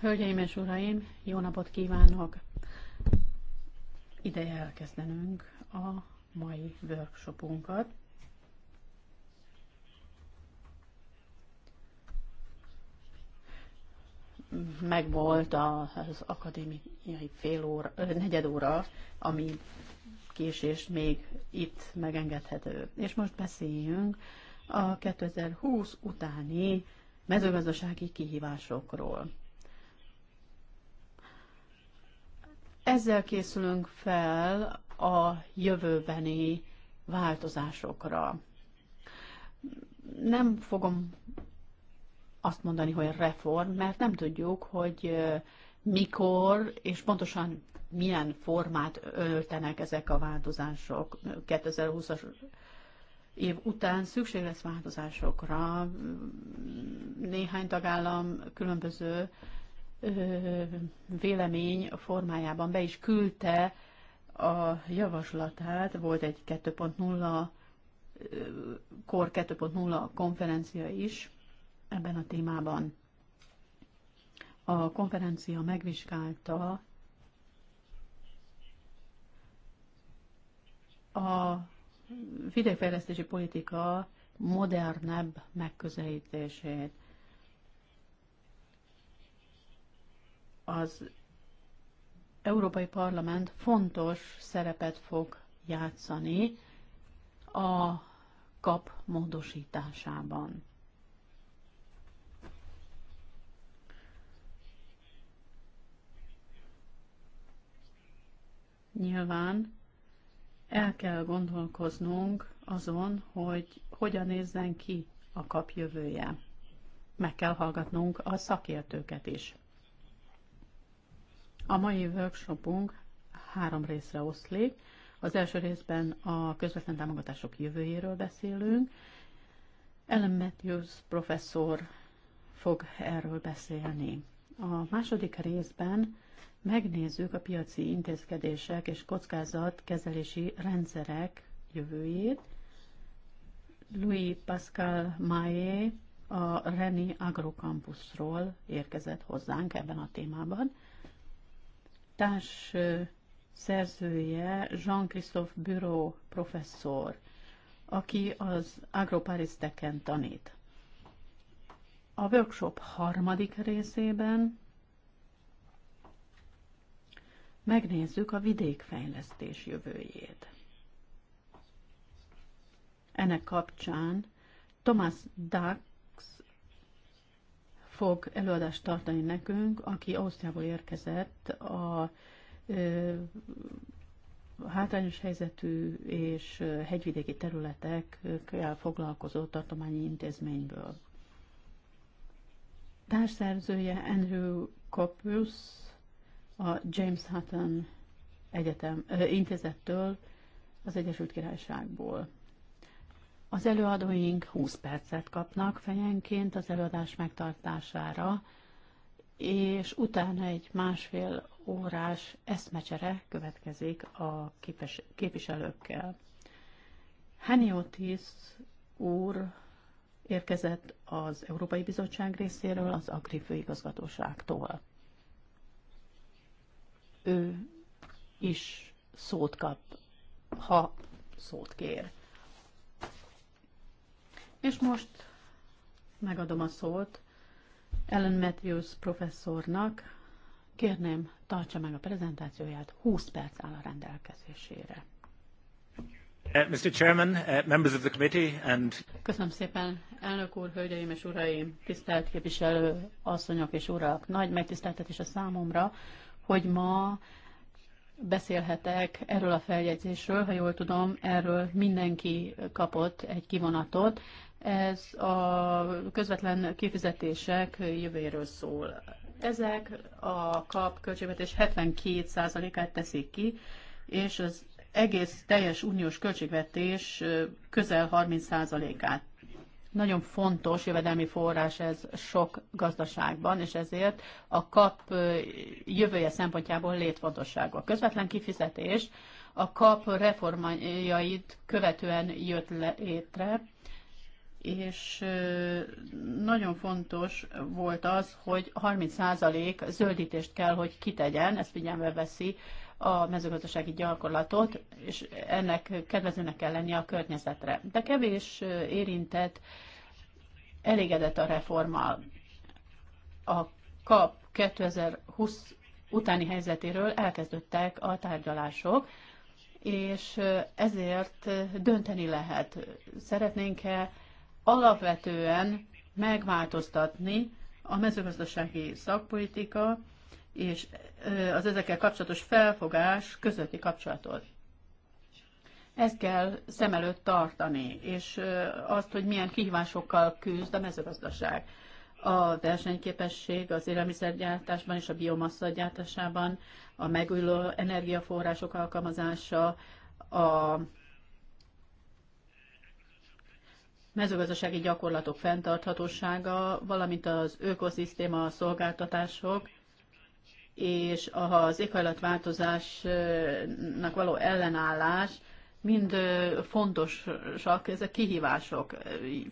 Hölgyeim és Uraim, jó napot kívánok! Ideje elkezdenünk a mai workshopunkat. Megvolt az akadémiai fél óra, negyed óra, ami késés még itt megengedhető. És most beszéljünk a 2020 utáni mezőgazdasági kihívásokról. Ezzel készülünk fel a jövőbeni változásokra. Nem fogom azt mondani, hogy reform, mert nem tudjuk, hogy mikor és pontosan milyen formát öltenek ezek a változások. 2020-as év után szükség lesz változásokra. Néhány tagállam különböző vélemény formájában be is küldte a javaslatát. Volt egy 2.0 kor 2.0 konferencia is ebben a témában. A konferencia megvizsgálta a vidékfejlesztési politika modernebb megközelítését. Az Európai Parlament fontos szerepet fog játszani a kap módosításában. Nyilván el kell gondolkoznunk azon, hogy hogyan nézzen ki a kap jövője. Meg kell hallgatnunk a szakértőket is. A mai workshopunk három részre oszlik. Az első részben a közvetlen támogatások jövőjéről beszélünk. Ellen Matthews professzor fog erről beszélni. A második részben megnézzük a piaci intézkedések és kezelési rendszerek jövőjét. Louis Pascal Maé a Reni Agrocampusról érkezett hozzánk ebben a témában. Társ szerzője Jean-Christophe Bureau professzor, aki az agroparisteken tanít. A workshop harmadik részében megnézzük a vidékfejlesztés jövőjét. Ennek kapcsán Thomas Dax fog előadást tartani nekünk, aki Ausztriából érkezett a hátrányos helyzetű és hegyvidéki területekkel foglalkozó tartományi intézményből. Társszerzője Andrew Kopusz a James Hutton Egyetem ö, intézettől az Egyesült Királyságból. Az előadóink 20 percet kapnak fejenként az előadás megtartására, és utána egy másfél órás eszmecsere következik a képes, képviselőkkel. Otis úr érkezett az Európai Bizottság részéről, az Agri Főigazgatóságtól ő is szót kap, ha szót kér. És most megadom a szót Ellen Matthews professzornak. Kérném, tartsa meg a prezentációját, 20 perc áll a rendelkezésére. Uh, Mr. Chairman, uh, members of the committee and... Köszönöm szépen, elnök úr, hölgyeim és uraim, tisztelt képviselő asszonyok és urak. Nagy megtiszteltetés a számomra, hogy ma beszélhetek erről a feljegyzésről, ha jól tudom, erről mindenki kapott egy kivonatot. Ez a közvetlen kifizetések jövőjéről szól. Ezek a kap költségvetés 72%-át teszik ki, és az egész teljes uniós költségvetés közel 30%-át. Nagyon fontos jövedelmi forrás ez sok gazdaságban, és ezért a kap jövője szempontjából létfontosságú. A közvetlen kifizetés a kap reformjait követően jött létre, és nagyon fontos volt az, hogy 30% zöldítést kell, hogy kitegyen, ezt figyelme veszi a mezőgazdasági gyakorlatot, és ennek kedvezőnek kell lennie a környezetre. De kevés érintett elégedett a reforma a KAP 2020 utáni helyzetéről elkezdődtek a tárgyalások, és ezért dönteni lehet. Szeretnénk-e alapvetően megváltoztatni a mezőgazdasági szakpolitika és az ezekkel kapcsolatos felfogás közötti kapcsolatot. Ezt kell szem előtt tartani, és azt, hogy milyen kihívásokkal küzd a mezőgazdaság. A versenyképesség az élelmiszergyártásban és a biomassa gyártásában, a megújuló energiaforrások alkalmazása, a mezőgazdasági gyakorlatok fenntarthatósága, valamint az ökoszisztéma szolgáltatások, és az éghajlatváltozásnak való ellenállás mind fontosak, ezek kihívások.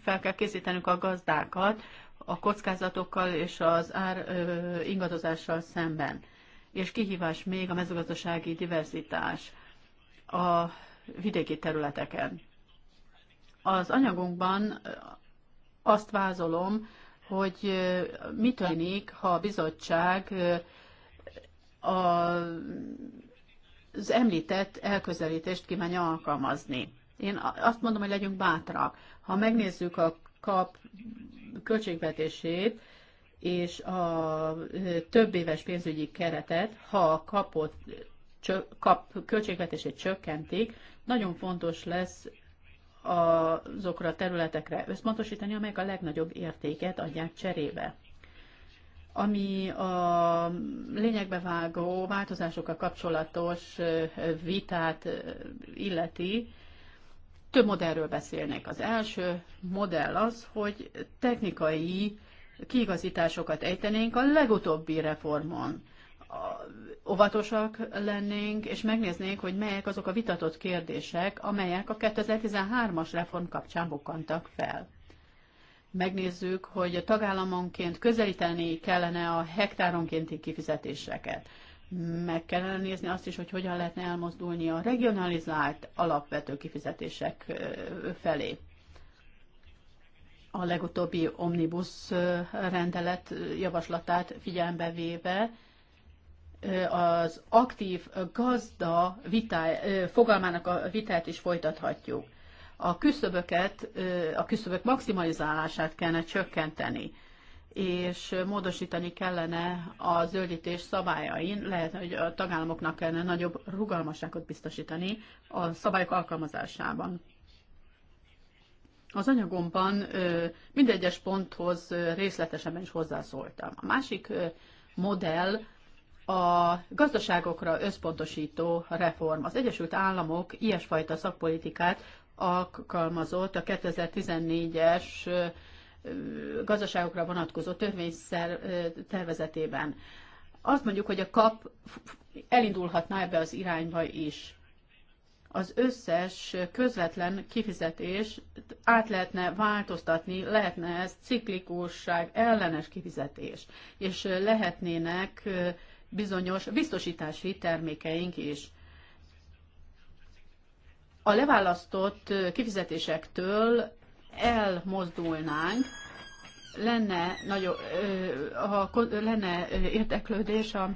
Fel kell készítenünk a gazdákat a kockázatokkal és az ár ingadozással szemben. És kihívás még a mezőgazdasági diverzitás a vidéki területeken. Az anyagunkban azt vázolom, hogy mit történik, ha a bizottság a, az említett elközelítést kívánja alkalmazni. Én azt mondom, hogy legyünk bátrak. Ha megnézzük a kap költségvetését és a több éves pénzügyi keretet, ha a kapot, kap költségvetését csökkentik, nagyon fontos lesz azokra a területekre összpontosítani, amelyek a legnagyobb értéket adják cserébe ami a lényegbe vágó változásokkal kapcsolatos vitát illeti, több modellről beszélnek. Az első modell az, hogy technikai kiigazításokat ejtenénk a legutóbbi reformon. Óvatosak lennénk, és megnéznénk, hogy melyek azok a vitatott kérdések, amelyek a 2013-as reform kapcsán bukkantak fel megnézzük, hogy a tagállamonként közelíteni kellene a hektáronkénti kifizetéseket. Meg kellene nézni azt is, hogy hogyan lehetne elmozdulni a regionalizált alapvető kifizetések felé. A legutóbbi omnibus rendelet javaslatát figyelembe véve az aktív gazda vitá, fogalmának a vitát is folytathatjuk a küszöböket, a küszöbök maximalizálását kellene csökkenteni, és módosítani kellene a zöldítés szabályain, lehet, hogy a tagállamoknak kellene nagyobb rugalmasságot biztosítani a szabályok alkalmazásában. Az anyagomban mindegyes ponthoz részletesebben is hozzászóltam. A másik modell a gazdaságokra összpontosító reform. Az Egyesült Államok ilyesfajta szakpolitikát alkalmazott a 2014-es gazdaságokra vonatkozó törvényszer tervezetében. Azt mondjuk, hogy a kap elindulhatna ebbe az irányba is. Az összes közvetlen kifizetés át lehetne változtatni, lehetne ez ciklikusság ellenes kifizetés, és lehetnének bizonyos biztosítási termékeink is a leválasztott kifizetésektől elmozdulnánk, lenne, nagyobb, ha lenne érteklődés a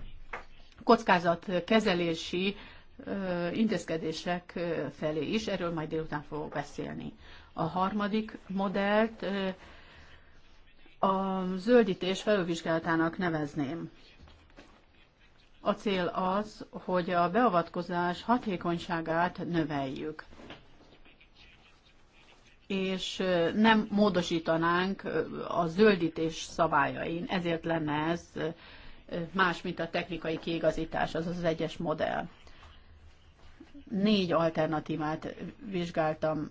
kockázatkezelési intézkedések felé is, erről majd délután fogok beszélni. A harmadik modellt a zöldítés felülvizsgálatának nevezném. A cél az, hogy a beavatkozás hatékonyságát növeljük és nem módosítanánk a zöldítés szabályain, ezért lenne ez más, mint a technikai kiigazítás, az az egyes modell. Négy alternatívát vizsgáltam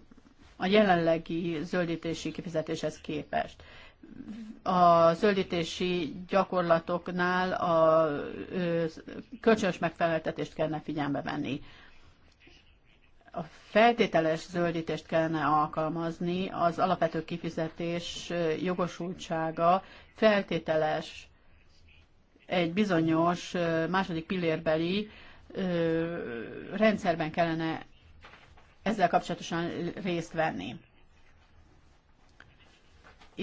a jelenlegi zöldítési kifizetéshez képest a zöldítési gyakorlatoknál a kölcsönös megfeleltetést kellene figyelme venni. A feltételes zöldítést kellene alkalmazni, az alapvető kifizetés jogosultsága feltételes egy bizonyos második pillérbeli rendszerben kellene ezzel kapcsolatosan részt venni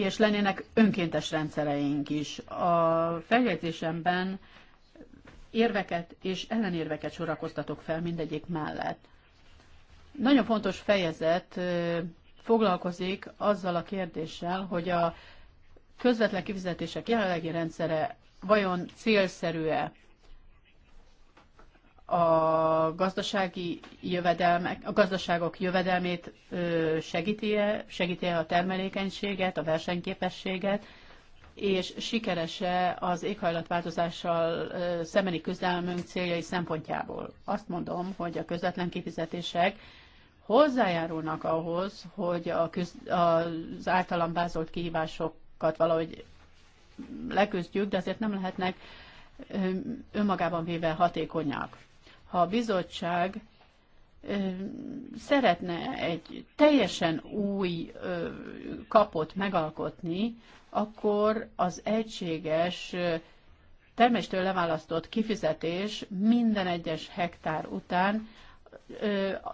és lennének önkéntes rendszereink is. A feljegyzésemben érveket és ellenérveket sorakoztatok fel mindegyik mellett. Nagyon fontos fejezet foglalkozik azzal a kérdéssel, hogy a közvetlen kifizetések jelenlegi rendszere vajon célszerű-e, a gazdasági jövedelmek, a gazdaságok jövedelmét segíti-e, segíti-e a termelékenységet, a versenyképességet, és sikerese az éghajlatváltozással szembeni küzdelmünk céljai szempontjából. Azt mondom, hogy a közvetlen kifizetések hozzájárulnak ahhoz, hogy a küzd, az általam vázolt kihívásokat valahogy leküzdjük, de azért nem lehetnek önmagában véve hatékonyak ha a bizottság szeretne egy teljesen új kapot megalkotni, akkor az egységes terméstől leválasztott kifizetés minden egyes hektár után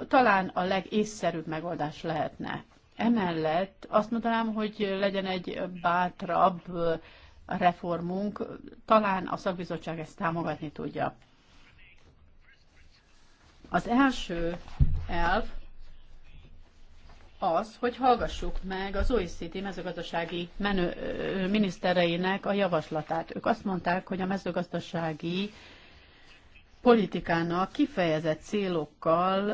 talán a legészszerűbb megoldás lehetne. Emellett azt mondanám, hogy legyen egy bátrabb reformunk, talán a szakbizottság ezt támogatni tudja. Az első elv az, hogy hallgassuk meg az OECD mezőgazdasági menő, minisztereinek a javaslatát. Ők azt mondták, hogy a mezőgazdasági politikának kifejezett célokkal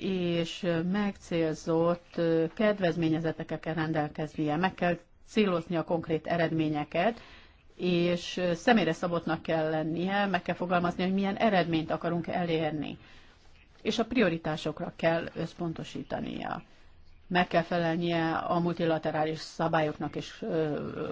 és megcélzott kedvezményezeteket kell rendelkeznie. Meg kell célozni a konkrét eredményeket, és személyre szabottnak kell lennie, meg kell fogalmazni, hogy milyen eredményt akarunk elérni és a prioritásokra kell összpontosítania. Meg kell felelnie a multilaterális szabályoknak és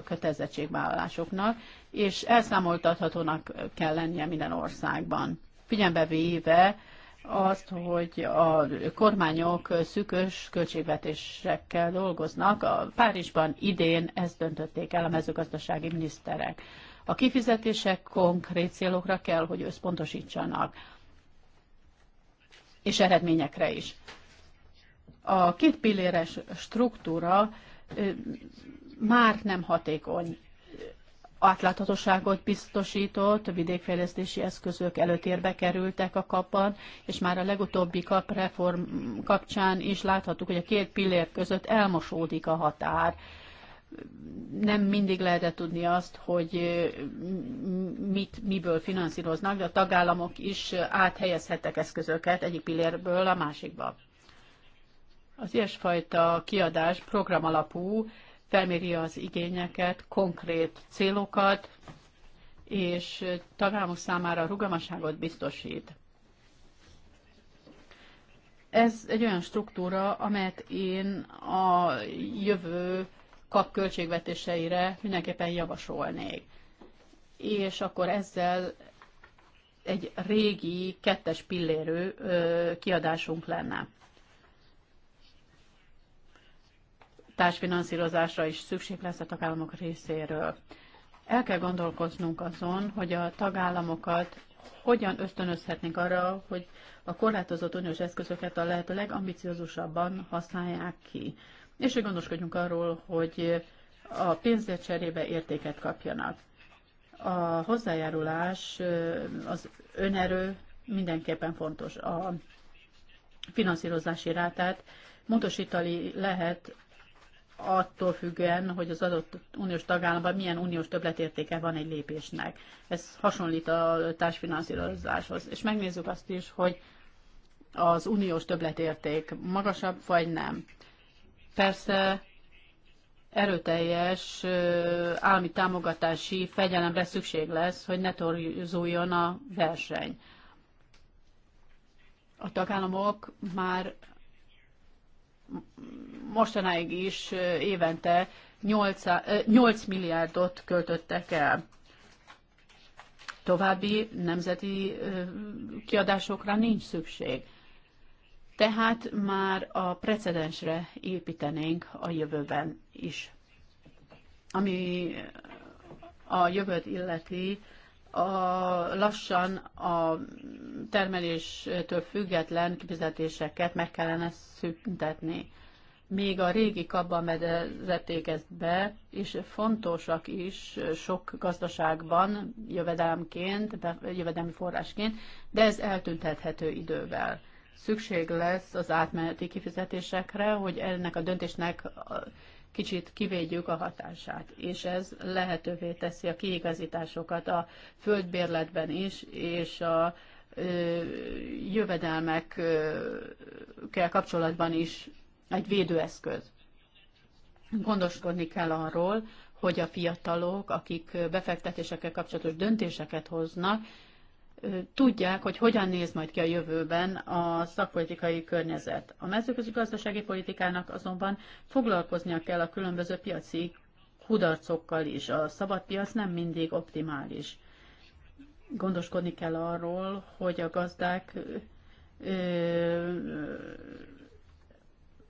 kötelezettségvállalásoknak, és elszámoltathatónak kell lennie minden országban. Figyelembe véve azt, hogy a kormányok szűkös költségvetésekkel dolgoznak, a Párizsban idén ezt döntötték el a mezőgazdasági miniszterek. A kifizetések konkrét célokra kell, hogy összpontosítsanak és eredményekre is. A két pilléres struktúra már nem hatékony. Átláthatóságot biztosított, vidékfejlesztési eszközök előtérbe kerültek a kapban, és már a legutóbbi kapreform kapcsán is láthattuk, hogy a két pillér között elmosódik a határ nem mindig lehetett tudni azt, hogy mit, miből finanszíroznak, de a tagállamok is áthelyezhettek eszközöket egyik pillérből a másikba. Az ilyesfajta kiadás program alapú, felméri az igényeket, konkrét célokat, és tagállamok számára rugalmasságot biztosít. Ez egy olyan struktúra, amelyet én a jövő kap költségvetéseire mindenképpen javasolnék. És akkor ezzel egy régi kettes pillérő kiadásunk lenne. Társfinanszírozásra is szükség lesz a tagállamok részéről. El kell gondolkoznunk azon, hogy a tagállamokat hogyan ösztönözhetnénk arra, hogy a korlátozott uniós eszközöket a lehető legambiciózusabban használják ki és hogy gondoskodjunk arról, hogy a pénzért cserébe értéket kapjanak. A hozzájárulás, az önerő mindenképpen fontos. A finanszírozási rátát módosítani lehet attól függően, hogy az adott uniós tagállamban milyen uniós többletértéke van egy lépésnek. Ez hasonlít a társfinanszírozáshoz. És megnézzük azt is, hogy az uniós többletérték magasabb vagy nem. Persze erőteljes állami támogatási fegyelemre szükség lesz, hogy ne torzuljon a verseny. A tagállamok már mostanáig is évente 8, 8 milliárdot költöttek el. További nemzeti kiadásokra nincs szükség. Tehát már a precedensre építenénk a jövőben is. Ami a jövőt illeti, a lassan a termeléstől független kifizetéseket meg kellene szüntetni. Még a régi kabban medezették ezt be, és fontosak is sok gazdaságban jövedelmként, jövedelmi forrásként, de ez eltüntethető idővel szükség lesz az átmeneti kifizetésekre, hogy ennek a döntésnek kicsit kivédjük a hatását, és ez lehetővé teszi a kiigazításokat a földbérletben is, és a jövedelmekkel kapcsolatban is egy védőeszköz. Gondoskodni kell arról, hogy a fiatalok, akik befektetésekkel kapcsolatos döntéseket hoznak, tudják, hogy hogyan néz majd ki a jövőben a szakpolitikai környezet. A mezőgazdasági politikának azonban foglalkoznia kell a különböző piaci kudarcokkal is. A szabad piac nem mindig optimális. Gondoskodni kell arról, hogy a gazdák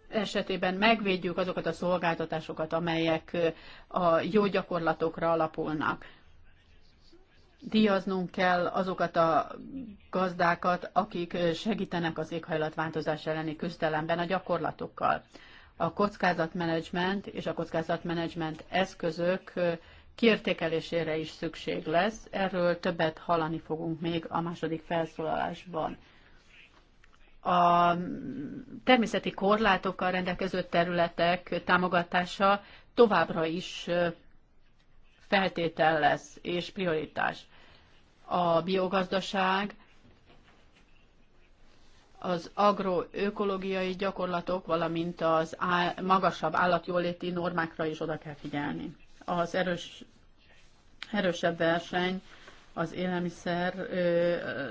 esetében megvédjük azokat a szolgáltatásokat, amelyek a jó gyakorlatokra alapulnak díjaznunk kell azokat a gazdákat, akik segítenek az éghajlatváltozás elleni küzdelemben a gyakorlatokkal. A kockázatmenedzsment és a kockázatmenedzsment eszközök kiértékelésére is szükség lesz. Erről többet hallani fogunk még a második felszólalásban. A természeti korlátokkal rendelkező területek támogatása továbbra is feltétel lesz és prioritás a biogazdaság, az agroökológiai gyakorlatok, valamint az áll, magasabb állatjóléti normákra is oda kell figyelni. Az erős, erősebb verseny az élelmiszer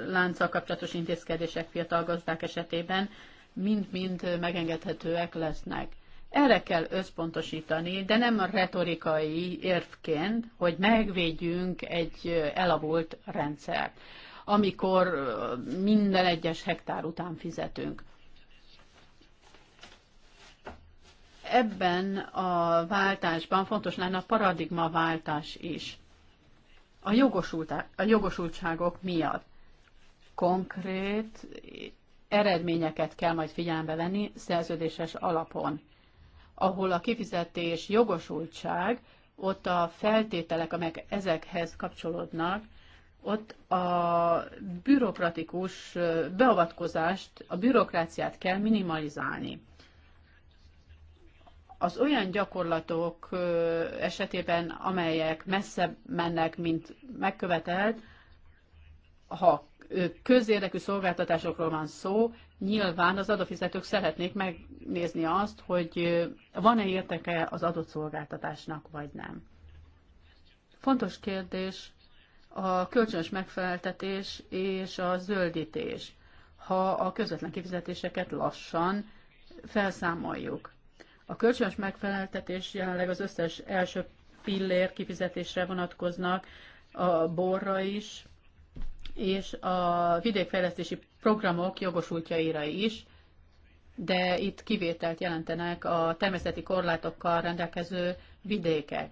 lánccal kapcsolatos intézkedések fiatal gazdák esetében mind-mind megengedhetőek lesznek. Erre kell összpontosítani, de nem a retorikai érvként, hogy megvédjünk egy elavult rendszert, amikor minden egyes hektár után fizetünk. Ebben a váltásban fontos lenne a paradigma váltás is. A, jogosult, a jogosultságok miatt konkrét eredményeket kell majd figyelembe venni szerződéses alapon ahol a kifizetés jogosultság, ott a feltételek, amelyek ezekhez kapcsolódnak, ott a bürokratikus beavatkozást, a bürokráciát kell minimalizálni. Az olyan gyakorlatok esetében, amelyek messze mennek, mint megkövetelt, ha közérdekű szolgáltatásokról van szó, nyilván az adófizetők szeretnék megnézni azt, hogy van-e érteke az adott szolgáltatásnak, vagy nem. Fontos kérdés a kölcsönös megfeleltetés és a zöldítés, ha a közvetlen kifizetéseket lassan felszámoljuk. A kölcsönös megfeleltetés jelenleg az összes első pillér kifizetésre vonatkoznak, a borra is, és a vidékfejlesztési programok jogosultjaira is, de itt kivételt jelentenek a természeti korlátokkal rendelkező vidékek.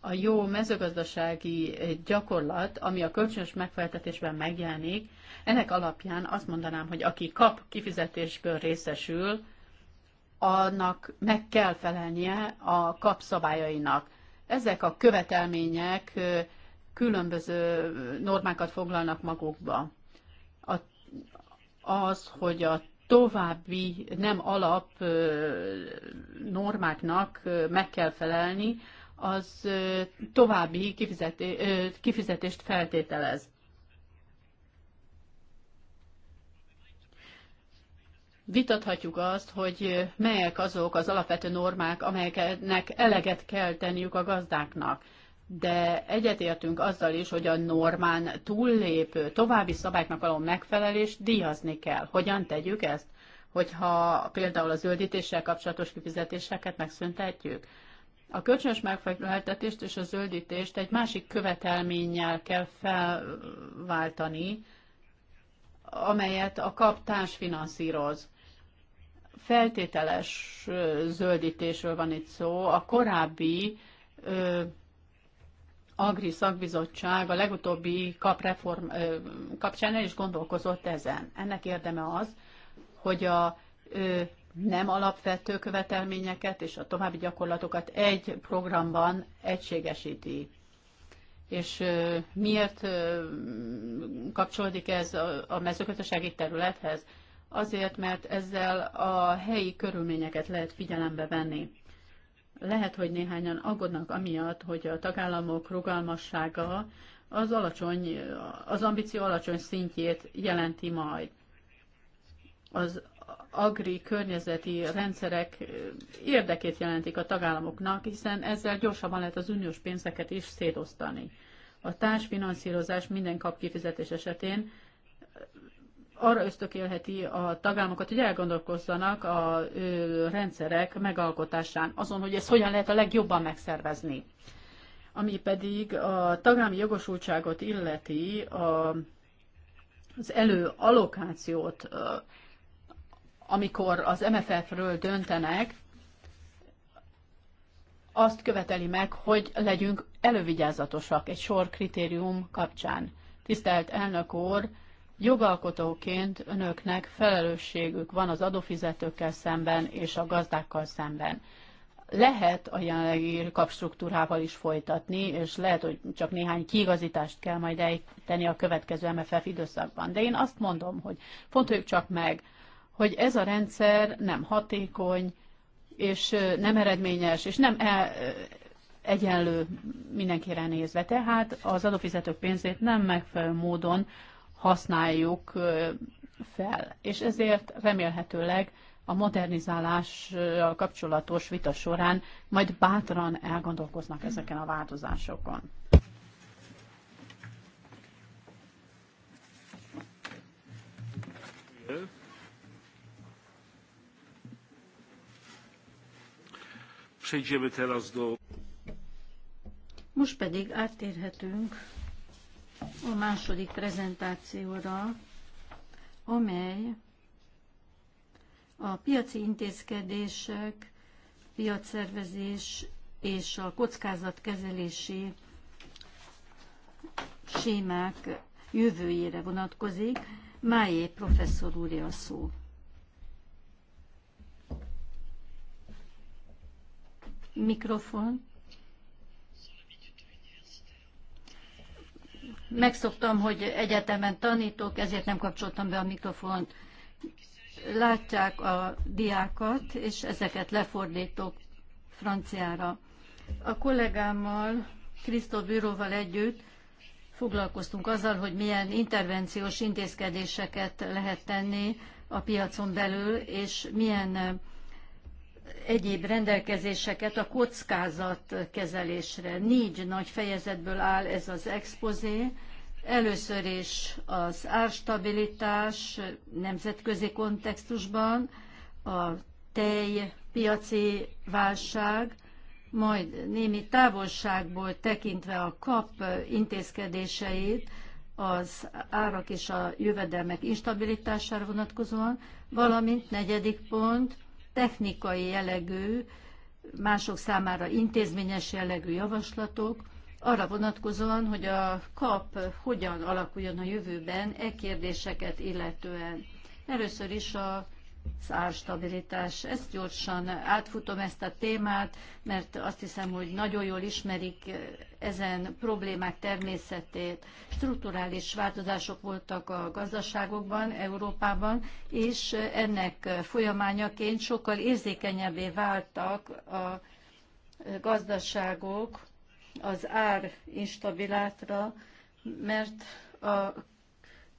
A jó mezőgazdasági gyakorlat, ami a kölcsönös megfeltetésben megjelenik, ennek alapján azt mondanám, hogy aki kap kifizetésből részesül, annak meg kell felelnie a kap szabályainak. Ezek a követelmények különböző normákat foglalnak magukba az, hogy a további nem alap normáknak meg kell felelni, az további kifizetést feltételez. Vitathatjuk azt, hogy melyek azok az alapvető normák, amelyeknek eleget kell tenniük a gazdáknak de egyetértünk azzal is, hogy a normán túllépő további szabályoknak való megfelelés díjazni kell. Hogyan tegyük ezt? Hogyha például a zöldítéssel kapcsolatos kifizetéseket megszüntetjük. A kölcsönös megfeleltetést és a zöldítést egy másik követelménnyel kell felváltani, amelyet a kaptárs finanszíroz feltételes zöldítésről van itt szó, a korábbi Agri szakbizottság a legutóbbi kapreform kapcsán el is gondolkozott ezen. Ennek érdeme az, hogy a nem alapvető követelményeket és a további gyakorlatokat egy programban egységesíti. És miért kapcsolódik ez a mezőgazdasági területhez? Azért, mert ezzel a helyi körülményeket lehet figyelembe venni. Lehet, hogy néhányan aggódnak amiatt, hogy a tagállamok rugalmassága az, alacsony, az ambíció alacsony szintjét jelenti majd. Az agri környezeti rendszerek érdekét jelentik a tagállamoknak, hiszen ezzel gyorsabban lehet az uniós pénzeket is szétosztani. A társfinanszírozás minden kap kifizetés esetén arra ösztökélheti a tagállamokat, hogy elgondolkozzanak a rendszerek megalkotásán, azon, hogy ezt hogyan lehet a legjobban megszervezni. Ami pedig a tagállami jogosultságot illeti, a, az előalokációt, amikor az MFF-ről döntenek, azt követeli meg, hogy legyünk elővigyázatosak egy sor kritérium kapcsán. Tisztelt elnök úr, Jogalkotóként önöknek felelősségük van az adófizetőkkel szemben és a gazdákkal szemben. Lehet a jelenlegi kapstruktúrával is folytatni, és lehet, hogy csak néhány kiigazítást kell majd ejteni a következő MFF időszakban. De én azt mondom, hogy fontoljuk csak meg, hogy ez a rendszer nem hatékony, és nem eredményes, és nem e egyenlő mindenkire nézve. Tehát az adófizetők pénzét nem megfelelő módon használjuk fel. És ezért remélhetőleg a modernizálással kapcsolatos vita során majd bátran elgondolkoznak ezeken a változásokon. Most pedig áttérhetünk a második prezentációra, amely a piaci intézkedések, piacszervezés és a kockázatkezelési sémák jövőjére vonatkozik. Májé professzor úré a szó. Mikrofon. megszoktam, hogy egyetemen tanítok, ezért nem kapcsoltam be a mikrofont. Látják a diákat, és ezeket lefordítok franciára. A kollégámmal, Krisztó Bűróval együtt foglalkoztunk azzal, hogy milyen intervenciós intézkedéseket lehet tenni a piacon belül, és milyen egyéb rendelkezéseket a kockázatkezelésre. Négy nagy fejezetből áll ez az expozé. Először is az árstabilitás nemzetközi kontextusban, a tej piaci válság, majd némi távolságból tekintve a kap intézkedéseit az árak és a jövedelmek instabilitására vonatkozóan, valamint negyedik pont technikai jellegű, mások számára intézményes jellegű javaslatok, arra vonatkozóan, hogy a kap hogyan alakuljon a jövőben e kérdéseket illetően. Először is a az árstabilitás. Ezt gyorsan átfutom ezt a témát, mert azt hiszem, hogy nagyon jól ismerik ezen problémák természetét. Strukturális változások voltak a gazdaságokban, Európában, és ennek folyamányaként sokkal érzékenyebbé váltak a gazdaságok az ár instabilátra, mert a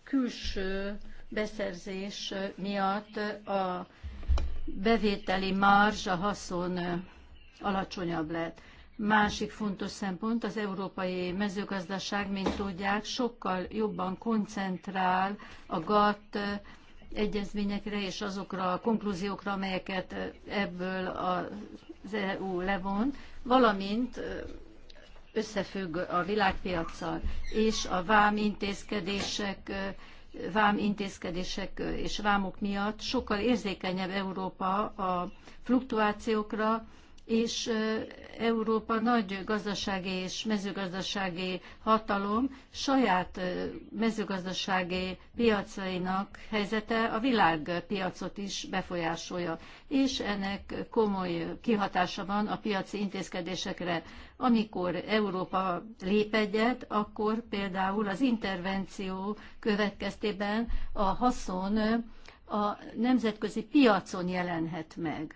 külső beszerzés miatt a bevételi marzs, a haszon alacsonyabb lett. Másik fontos szempont az európai mezőgazdaság, mint tudják, sokkal jobban koncentrál a GATT egyezményekre és azokra a konklúziókra, amelyeket ebből az EU levon, valamint összefügg a világpiacsal, és a vám intézkedések vám intézkedések és vámok miatt sokkal érzékenyebb Európa a fluktuációkra, és Európa nagy gazdasági és mezőgazdasági hatalom saját mezőgazdasági piacainak helyzete a világpiacot is befolyásolja, és ennek komoly kihatása van a piaci intézkedésekre. Amikor Európa lép egyet, akkor például az intervenció következtében a haszon a nemzetközi piacon jelenhet meg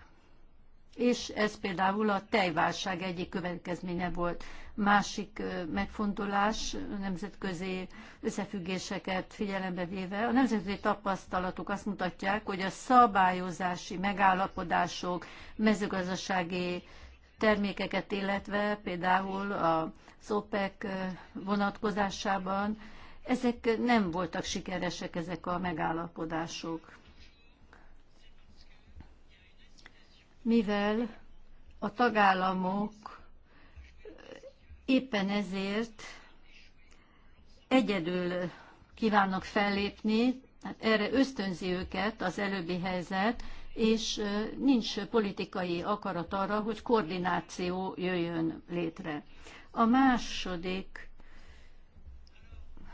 és ez például a tejválság egyik következménye volt. Másik megfontolás nemzetközi összefüggéseket figyelembe véve, a nemzetközi tapasztalatok azt mutatják, hogy a szabályozási megállapodások, mezőgazdasági termékeket, illetve például az OPEC vonatkozásában, ezek nem voltak sikeresek, ezek a megállapodások. mivel a tagállamok éppen ezért egyedül kívánnak fellépni, hát erre ösztönzi őket az előbbi helyzet, és nincs politikai akarat arra, hogy koordináció jöjjön létre. A második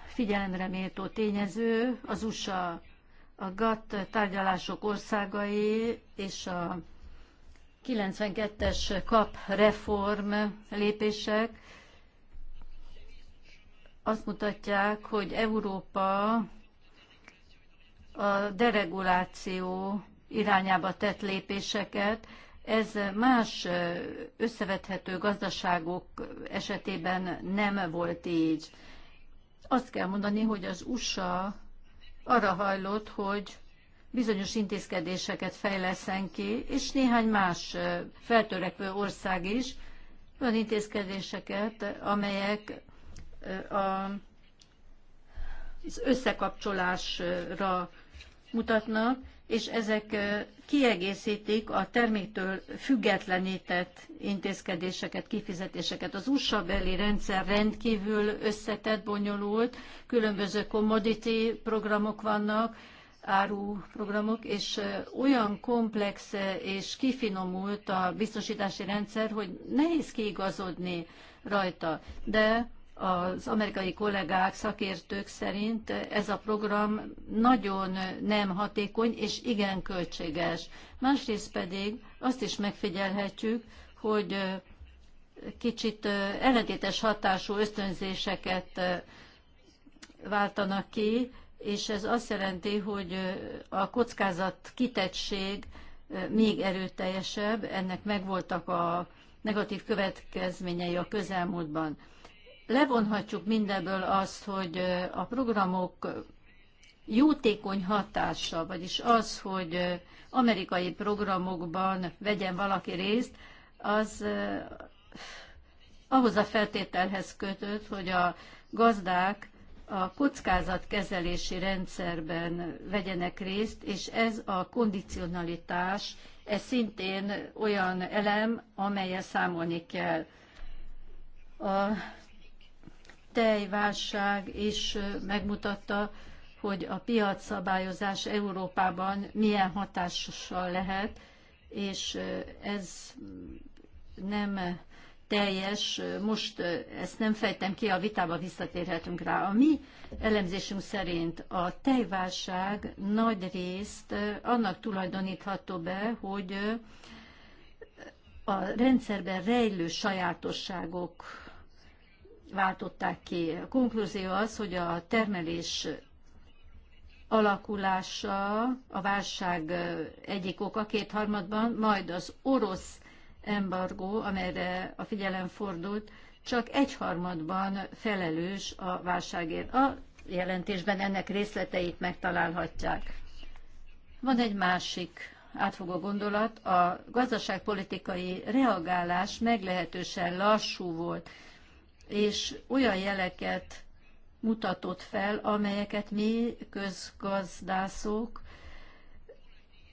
figyelemre méltó tényező az USA, a GATT tárgyalások országai és a 92-es kap reform lépések azt mutatják, hogy Európa a dereguláció irányába tett lépéseket, ez más összevethető gazdaságok esetében nem volt így. Azt kell mondani, hogy az USA arra hajlott, hogy bizonyos intézkedéseket fejleszen ki, és néhány más feltörekvő ország is olyan intézkedéseket, amelyek a, az összekapcsolásra mutatnak, és ezek kiegészítik a terméktől függetlenített intézkedéseket, kifizetéseket. Az USA beli rendszer rendkívül összetett, bonyolult, különböző commodity programok vannak, áruprogramok, és olyan komplex és kifinomult a biztosítási rendszer, hogy nehéz kiigazodni rajta. De az amerikai kollégák, szakértők szerint ez a program nagyon nem hatékony és igen költséges. Másrészt pedig azt is megfigyelhetjük, hogy kicsit ellentétes hatású ösztönzéseket váltanak ki, és ez azt jelenti, hogy a kockázat kitettség még erőteljesebb, ennek megvoltak a negatív következményei a közelmúltban. Levonhatjuk mindebből azt, hogy a programok jótékony hatása, vagyis az, hogy amerikai programokban vegyen valaki részt, az ahhoz a feltételhez kötött, hogy a gazdák a kockázatkezelési rendszerben vegyenek részt, és ez a kondicionalitás, ez szintén olyan elem, amelyel számolni kell. A tejválság is megmutatta, hogy a piacszabályozás Európában milyen hatással lehet, és ez nem teljes, most ezt nem fejtem ki, a vitába visszatérhetünk rá. A mi elemzésünk szerint a tejválság nagy részt annak tulajdonítható be, hogy a rendszerben rejlő sajátosságok váltották ki. A konklúzió az, hogy a termelés alakulása a válság egyik oka kétharmadban, majd az orosz embargó, amelyre a figyelem fordult, csak egyharmadban felelős a válságért. A jelentésben ennek részleteit megtalálhatják. Van egy másik átfogó gondolat, a gazdaságpolitikai reagálás meglehetősen lassú volt, és olyan jeleket mutatott fel, amelyeket mi közgazdászok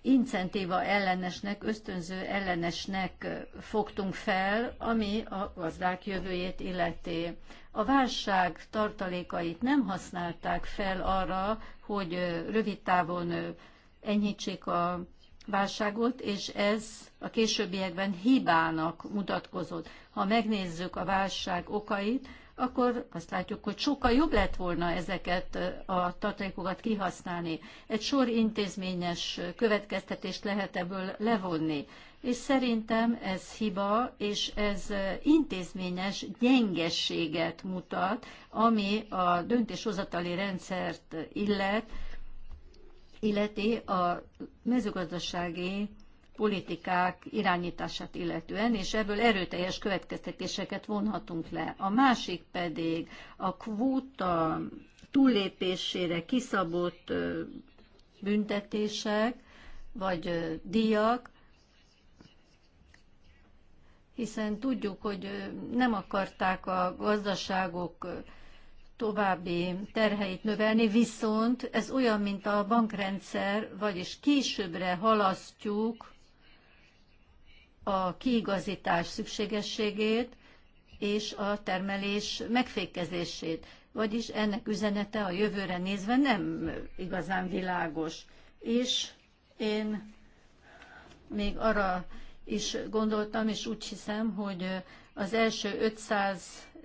incentíva ellenesnek, ösztönző ellenesnek fogtunk fel, ami a gazdák jövőjét illeti. A válság tartalékait nem használták fel arra, hogy rövid távon enyhítsék a válságot, és ez a későbbiekben hibának mutatkozott. Ha megnézzük a válság okait, akkor azt látjuk, hogy sokkal jobb lett volna ezeket a tartalékokat kihasználni. Egy sor intézményes következtetést lehet ebből levonni. És szerintem ez hiba, és ez intézményes gyengességet mutat, ami a döntéshozatali rendszert illet, illeti a mezőgazdasági politikák irányítását illetően, és ebből erőteljes következtetéseket vonhatunk le. A másik pedig a kvóta túllépésére kiszabott büntetések vagy díjak, hiszen tudjuk, hogy nem akarták a gazdaságok további terheit növelni, viszont ez olyan, mint a bankrendszer, vagyis későbbre halasztjuk a kiigazítás szükségességét és a termelés megfékezését. Vagyis ennek üzenete a jövőre nézve nem igazán világos. És én még arra is gondoltam, és úgy hiszem, hogy az első 500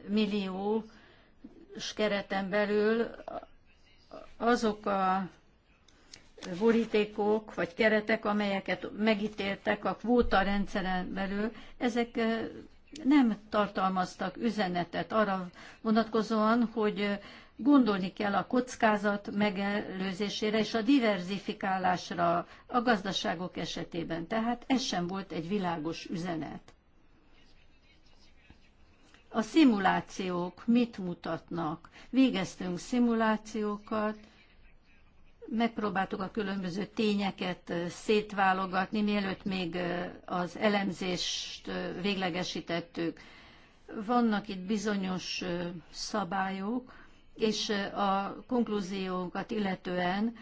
millió kereten belül azok a borítékok vagy keretek, amelyeket megítéltek a kvóta rendszeren belül, ezek nem tartalmaztak üzenetet arra vonatkozóan, hogy gondolni kell a kockázat megelőzésére és a diverzifikálásra a gazdaságok esetében. Tehát ez sem volt egy világos üzenet. A szimulációk mit mutatnak? Végeztünk szimulációkat, megpróbáltuk a különböző tényeket szétválogatni, mielőtt még az elemzést véglegesítettük. Vannak itt bizonyos szabályok, és a konklúziókat illetően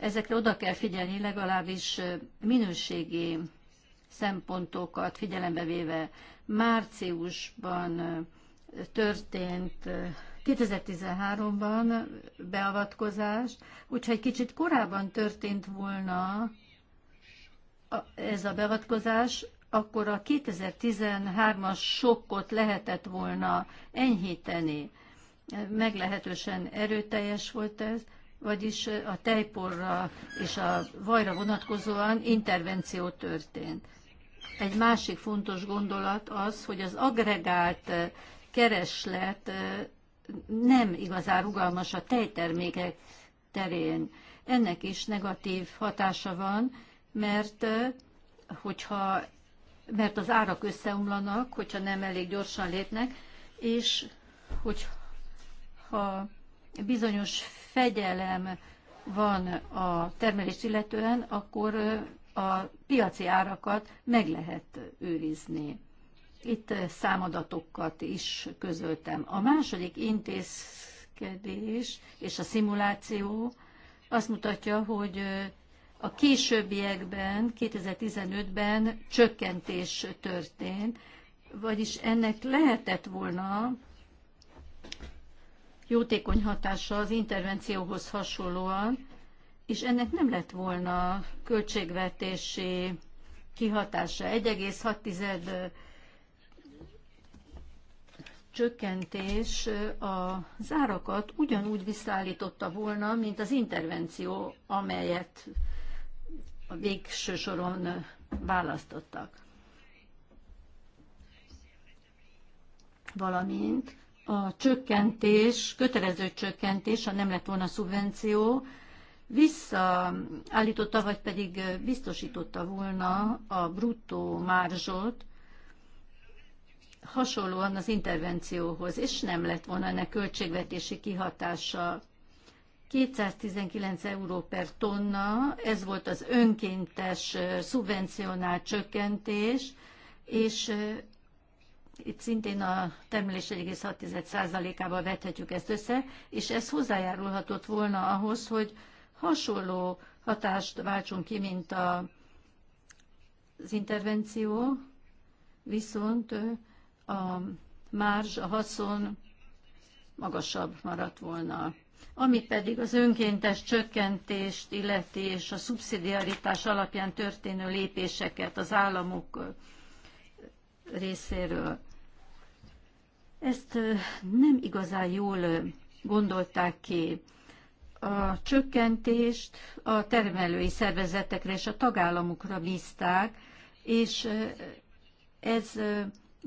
ezekre oda kell figyelni, legalábbis minőségi szempontokat figyelembe véve. Márciusban történt 2013-ban beavatkozás, úgyhogy kicsit korábban történt volna ez a beavatkozás, akkor a 2013-as sokkot lehetett volna enyhíteni. Meglehetősen erőteljes volt ez, vagyis a tejporra és a vajra vonatkozóan intervenció történt. Egy másik fontos gondolat az, hogy az agregált kereslet nem igazán rugalmas a tejtermékek terén. Ennek is negatív hatása van, mert eh, hogyha mert az árak összeomlanak, hogyha nem elég gyorsan lépnek, és hogyha bizonyos fegyelem van a termelést illetően, akkor eh, a piaci árakat meg lehet őrizni. Itt számadatokat is közöltem. A második intézkedés és a szimuláció azt mutatja, hogy a későbbiekben, 2015-ben csökkentés történt, vagyis ennek lehetett volna jótékony hatása az intervencióhoz hasonlóan, és ennek nem lett volna költségvetési kihatása. 1,6 csökkentés az árakat ugyanúgy visszaállította volna, mint az intervenció, amelyet a végső soron választottak. Valamint a csökkentés, kötelező csökkentés, ha nem lett volna szubvenció, visszaállította, vagy pedig biztosította volna a bruttó márzsot, hasonlóan az intervencióhoz, és nem lett volna ennek költségvetési kihatása. 219 euró per tonna, ez volt az önkéntes szubvencionált csökkentés, és itt szintén a termelés 1,6%-ába vethetjük ezt össze, és ez hozzájárulhatott volna ahhoz, hogy hasonló hatást váltsunk ki, mint a, az intervenció, viszont a márzs, a haszon magasabb maradt volna. Ami pedig az önkéntes csökkentést illeti és a szubszidiaritás alapján történő lépéseket az államok részéről. Ezt nem igazán jól gondolták ki. A csökkentést a termelői szervezetekre és a tagállamokra bízták, és ez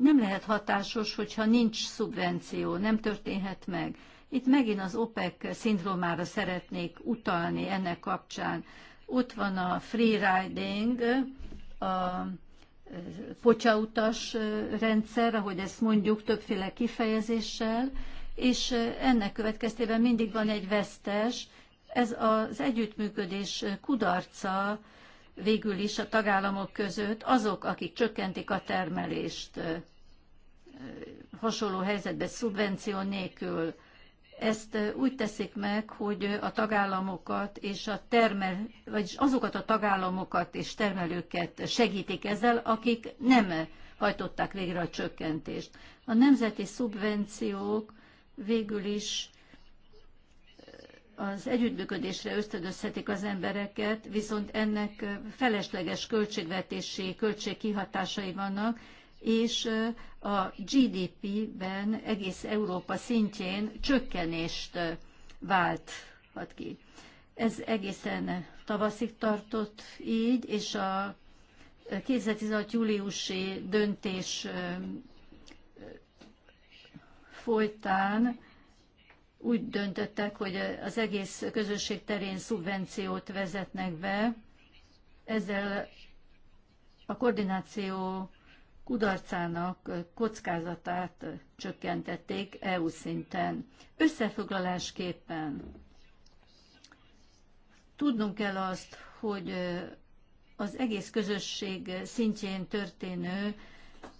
nem lehet hatásos, hogyha nincs szubvenció, nem történhet meg. Itt megint az OPEC szindrómára szeretnék utalni ennek kapcsán. Ott van a freeriding, a e, pocsautas e, rendszer, ahogy ezt mondjuk többféle kifejezéssel, és e, ennek következtében mindig van egy vesztes, ez az együttműködés kudarca végül is a tagállamok között azok, akik csökkentik a termelést hasonló helyzetben szubvenció nélkül. Ezt úgy teszik meg, hogy a tagállamokat és a termel, vagyis azokat a tagállamokat és termelőket segítik ezzel, akik nem hajtották végre a csökkentést. A nemzeti szubvenciók végül is az együttműködésre ösztönözhetik az embereket, viszont ennek felesleges költségvetési költségkihatásai vannak, és a GDP-ben egész Európa szintjén csökkenést válthat ki. Ez egészen tavaszig tartott így, és a 2016. júliusi döntés folytán úgy döntöttek, hogy az egész közösség terén szubvenciót vezetnek be, ezzel a koordináció kudarcának kockázatát csökkentették EU szinten. Összefoglalásképpen tudnunk kell azt, hogy az egész közösség szintjén történő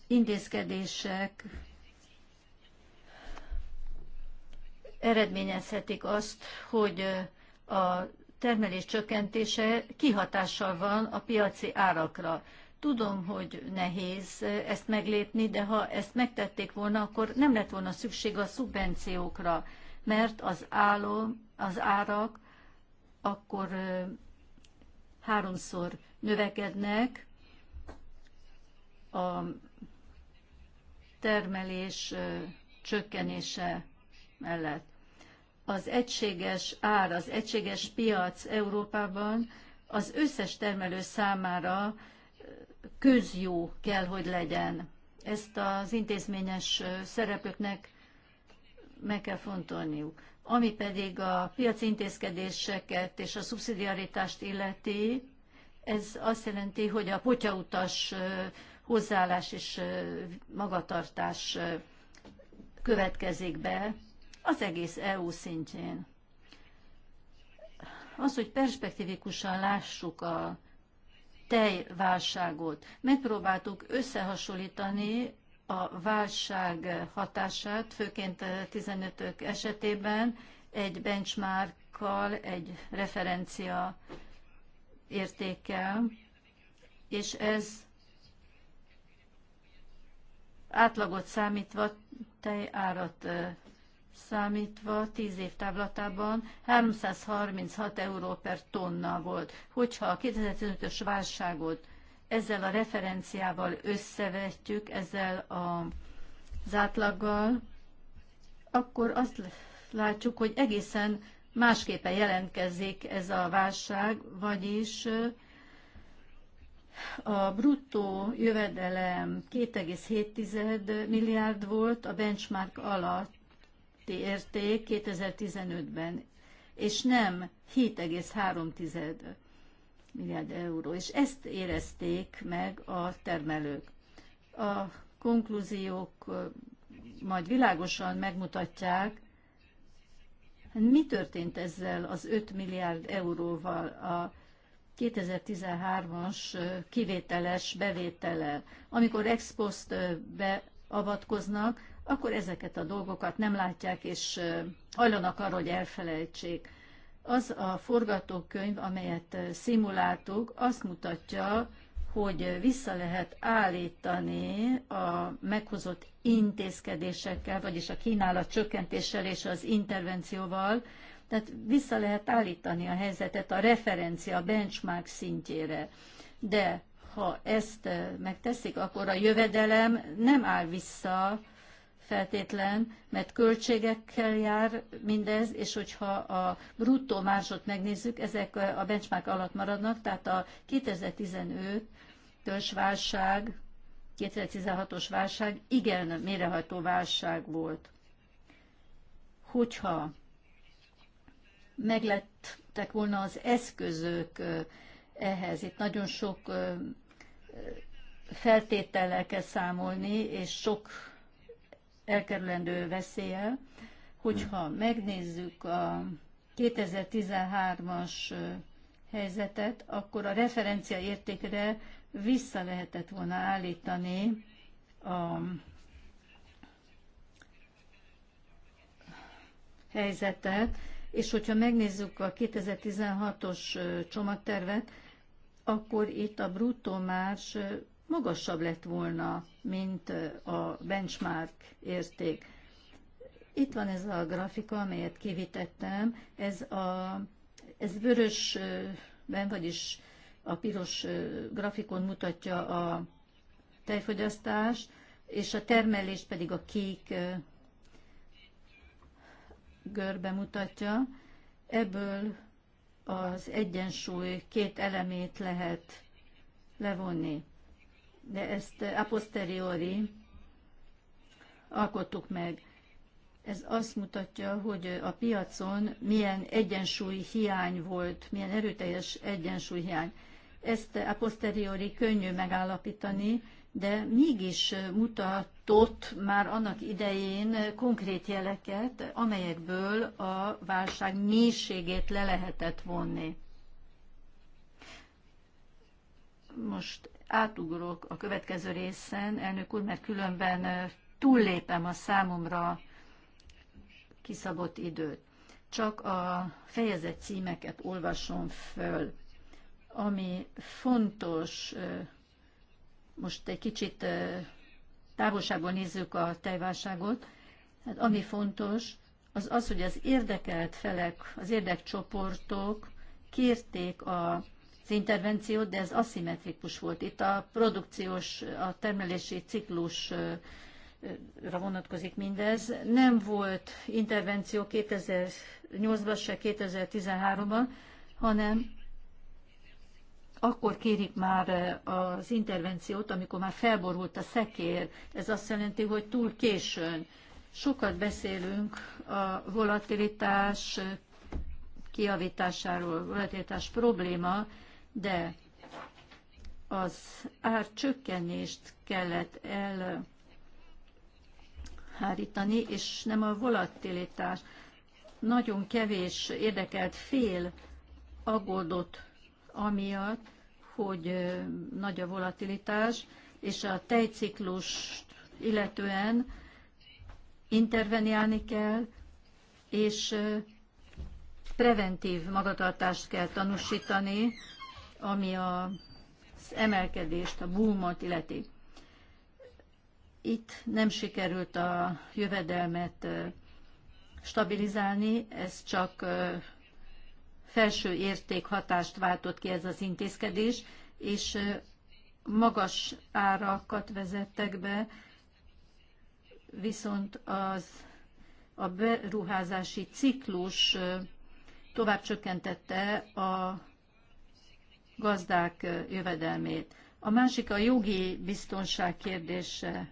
intézkedések eredményezhetik azt, hogy a termelés csökkentése kihatással van a piaci árakra. Tudom, hogy nehéz ezt meglépni, de ha ezt megtették volna, akkor nem lett volna szükség a szubvenciókra, mert az álló, az árak akkor háromszor növekednek a termelés csökkenése mellett az egységes ár, az egységes piac Európában az összes termelő számára közjó kell, hogy legyen. Ezt az intézményes szereplőknek meg kell fontolniuk. Ami pedig a piaci intézkedéseket és a szubszidiaritást illeti, ez azt jelenti, hogy a potyautas hozzáállás és magatartás következik be, az egész EU szintjén. Az, hogy perspektívikusan lássuk a tejválságot. Megpróbáltuk összehasonlítani a válság hatását, főként 15-ök esetében egy benchmarkkal, egy referencia értékkel, és ez átlagot számítva árat számítva 10 év távlatában 336 euró per tonna volt. Hogyha a 2015-ös válságot ezzel a referenciával összevetjük, ezzel a, az átlaggal, akkor azt látjuk, hogy egészen másképpen jelentkezik ez a válság, vagyis a bruttó jövedelem 2,7 milliárd volt a benchmark alatt, érték 2015-ben, és nem 7,3 milliárd euró. És ezt érezték meg a termelők. A konklúziók majd világosan megmutatják, mi történt ezzel az 5 milliárd euróval a 2013-as kivételes bevétele, Amikor ex post beavatkoznak, akkor ezeket a dolgokat nem látják, és hajlanak arra, hogy elfelejtsék. Az a forgatókönyv, amelyet szimuláltuk, azt mutatja, hogy vissza lehet állítani a meghozott intézkedésekkel, vagyis a kínálat csökkentéssel és az intervencióval, tehát vissza lehet állítani a helyzetet a referencia, a benchmark szintjére. De ha ezt megteszik, akkor a jövedelem nem áll vissza feltétlen, mert költségekkel jár mindez, és hogyha a bruttó márzsot megnézzük, ezek a benchmark alatt maradnak, tehát a 2015-ös válság, 2016-os válság igen mérehajtó válság volt. Hogyha meglettek volna az eszközök ehhez, itt nagyon sok feltétellel kell számolni, és sok elkerülendő veszélye, hogyha hmm. megnézzük a 2013-as helyzetet, akkor a referencia értékre vissza lehetett volna állítani a helyzetet, és hogyha megnézzük a 2016-os csomagtervet, akkor itt a bruttó más magasabb lett volna, mint a benchmark érték. Itt van ez a grafika, amelyet kivitettem. Ez, a, ez vörösben, vagyis a piros grafikon mutatja a tejfogyasztást, és a termelés pedig a kék görbe mutatja. Ebből az egyensúly két elemét lehet levonni de ezt a posteriori alkottuk meg. Ez azt mutatja, hogy a piacon milyen egyensúly hiány volt, milyen erőteljes egyensúly hiány. Ezt a posteriori könnyű megállapítani, de mégis mutatott már annak idején konkrét jeleket, amelyekből a válság mélységét le lehetett vonni. Most átugrok a következő részen, elnök úr, mert különben túllépem a számomra kiszabott időt. Csak a fejezet címeket olvasom föl, ami fontos, most egy kicsit távolságból nézzük a tejválságot, hát ami fontos, az az, hogy az érdekelt felek, az érdekcsoportok kérték a az intervenciót, de ez aszimmetrikus volt. Itt a produkciós, a termelési ciklus ra vonatkozik mindez. Nem volt intervenció 2008-ban se 2013-ban, hanem akkor kérik már az intervenciót, amikor már felborult a szekér. Ez azt jelenti, hogy túl későn. Sokat beszélünk a volatilitás kiavításáról, volatilitás probléma, de az árcsökkenést kellett elhárítani, és nem a volatilitás. Nagyon kevés érdekelt fél aggódott amiatt, hogy nagy a volatilitás, és a tejciklus illetően interveniálni kell, és preventív magatartást kell tanúsítani, ami a, emelkedést, a boomot illeti. Itt nem sikerült a jövedelmet stabilizálni, ez csak felső érték hatást váltott ki ez az intézkedés, és magas árakat vezettek be, viszont az, a beruházási ciklus tovább csökkentette a gazdák jövedelmét. A másik a jogi biztonság kérdése.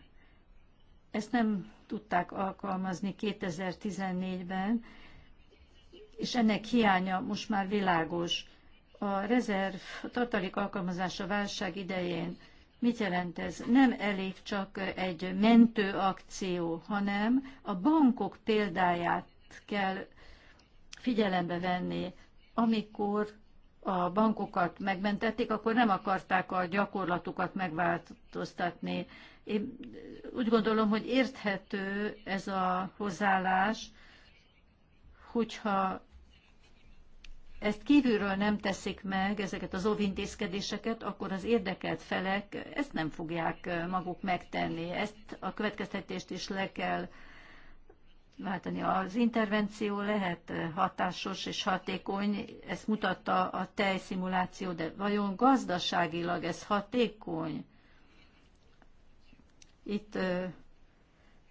Ezt nem tudták alkalmazni 2014-ben, és ennek hiánya most már világos. A rezerv a tartalék alkalmazása válság idején mit jelent ez? Nem elég csak egy mentőakció, hanem a bankok példáját kell figyelembe venni, amikor a bankokat megmentették, akkor nem akarták a gyakorlatukat megváltoztatni. Én úgy gondolom, hogy érthető ez a hozzáállás, hogyha ezt kívülről nem teszik meg, ezeket az óvintézkedéseket, akkor az érdekelt felek ezt nem fogják eh, maguk megtenni. Ezt a következtetést is le kell váltani. Az intervenció lehet hatásos és hatékony, ezt mutatta a tejszimuláció, de vajon gazdaságilag ez hatékony? Itt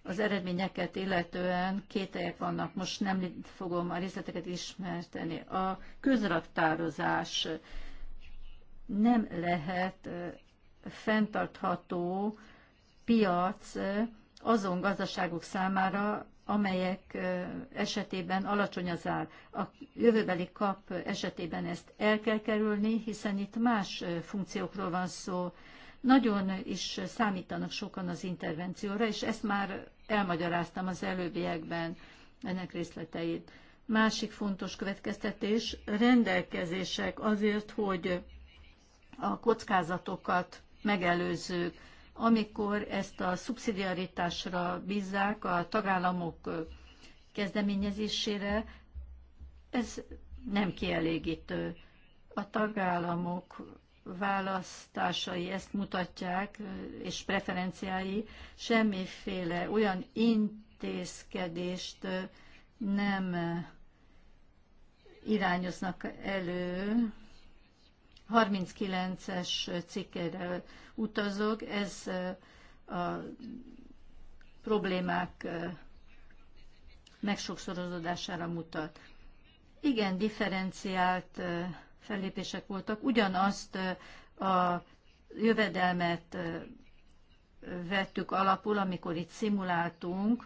az eredményeket illetően kételyek vannak, most nem fogom a részleteket ismerteni. A közraktározás nem lehet fenntartható piac azon gazdaságok számára, amelyek esetében alacsony az ár. A jövőbeli kap esetében ezt el kell kerülni, hiszen itt más funkciókról van szó. Nagyon is számítanak sokan az intervencióra, és ezt már elmagyaráztam az előbbiekben ennek részleteit. Másik fontos következtetés, rendelkezések azért, hogy a kockázatokat megelőzzük, amikor ezt a szubszidiaritásra bízzák a tagállamok kezdeményezésére, ez nem kielégítő. A tagállamok választásai ezt mutatják, és preferenciái semmiféle olyan intézkedést nem irányoznak elő. 39-es cikkerel utazok, ez a problémák megsokszorozódására mutat. Igen, differenciált fellépések voltak, ugyanazt a jövedelmet vettük alapul, amikor itt szimuláltunk,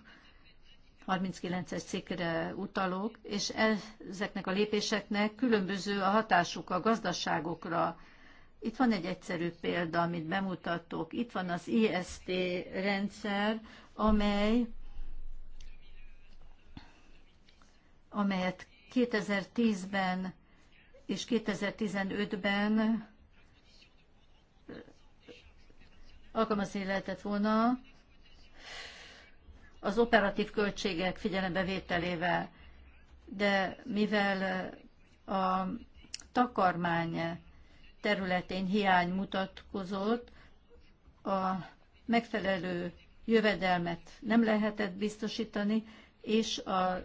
39-es cikkre utalok, és ezeknek a lépéseknek különböző a hatásuk a gazdaságokra. Itt van egy egyszerű példa, amit bemutatok. Itt van az IST rendszer, amely amelyet 2010-ben és 2015-ben alkalmazni lehetett volna az operatív költségek figyelembevételével, de mivel a takarmány területén hiány mutatkozott, a megfelelő jövedelmet nem lehetett biztosítani, és, a,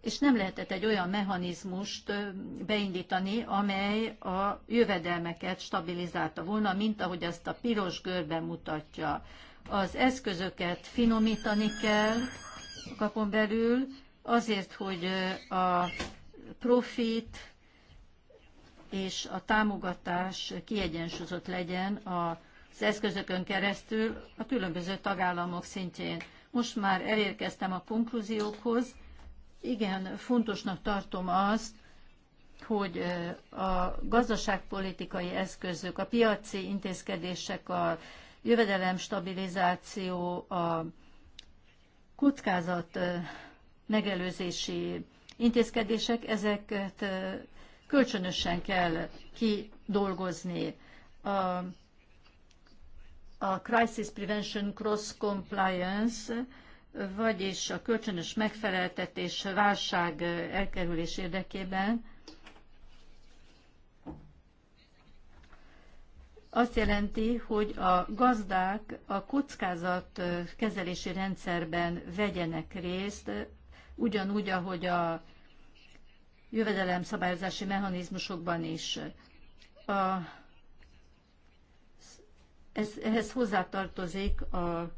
és nem lehetett egy olyan mechanizmust beindítani, amely a jövedelmeket stabilizálta volna, mint ahogy ezt a piros görbe mutatja. Az eszközöket finomítani kell kapon belül, azért, hogy a profit és a támogatás kiegyensúlyozott legyen az eszközökön keresztül a különböző tagállamok szintjén. Most már elérkeztem a konklúziókhoz. Igen, fontosnak tartom azt, hogy a gazdaságpolitikai eszközök, a piaci intézkedések, a jövedelem stabilizáció, a kockázat megelőzési intézkedések, ezeket kölcsönösen kell kidolgozni. A, a Crisis Prevention Cross Compliance, vagyis a kölcsönös megfeleltetés válság elkerülés érdekében azt jelenti, hogy a gazdák a kockázat kezelési rendszerben vegyenek részt, ugyanúgy, ahogy a jövedelem szabályozási mechanizmusokban is. A, ez, ehhez hozzátartozik a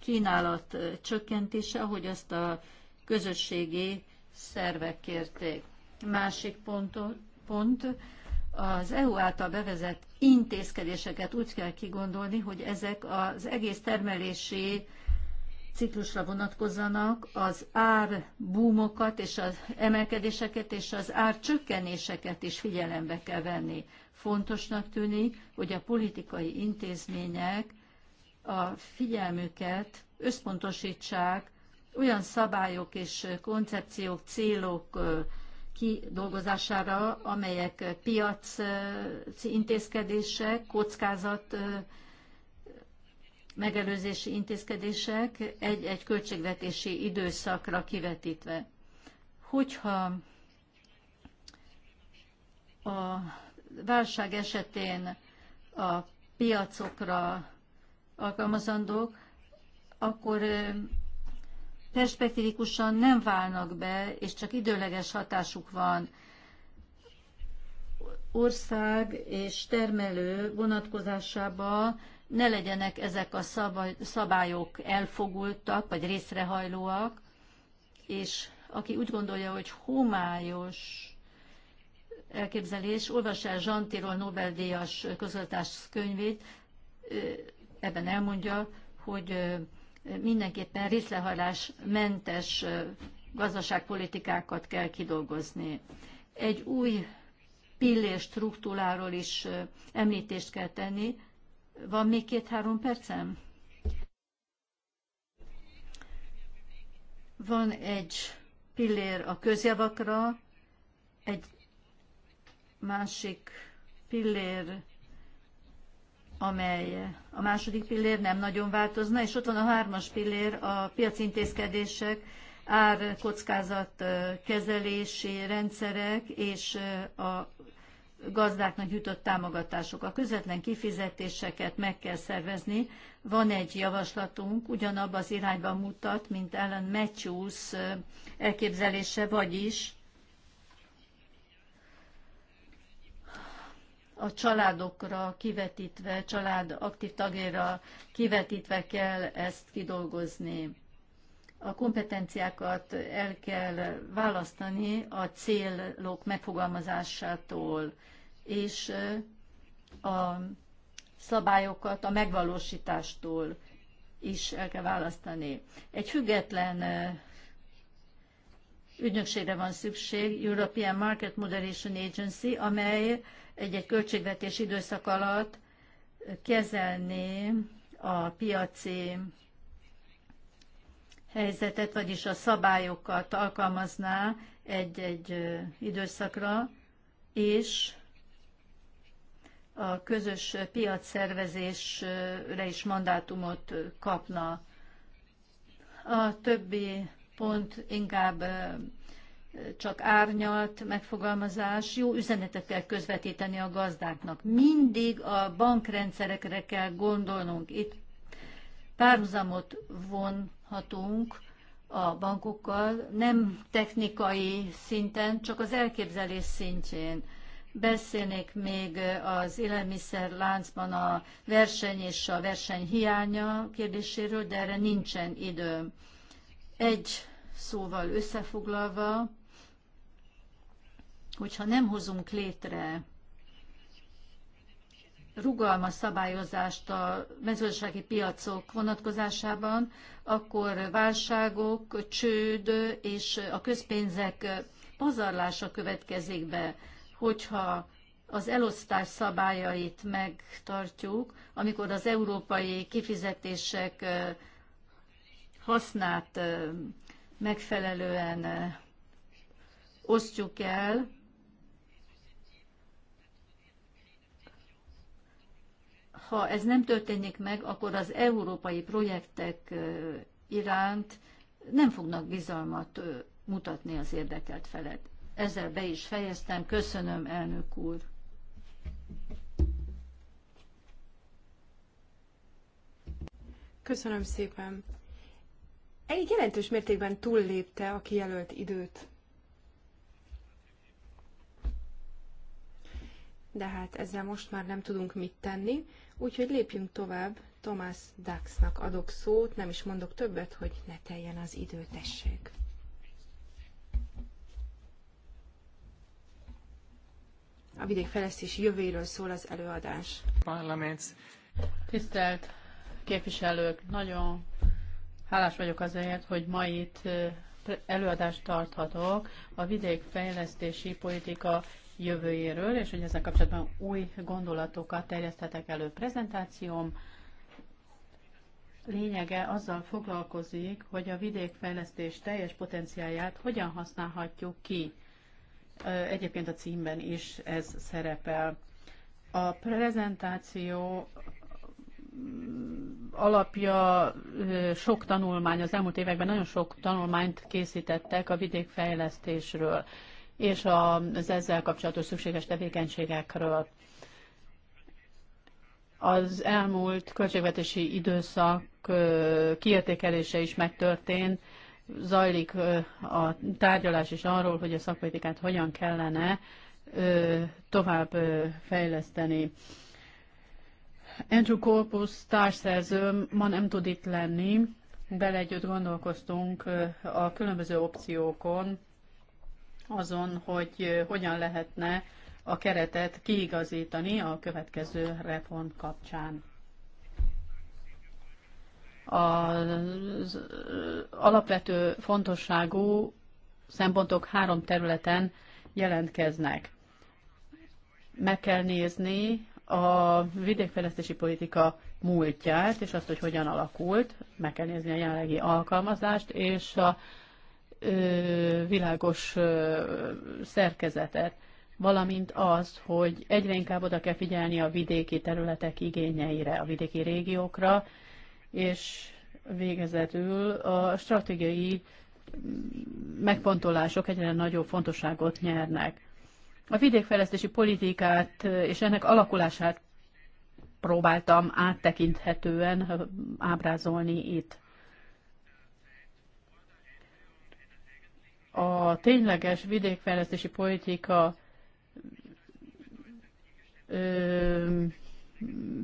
kínálat csökkentése, ahogy azt a közösségi szervek kérték. Másik pont, pont az EU által bevezett intézkedéseket úgy kell kigondolni, hogy ezek az egész termelési ciklusra vonatkozzanak az ár búmokat és az emelkedéseket és az ár csökkenéseket is figyelembe kell venni. Fontosnak tűnik, hogy a politikai intézmények a figyelmüket összpontosítsák olyan szabályok és koncepciók, célok kidolgozására, amelyek piaci intézkedések, kockázat megelőzési intézkedések egy-egy költségvetési időszakra kivetítve. Hogyha a válság esetén a piacokra alkalmazandók, akkor perspektívikusan nem válnak be, és csak időleges hatásuk van ország és termelő vonatkozásában ne legyenek ezek a szabályok elfogultak, vagy részrehajlóak, és aki úgy gondolja, hogy homályos elképzelés, olvassa el Tirol Nobel-díjas közöltás könyvét, ebben elmondja, hogy mindenképpen részlehajlás mentes gazdaságpolitikákat kell kidolgozni. Egy új pillér struktúráról is említést kell tenni, van még két-három percem? Van egy pillér a közjavakra, egy másik pillér, amely a második pillér nem nagyon változna, és ott van a hármas pillér, a piacintézkedések, árkockázat kezelési rendszerek és a gazdáknak jutott támogatások. A közvetlen kifizetéseket meg kell szervezni. Van egy javaslatunk, ugyanabban az irányba mutat, mint Ellen Matthews elképzelése, vagyis a családokra kivetítve, család aktív tagjára kivetítve kell ezt kidolgozni a kompetenciákat el kell választani a célok megfogalmazásától, és a szabályokat a megvalósítástól is el kell választani. Egy független ügynökségre van szükség, European Market Moderation Agency, amely egy-egy költségvetés időszak alatt kezelni a piaci helyzetet, vagyis a szabályokat alkalmazná egy-egy időszakra, és a közös piacszervezésre is mandátumot kapna. A többi pont inkább csak árnyalt megfogalmazás, jó üzenetet kell közvetíteni a gazdáknak. Mindig a bankrendszerekre kell gondolnunk. Itt párhuzamot von hatunk a bankokkal, nem technikai szinten, csak az elképzelés szintjén. Beszélnék még az élelmiszerláncban a verseny és a verseny hiánya kérdéséről, de erre nincsen idő. Egy szóval összefoglalva, hogyha nem hozunk létre rugalmas szabályozást a mezőgazdasági piacok vonatkozásában, akkor válságok, csőd és a közpénzek pazarlása következik be, hogyha az elosztás szabályait megtartjuk, amikor az európai kifizetések hasznát megfelelően osztjuk el, Ha ez nem történik meg, akkor az európai projektek iránt nem fognak bizalmat mutatni az érdekelt felet. Ezzel be is fejeztem. Köszönöm, elnök úr. Köszönöm szépen. Egy jelentős mértékben túllépte a kijelölt időt. De hát ezzel most már nem tudunk mit tenni. Úgyhogy lépjünk tovább. Thomas Daxnak adok szót, nem is mondok többet, hogy ne teljen az idő, tessék. A vidékfejlesztés jövőről szól az előadás. Parlament. Tisztelt képviselők, nagyon hálás vagyok azért, hogy ma itt eh, előadást tarthatok a vidékfejlesztési politika jövőjéről, és hogy ezzel kapcsolatban új gondolatokat terjesztetek elő. Prezentációm lényege azzal foglalkozik, hogy a vidékfejlesztés teljes potenciáját hogyan használhatjuk ki. Egyébként a címben is ez szerepel. A prezentáció mm, alapja sok tanulmány, az elmúlt években nagyon sok tanulmányt készítettek a vidékfejlesztésről és az ezzel kapcsolatos szükséges tevékenységekről. Az elmúlt költségvetési időszak kiértékelése is megtörtént, zajlik a tárgyalás is arról, hogy a szakpolitikát hogyan kellene tovább fejleszteni. Andrew Corpus társszerző ma nem tud itt lenni, bele együtt gondolkoztunk a különböző opciókon, azon, hogy hogyan lehetne a keretet kiigazítani a következő reform kapcsán. Az alapvető fontosságú szempontok három területen jelentkeznek. Meg kell nézni a vidékfejlesztési politika múltját, és azt, hogy hogyan alakult, meg kell nézni a jelenlegi alkalmazást, és a világos szerkezetet, valamint az, hogy egyre inkább oda kell figyelni a vidéki területek igényeire, a vidéki régiókra, és végezetül a stratégiai mm, megfontolások egyre nagyobb fontosságot nyernek. A vidékfejlesztési politikát és ennek alakulását próbáltam áttekinthetően ábrázolni itt. a tényleges vidékfejlesztési politika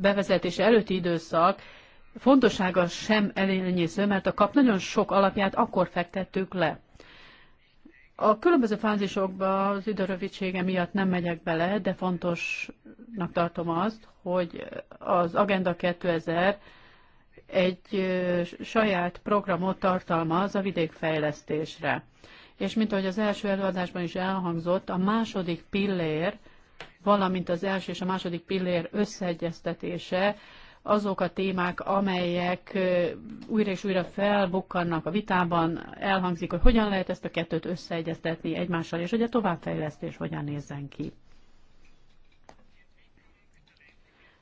bevezetése előtti időszak fontossága sem elényésző, mert a kap nagyon sok alapját akkor fektettük le. A különböző fázisokba az időrövidsége miatt nem megyek bele, de fontosnak tartom azt, hogy az Agenda 2000 egy saját programot tartalmaz a vidékfejlesztésre és mint ahogy az első előadásban is elhangzott, a második pillér, valamint az első és a második pillér összeegyeztetése azok a témák, amelyek újra és újra felbukkannak a vitában, elhangzik, hogy hogyan lehet ezt a kettőt összeegyeztetni egymással, és hogy a továbbfejlesztés hogyan nézzen ki.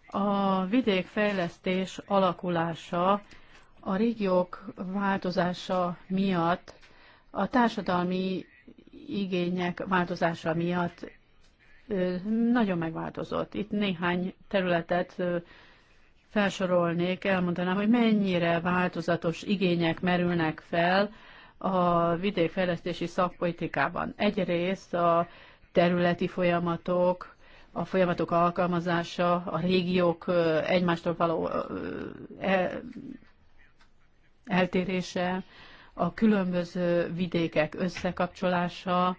A vidékfejlesztés alakulása a régiók változása miatt a társadalmi igények változása miatt nagyon megváltozott. Itt néhány területet felsorolnék, elmondanám, hogy mennyire változatos igények merülnek fel a vidékfejlesztési szakpolitikában. Egyrészt a területi folyamatok, a folyamatok alkalmazása, a régiók egymástól való e, eltérése, a különböző vidékek összekapcsolása,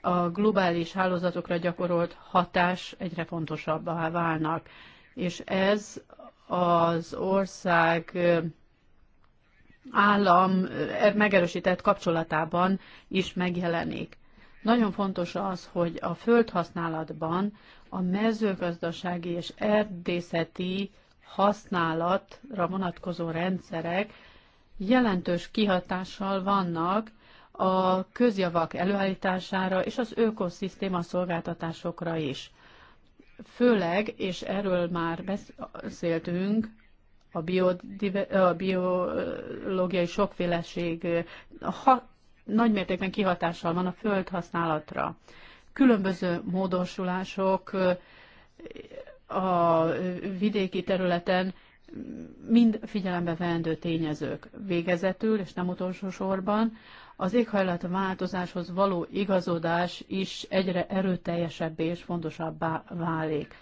a globális hálózatokra gyakorolt hatás egyre fontosabbá válnak. És ez az ország állam megerősített kapcsolatában is megjelenik. Nagyon fontos az, hogy a földhasználatban a mezőgazdasági és erdészeti használatra vonatkozó rendszerek jelentős kihatással vannak a közjavak előállítására és az ökoszisztéma szolgáltatásokra is. Főleg, és erről már beszéltünk, a, a biológiai sokféleség ha- nagymértékben kihatással van a földhasználatra. Különböző módosulások a vidéki területen mind figyelembe veendő tényezők. Végezetül, és nem utolsó sorban, az éghajlatváltozáshoz való igazodás is egyre erőteljesebbé és fontosabbá válik.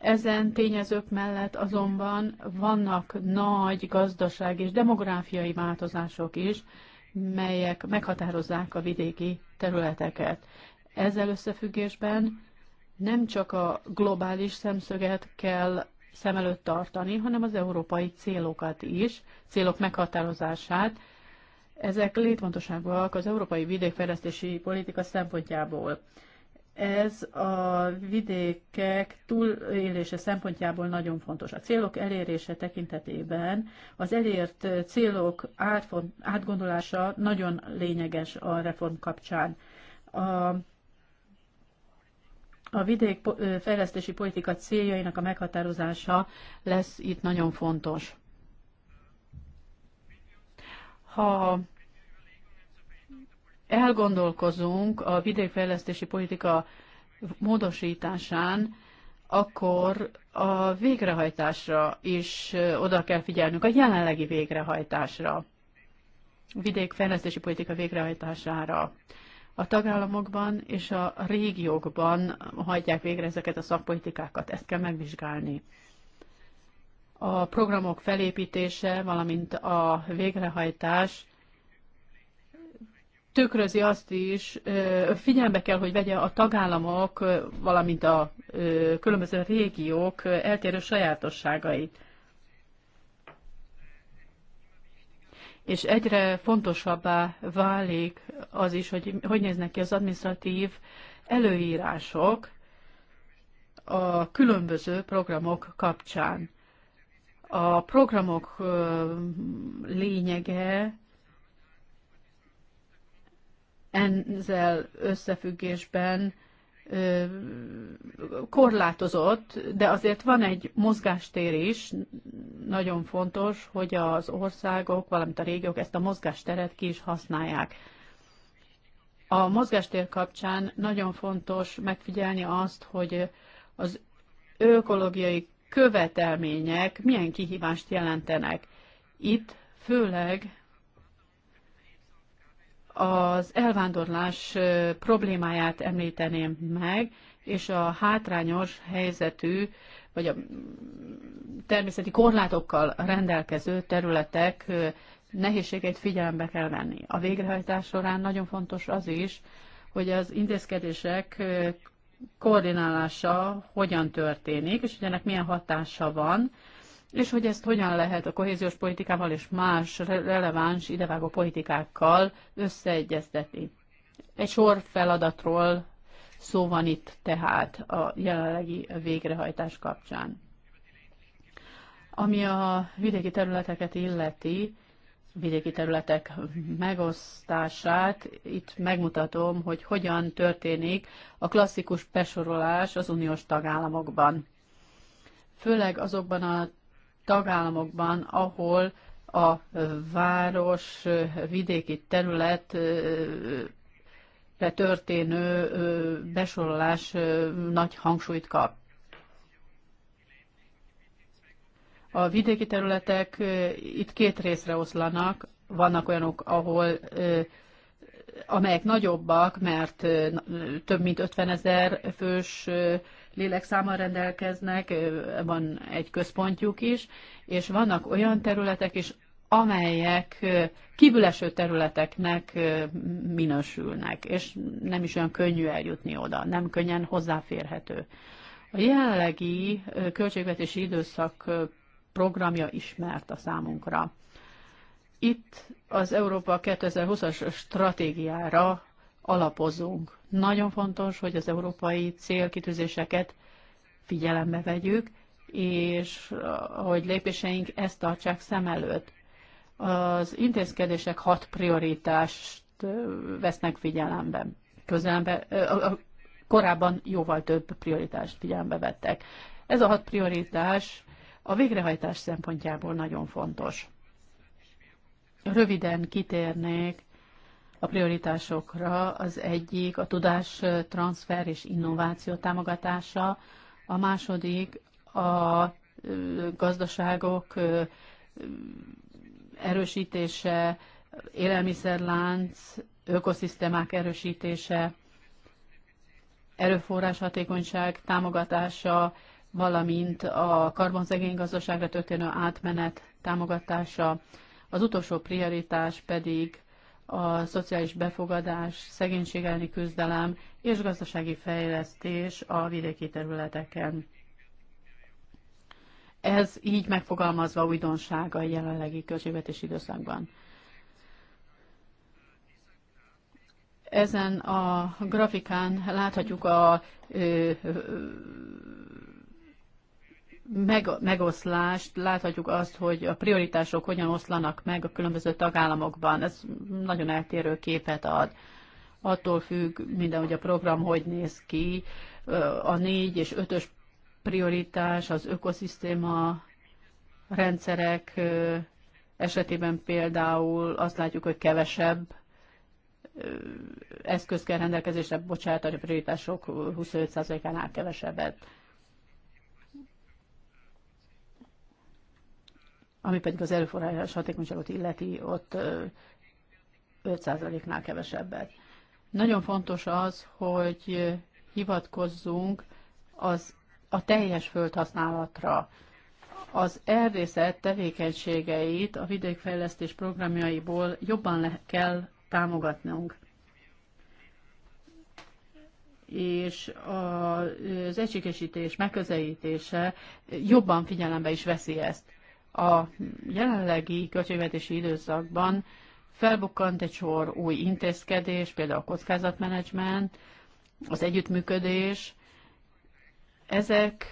Ezen tényezők mellett azonban vannak nagy gazdaság és demográfiai változások is, melyek meghatározzák a vidéki területeket. Ezzel összefüggésben nem csak a globális szemszöget kell szem előtt tartani, hanem az európai célokat is, célok meghatározását. Ezek létfontosságúak az európai vidékfejlesztési politika szempontjából. Ez a vidékek túlélése szempontjából nagyon fontos. A célok elérése tekintetében az elért célok átgondolása nagyon lényeges a reform kapcsán. A a vidék fejlesztési politika céljainak a meghatározása lesz itt nagyon fontos. Ha elgondolkozunk a vidékfejlesztési politika módosításán, akkor a végrehajtásra is oda kell figyelnünk, a jelenlegi végrehajtásra, vidékfejlesztési politika végrehajtására a tagállamokban és a régiókban hajtják végre ezeket a szakpolitikákat. Ezt kell megvizsgálni. A programok felépítése, valamint a végrehajtás tükrözi azt is, figyelembe kell, hogy vegye a tagállamok, valamint a különböző régiók eltérő sajátosságait. és egyre fontosabbá válik az is, hogy hogy néznek ki az administratív előírások a különböző programok kapcsán. A programok lényege ezzel összefüggésben korlátozott, de azért van egy mozgástér is, nagyon fontos, hogy az országok, valamint a régiók ezt a mozgásteret ki is használják. A mozgástér kapcsán nagyon fontos megfigyelni azt, hogy az ökológiai követelmények milyen kihívást jelentenek. Itt főleg az elvándorlás problémáját említeném meg, és a hátrányos helyzetű, vagy a mm, természeti korlátokkal rendelkező területek nehézségeit figyelembe kell venni. A végrehajtás során nagyon fontos az is, hogy az intézkedések koordinálása hogyan történik, és hogy ennek milyen hatása van és hogy ezt hogyan lehet a kohéziós politikával és más releváns idevágó politikákkal összeegyeztetni. Egy sor feladatról szó van itt tehát a jelenlegi végrehajtás kapcsán. Ami a vidéki területeket illeti, vidéki területek megosztását, itt megmutatom, hogy hogyan történik a klasszikus besorolás az uniós tagállamokban. Főleg azokban a tagállamokban, ahol a város vidéki területre történő besorolás nagy hangsúlyt kap. A vidéki területek itt két részre oszlanak. Vannak olyanok, ahol amelyek nagyobbak, mert több mint 50 ezer fős lélekszámmal rendelkeznek, van egy központjuk is, és vannak olyan területek is, amelyek kívüleső területeknek minősülnek, és nem is olyan könnyű eljutni oda, nem könnyen hozzáférhető. A jelenlegi költségvetési időszak programja ismert a számunkra. Itt az Európa 2020-as stratégiára alapozunk. Nagyon fontos, hogy az európai célkitűzéseket figyelembe vegyük, és uh, hogy lépéseink ezt tartsák szem előtt. Az intézkedések hat prioritást uh, vesznek figyelembe. Közelembe, uh, korábban jóval több prioritást figyelembe vettek. Ez a hat prioritás a végrehajtás szempontjából nagyon fontos. Röviden kitérnék a prioritásokra. Az egyik a tudás transfer és innováció támogatása, a második a gazdaságok erősítése, élelmiszerlánc, ökoszisztémák erősítése, erőforrás hatékonyság támogatása, valamint a karbonszegény gazdaságra történő átmenet támogatása. Az utolsó prioritás pedig a szociális befogadás, szegénység elleni küzdelem és gazdasági fejlesztés a vidéki területeken. Ez így megfogalmazva újdonság a jelenlegi költségvetési időszakban. Ezen a grafikán láthatjuk a ö, ö, meg, megoszlást, láthatjuk azt, hogy a prioritások hogyan oszlanak meg a különböző tagállamokban. Ez nagyon eltérő képet ad. Attól függ minden, hogy a program hogy néz ki. A négy és ötös prioritás, az ökoszisztéma rendszerek esetében például azt látjuk, hogy kevesebb eszköz kell rendelkezésre bocsátani a prioritások 25%-ánál kevesebbet. Ami pedig az erőforrás hatékonyságot illeti, ott 5%-nál kevesebbet. Nagyon fontos az, hogy hivatkozzunk az, a teljes földhasználatra. Az erdészet tevékenységeit a vidékfejlesztés programjaiból jobban le kell támogatnunk. És az egységesítés megközelítése jobban figyelembe is veszi ezt. A jelenlegi költségvetési időszakban felbukkant egy sor új intézkedés, például a kockázatmenedzsment, az együttműködés. Ezek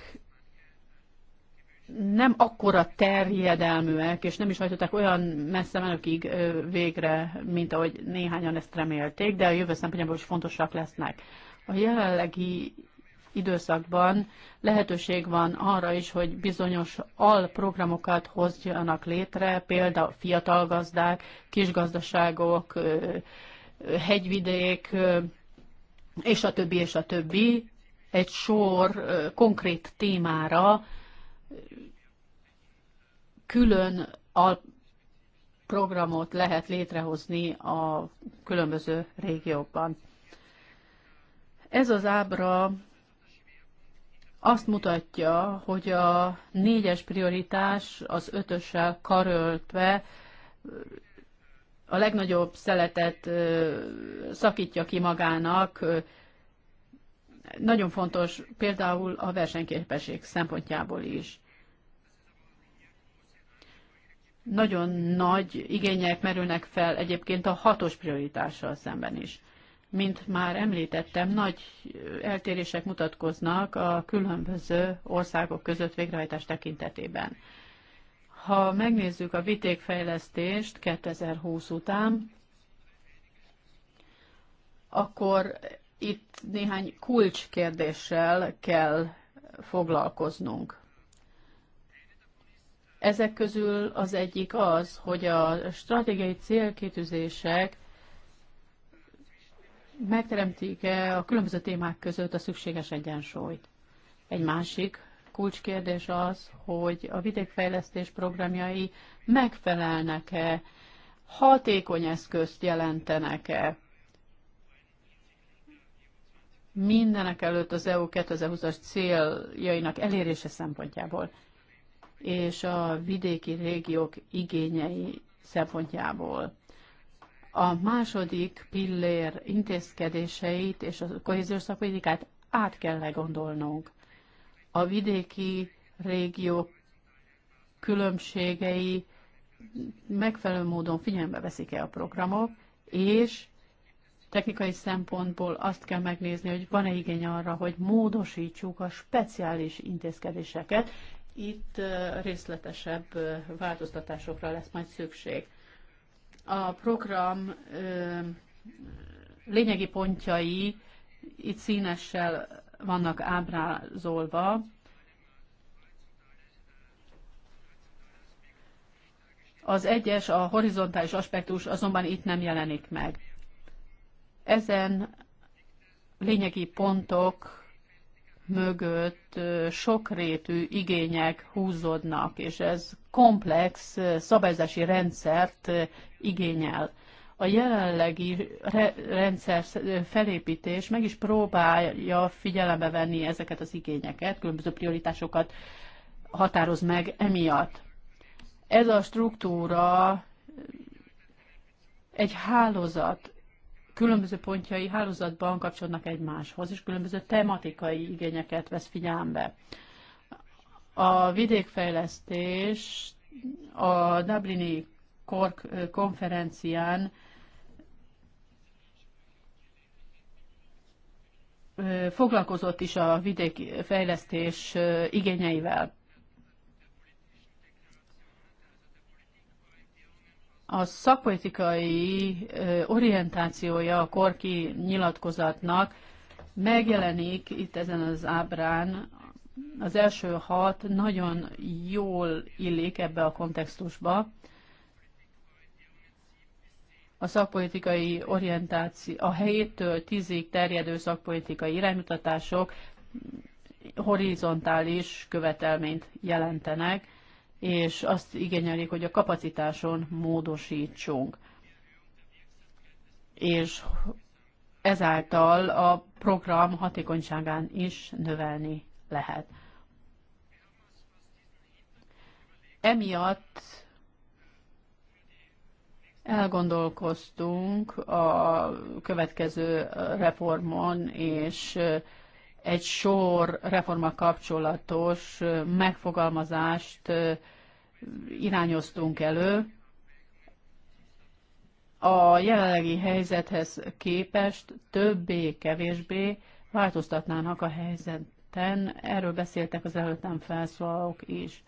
nem akkora terjedelműek, és nem is hajtották olyan messze menőkig végre, mint ahogy néhányan ezt remélték, de a jövő szempontjából is fontosak lesznek. A jelenlegi időszakban lehetőség van arra is, hogy bizonyos alprogramokat hozjanak létre, például fiatal gazdák, kisgazdaságok, hegyvidék, és a többi, és a többi, egy sor konkrét témára külön alprogramot lehet létrehozni a különböző régiókban. Ez az ábra azt mutatja, hogy a négyes prioritás az ötössel karöltve a legnagyobb szeletet szakítja ki magának. Nagyon fontos például a versenyképesség szempontjából is. Nagyon nagy igények merülnek fel egyébként a hatos prioritással szemben is. Mint már említettem, nagy eltérések mutatkoznak a különböző országok között végrehajtás tekintetében. Ha megnézzük a vitékfejlesztést 2020 után, akkor itt néhány kulcskérdéssel kell foglalkoznunk. Ezek közül az egyik az, hogy a stratégiai célkitűzések megteremtik-e a különböző témák között a szükséges egyensúlyt. Egy másik kulcskérdés az, hogy a vidékfejlesztés programjai megfelelnek-e, hatékony eszközt jelentenek-e. Mindenek előtt az EU 2020-as céljainak elérése szempontjából és a vidéki régiók igényei szempontjából a második pillér intézkedéseit és a kohéziós szakpolitikát át kell gondolnunk. A vidéki régiók különbségei megfelelő módon figyelembe veszik-e a programok, és technikai szempontból azt kell megnézni, hogy van-e igény arra, hogy módosítsuk a speciális intézkedéseket. Itt részletesebb változtatásokra lesz majd szükség. A program lényegi pontjai itt színessel vannak ábrázolva. Az egyes, a horizontális aspektus azonban itt nem jelenik meg. Ezen lényegi pontok mögött sokrétű igények húzódnak, és ez komplex szabályzási rendszert igényel. A jelenlegi re rendszer felépítés meg is próbálja figyelembe venni ezeket az igényeket, különböző prioritásokat határoz meg emiatt. Ez a struktúra egy hálózat, különböző pontjai hálózatban kapcsolnak egymáshoz, és különböző tematikai igényeket vesz figyelembe. A vidékfejlesztés a Dublini Kork konferencián foglalkozott is a vidékfejlesztés igényeivel. a szakpolitikai orientációja a korki nyilatkozatnak megjelenik itt ezen az ábrán. Az első hat nagyon jól illik ebbe a kontextusba. A szakpolitikai orientáció, a helyétől tízig terjedő szakpolitikai iránymutatások horizontális követelményt jelentenek és azt igényelik, hogy a kapacitáson módosítsunk. És ezáltal a program hatékonyságán is növelni lehet. Emiatt elgondolkoztunk a következő reformon, és egy sor reforma kapcsolatos megfogalmazást irányoztunk elő. A jelenlegi helyzethez képest többé-kevésbé változtatnának a helyzeten. Erről beszéltek az előttem felszólalók is.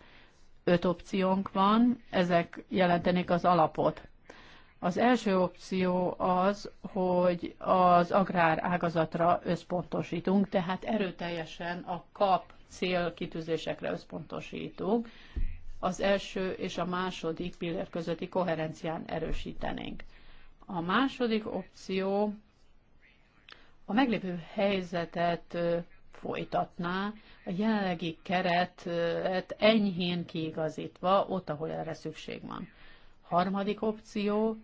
Öt opciónk van, ezek jelentenék az alapot. Az első opció az, hogy az agrár ágazatra összpontosítunk, tehát erőteljesen a kap célkitűzésekre összpontosítunk. Az első és a második pillér közötti koherencián erősítenénk. A második opció a meglévő helyzetet folytatná, a jelenlegi keretet enyhén kiigazítva ott, ahol erre szükség van. Harmadik opció,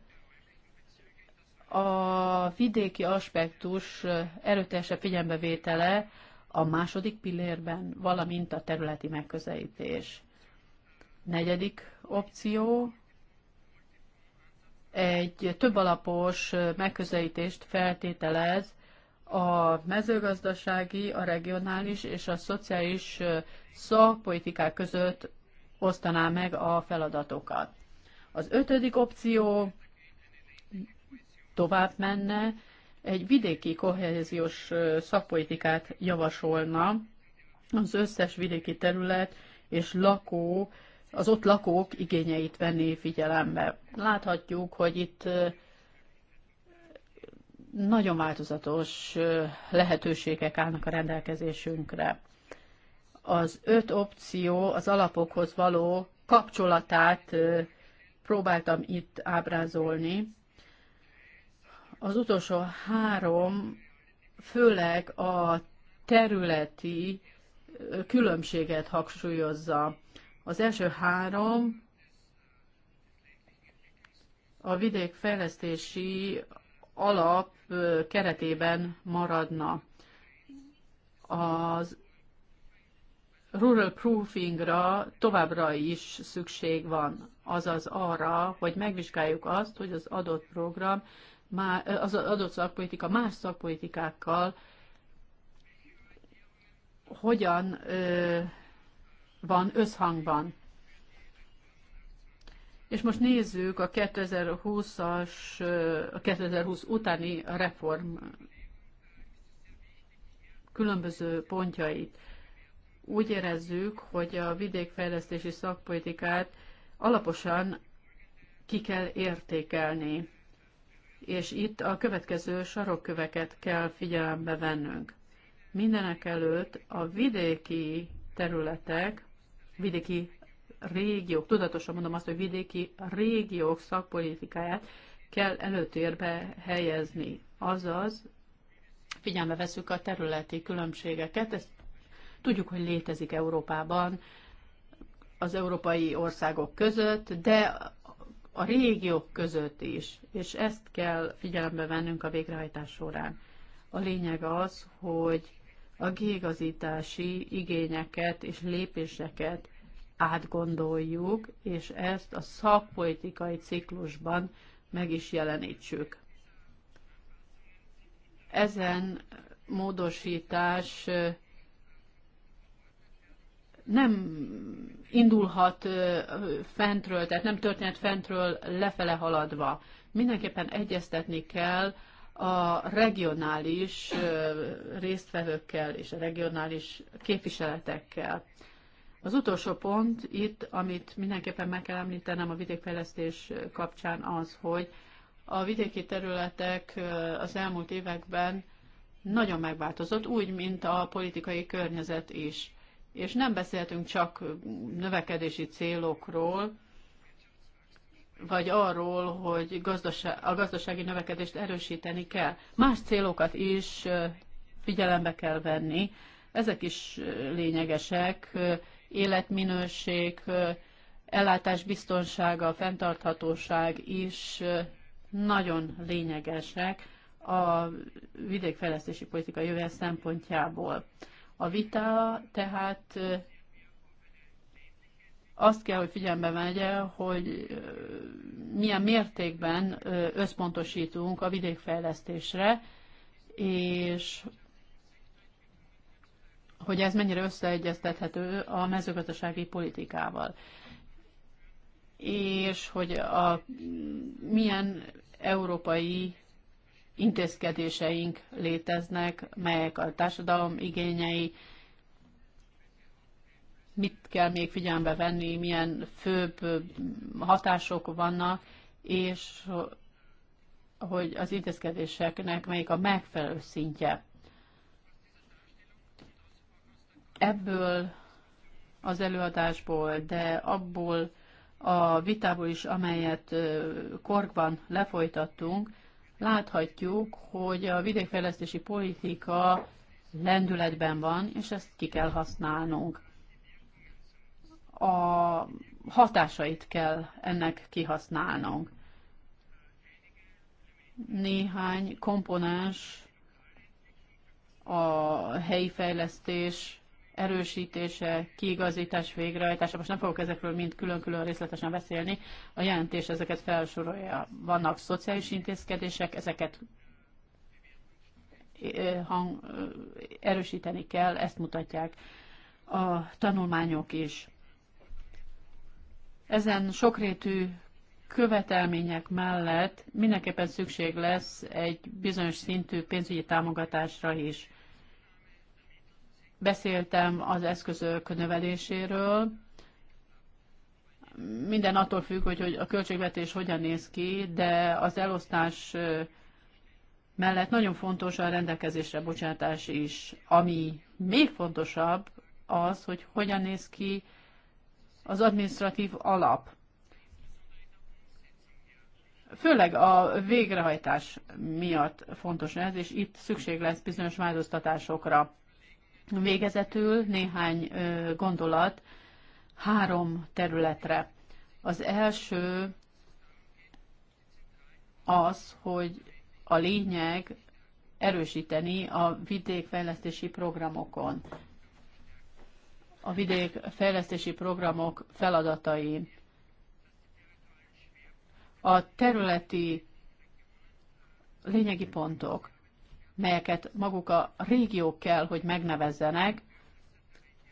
a vidéki aspektus erőteljesebb figyelmevétele a második pillérben, valamint a területi megközelítés. Negyedik opció egy több alapos megközelítést feltételez a mezőgazdasági, a regionális és a szociális szakpolitikák között osztaná meg a feladatokat. Az ötödik opció tovább menne, egy vidéki kohéziós szakpolitikát javasolna az összes vidéki terület és lakó, az ott lakók igényeit venni figyelembe. Láthatjuk, hogy itt nagyon változatos lehetőségek állnak a rendelkezésünkre. Az öt opció az alapokhoz való kapcsolatát próbáltam itt ábrázolni, az utolsó három főleg a területi különbséget hangsúlyozza. Az első három a vidékfejlesztési alap keretében maradna. Az rural proofingra továbbra is szükség van, azaz arra, hogy megvizsgáljuk azt, hogy az adott program az adott szakpolitika más szakpolitikákkal hogyan van összhangban. És most nézzük a 2020-as, a 2020 utáni reform különböző pontjait. Úgy érezzük, hogy a vidékfejlesztési szakpolitikát alaposan ki kell értékelni és itt a következő sarokköveket kell figyelembe vennünk. Mindenek előtt a vidéki területek, vidéki régiók, tudatosan mondom azt, hogy vidéki régiók szakpolitikáját kell előtérbe helyezni. Azaz, figyelme veszük a területi különbségeket, ezt tudjuk, hogy létezik Európában, az európai országok között, de a régiók között is, és ezt kell figyelembe vennünk a végrehajtás során. A lényeg az, hogy a kiigazítási igényeket és lépéseket átgondoljuk, és ezt a szakpolitikai ciklusban meg is jelenítsük. Ezen módosítás nem indulhat fentről, tehát nem történhet fentről lefele haladva. Mindenképpen egyeztetni kell a regionális résztvevőkkel és a regionális képviseletekkel. Az utolsó pont itt, amit mindenképpen meg kell említenem a vidékfejlesztés kapcsán az, hogy a vidéki területek az elmúlt években nagyon megváltozott, úgy, mint a politikai környezet is és nem beszéltünk csak növekedési célokról, vagy arról, hogy a gazdasági növekedést erősíteni kell. Más célokat is figyelembe kell venni. Ezek is lényegesek, életminőség, ellátás biztonsága, fenntarthatóság is nagyon lényegesek a vidékfejlesztési politika jövő szempontjából. A vita tehát azt kell, hogy figyelme vegye, hogy milyen mértékben összpontosítunk a vidékfejlesztésre, és hogy ez mennyire összeegyeztethető a mezőgazdasági politikával. És hogy a, milyen európai intézkedéseink léteznek, melyek a társadalom igényei, mit kell még figyelembe venni, milyen főbb hatások vannak, és hogy az intézkedéseknek melyik a megfelelő szintje. Ebből az előadásból, de abból a vitából is, amelyet korkban lefolytattunk, láthatjuk, hogy a vidékfejlesztési politika lendületben van, és ezt ki kell használnunk. A hatásait kell ennek kihasználnunk. Néhány komponens a helyi fejlesztés erősítése, kiigazítás, végrehajtása. Most nem fogok ezekről mind külön-külön részletesen beszélni. A jelentés ezeket felsorolja. Vannak szociális intézkedések, ezeket eh, hang, eh, erősíteni kell, ezt mutatják a tanulmányok is. Ezen sokrétű követelmények mellett mindenképpen szükség lesz egy bizonyos szintű pénzügyi támogatásra is. Beszéltem az eszközök növeléséről. Minden attól függ, hogy, hogy a költségvetés hogyan néz ki, de az elosztás mellett nagyon fontos a rendelkezésre bocsátás is. Ami még fontosabb az, hogy hogyan néz ki az administratív alap. Főleg a végrehajtás miatt fontos ez, és itt szükség lesz bizonyos változtatásokra. Végezetül néhány gondolat három területre. Az első az, hogy a lényeg erősíteni a vidékfejlesztési programokon. A vidékfejlesztési programok feladatai. A területi lényegi pontok melyeket maguk a régiók kell, hogy megnevezzenek,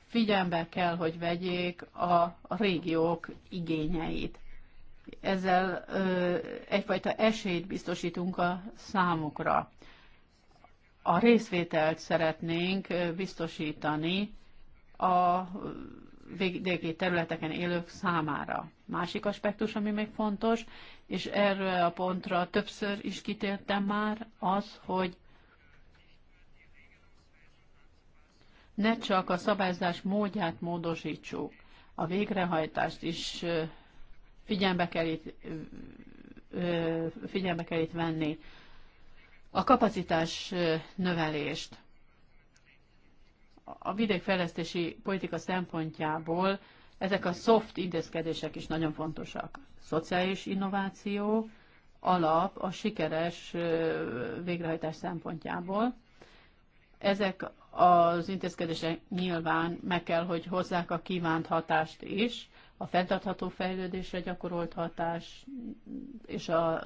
figyelembe kell, hogy vegyék a régiók igényeit. Ezzel ö, egyfajta esélyt biztosítunk a számukra. A részvételt szeretnénk biztosítani a vidéki területeken élők számára. Másik aspektus, ami még fontos, és erről a pontra többször is kitértem már, az, hogy ne csak a szabályzás módját módosítsuk, a végrehajtást is figyelme kell itt, figyelme kell itt venni, a kapacitás növelést. A vidékfejlesztési politika szempontjából ezek a soft intézkedések is nagyon fontosak. Szociális innováció alap a sikeres végrehajtás szempontjából. Ezek az intézkedések nyilván meg kell, hogy hozzák a kívánt hatást is, a fenntartható fejlődésre gyakorolt hatás és a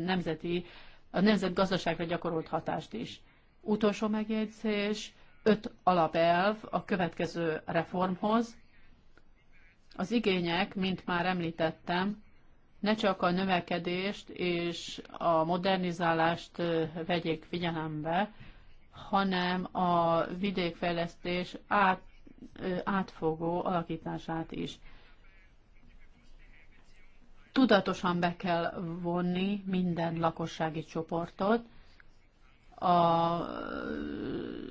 nemzeti, a nemzetgazdaságra gyakorolt hatást is. Utolsó megjegyzés, öt alapelv a következő reformhoz. Az igények, mint már említettem, ne csak a növekedést és a modernizálást vegyék figyelembe, hanem a vidékfejlesztés át, átfogó alakítását is. Tudatosan be kell vonni minden lakossági csoportot, a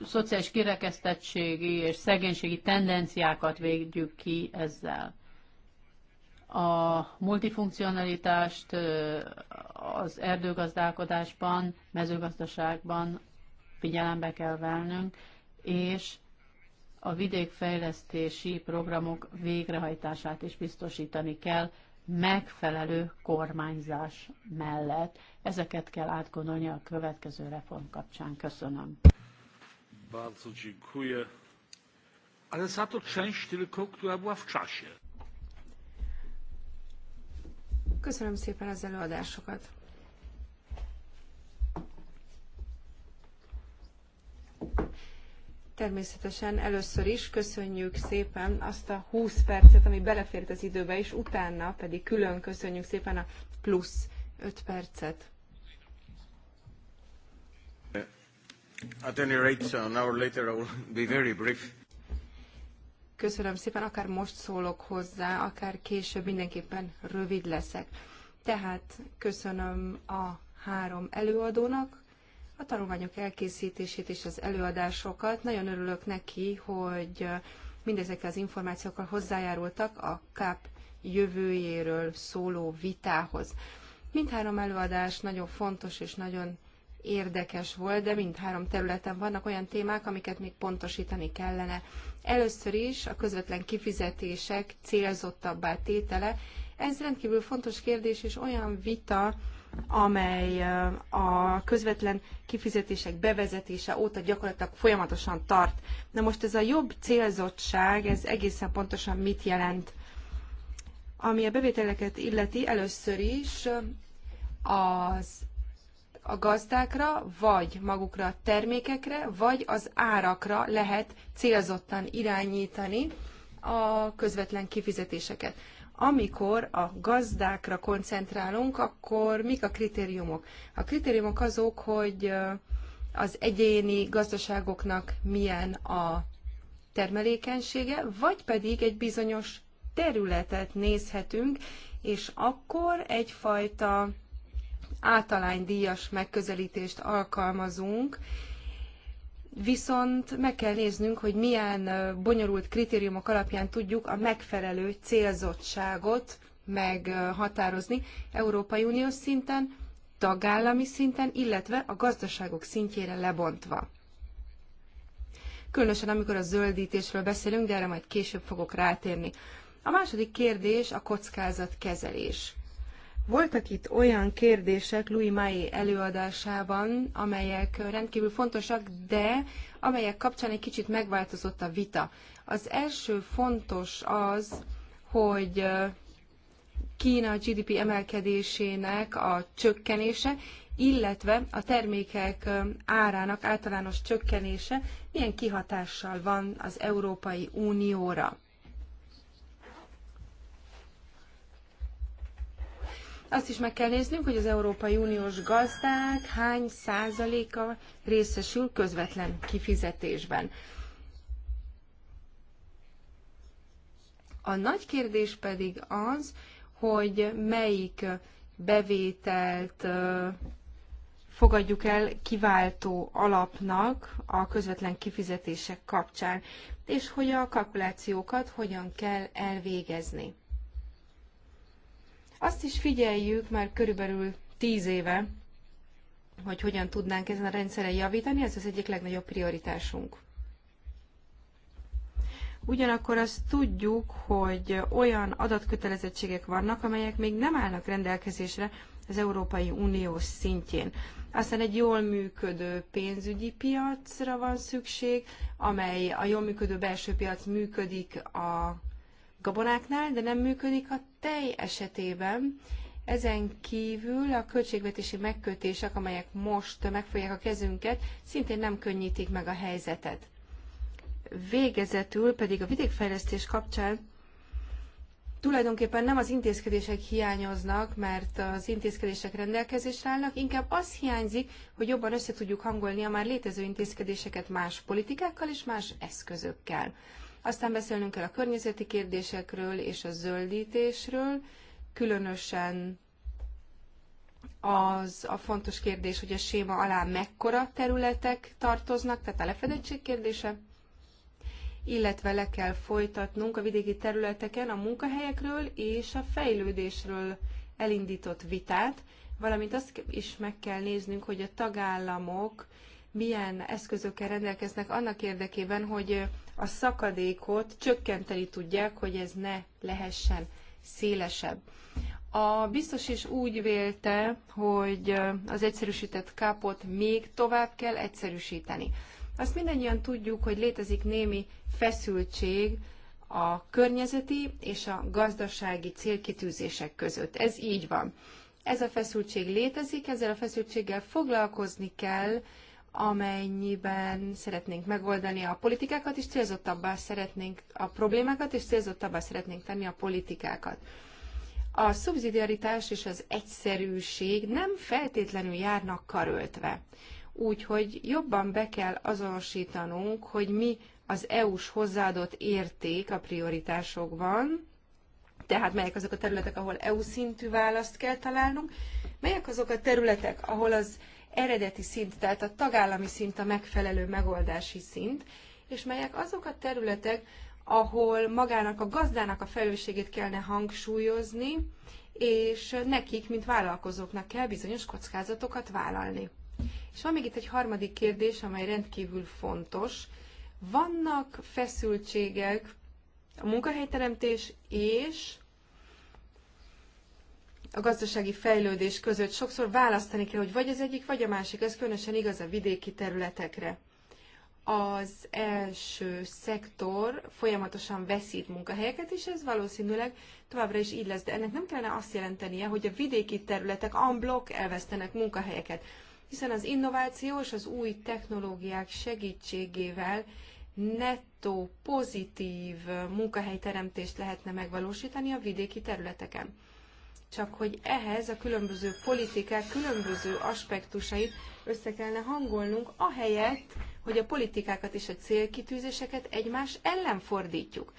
szociális kirekesztettségi és szegénységi tendenciákat végjük ki ezzel. A multifunkcionalitást az erdőgazdálkodásban, mezőgazdaságban, figyelembe kell vennünk, és a vidékfejlesztési programok végrehajtását is biztosítani kell megfelelő kormányzás mellett. Ezeket kell átgondolni a következő reform kapcsán. Köszönöm. Bardzo dziękuję. Ale za to część tylko, która była w czasie. Köszönöm szépen az előadásokat. Természetesen először is köszönjük szépen azt a 20 percet, ami belefért az időbe, és utána pedig külön köszönjük szépen a plusz 5 percet. At any rate, an uh, hour later I will be very brief. Köszönöm szépen, akár most szólok hozzá, akár később mindenképpen rövid leszek. Tehát köszönöm a három előadónak, a tanulmányok elkészítését és az előadásokat. Nagyon örülök neki, hogy mindezekkel az információkkal hozzájárultak a KAP jövőjéről szóló vitához. Mindhárom előadás nagyon fontos és nagyon érdekes volt, de mindhárom területen vannak olyan témák, amiket még pontosítani kellene. Először is a közvetlen kifizetések célzottabbá tétele. Ez rendkívül fontos kérdés és olyan vita, amely a közvetlen kifizetések bevezetése óta gyakorlatilag folyamatosan tart. Na most ez a jobb célzottság, ez egészen pontosan mit jelent? Ami a bevételeket illeti, először is az a gazdákra, vagy magukra a termékekre, vagy az árakra lehet célzottan irányítani a közvetlen kifizetéseket. Amikor a gazdákra koncentrálunk, akkor mik a kritériumok? A kritériumok azok, hogy az egyéni gazdaságoknak milyen a termelékenysége, vagy pedig egy bizonyos területet nézhetünk, és akkor egyfajta általánydíjas megközelítést alkalmazunk, viszont meg kell néznünk, hogy milyen bonyolult kritériumok alapján tudjuk a megfelelő célzottságot meghatározni Európai Uniós szinten, tagállami szinten, illetve a gazdaságok szintjére lebontva. Különösen amikor a zöldítésről beszélünk, de erre majd később fogok rátérni. A második kérdés a kockázatkezelés. Voltak itt olyan kérdések Louis Mai előadásában, amelyek rendkívül fontosak, de amelyek kapcsán egy kicsit megváltozott a vita. Az első fontos az, hogy Kína GDP emelkedésének a csökkenése, illetve a termékek árának általános csökkenése milyen kihatással van az Európai Unióra. Azt is meg kell néznünk, hogy az Európai Uniós gazdák hány százaléka részesül közvetlen kifizetésben. A nagy kérdés pedig az, hogy melyik bevételt fogadjuk el kiváltó alapnak a közvetlen kifizetések kapcsán, és hogy a kalkulációkat hogyan kell elvégezni. Azt is figyeljük már körülbelül tíz éve, hogy hogyan tudnánk ezen a rendszeren javítani, ez az egyik legnagyobb prioritásunk. Ugyanakkor azt tudjuk, hogy olyan adatkötelezettségek vannak, amelyek még nem állnak rendelkezésre az Európai Unió szintjén. Aztán egy jól működő pénzügyi piacra van szükség, amely a jól működő belső piac működik a gabonáknál, de nem működik a tej esetében ezen kívül a költségvetési megkötések, amelyek most megfolyják a kezünket, szintén nem könnyítik meg a helyzetet. Végezetül pedig a vidékfejlesztés kapcsán tulajdonképpen nem az intézkedések hiányoznak, mert az intézkedések rendelkezésre állnak, inkább az hiányzik, hogy jobban össze tudjuk hangolni a már létező intézkedéseket más politikákkal és más eszközökkel. Aztán beszélnünk kell a környezeti kérdésekről és a zöldítésről, különösen az a fontos kérdés, hogy a séma alá mekkora területek tartoznak, tehát a lefedettség kérdése, illetve le kell folytatnunk a vidéki területeken a munkahelyekről és a fejlődésről elindított vitát, valamint azt is meg kell néznünk, hogy a tagállamok milyen eszközökkel rendelkeznek annak érdekében, hogy a szakadékot csökkenteni tudják, hogy ez ne lehessen szélesebb. A biztos is úgy vélte, hogy az egyszerűsített kápot még tovább kell egyszerűsíteni. Azt mindannyian tudjuk, hogy létezik némi feszültség a környezeti és a gazdasági célkitűzések között. Ez így van. Ez a feszültség létezik, ezzel a feszültséggel foglalkozni kell, amennyiben szeretnénk megoldani a politikákat, és célzottabbá szeretnénk a problémákat, és célzottabbá szeretnénk tenni a politikákat. A szubszidiaritás és az egyszerűség nem feltétlenül járnak karöltve. Úgyhogy jobban be kell azonosítanunk, hogy mi az EU-s hozzáadott érték a prioritásokban, tehát melyek azok a területek, ahol EU szintű választ kell találnunk, melyek azok a területek, ahol az eredeti szint, tehát a tagállami szint a megfelelő megoldási szint, és melyek azok a területek, ahol magának a gazdának a felelősségét kellene hangsúlyozni, és nekik, mint vállalkozóknak kell bizonyos kockázatokat vállalni. És van még itt egy harmadik kérdés, amely rendkívül fontos. Vannak feszültségek a munkahelyteremtés és a gazdasági fejlődés között sokszor választani kell, hogy vagy az egyik, vagy a másik. Ez különösen igaz a vidéki területekre. Az első szektor folyamatosan veszít munkahelyeket, és ez valószínűleg továbbra is így lesz. De ennek nem kellene azt jelentenie, hogy a vidéki területek unblock elvesztenek munkahelyeket, hiszen az innováció és az új technológiák segítségével nettó pozitív munkahelyteremtést lehetne megvalósítani a vidéki területeken csak hogy ehhez a különböző politikák különböző aspektusait össze kellene hangolnunk, ahelyett, hogy a politikákat és a célkitűzéseket egymás ellen fordítjuk.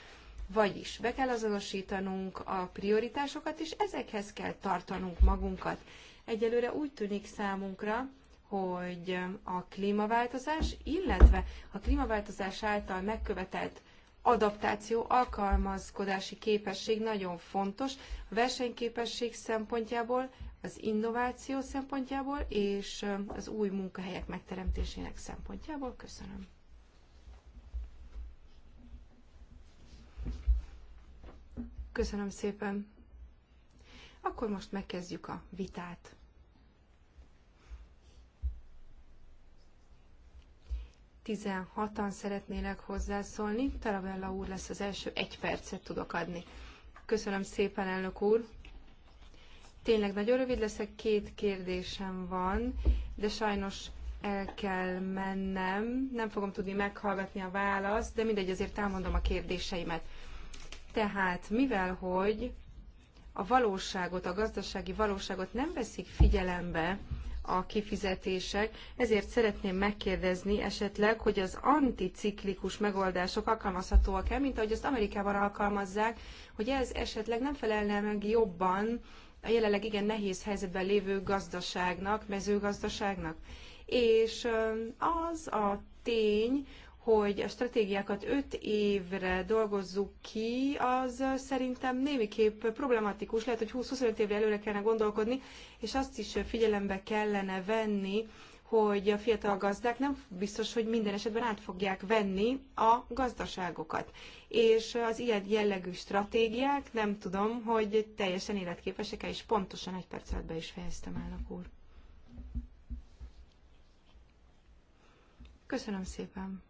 Vagyis be kell azonosítanunk a prioritásokat, és ezekhez kell tartanunk magunkat. Egyelőre úgy tűnik számunkra, hogy a klímaváltozás, illetve a klímaváltozás által megkövetelt adaptáció, alkalmazkodási képesség nagyon fontos a versenyképesség szempontjából, az innováció szempontjából és um, az új munkahelyek megteremtésének szempontjából. Köszönöm. Köszönöm szépen. Akkor most megkezdjük a vitát. 16-an szeretnének hozzászólni. Tarabella úr lesz az első, egy percet tudok adni. Köszönöm szépen, elnök úr. Tényleg nagyon rövid leszek, két kérdésem van, de sajnos el kell mennem. Nem fogom tudni meghallgatni a választ, de mindegy, azért elmondom a kérdéseimet. Tehát, mivel hogy a valóságot, a gazdasági valóságot nem veszik figyelembe, a kifizetések, ezért szeretném megkérdezni esetleg, hogy az anticiklikus megoldások alkalmazhatóak-e, mint ahogy azt Amerikában alkalmazzák, hogy ez esetleg nem felelne meg jobban a jelenleg igen nehéz helyzetben lévő gazdaságnak, mezőgazdaságnak. És az a tény, hogy a stratégiákat öt évre dolgozzuk ki, az szerintem némiképp problematikus. Lehet, hogy 20-25 évre előre kellene gondolkodni, és azt is figyelembe kellene venni, hogy a fiatal gazdák nem biztos, hogy minden esetben át fogják venni a gazdaságokat. És az ilyen jellegű stratégiák, nem tudom, hogy teljesen életképesek-e, és pontosan egy perc alatt be is fejeztem, elnök úr. Köszönöm szépen!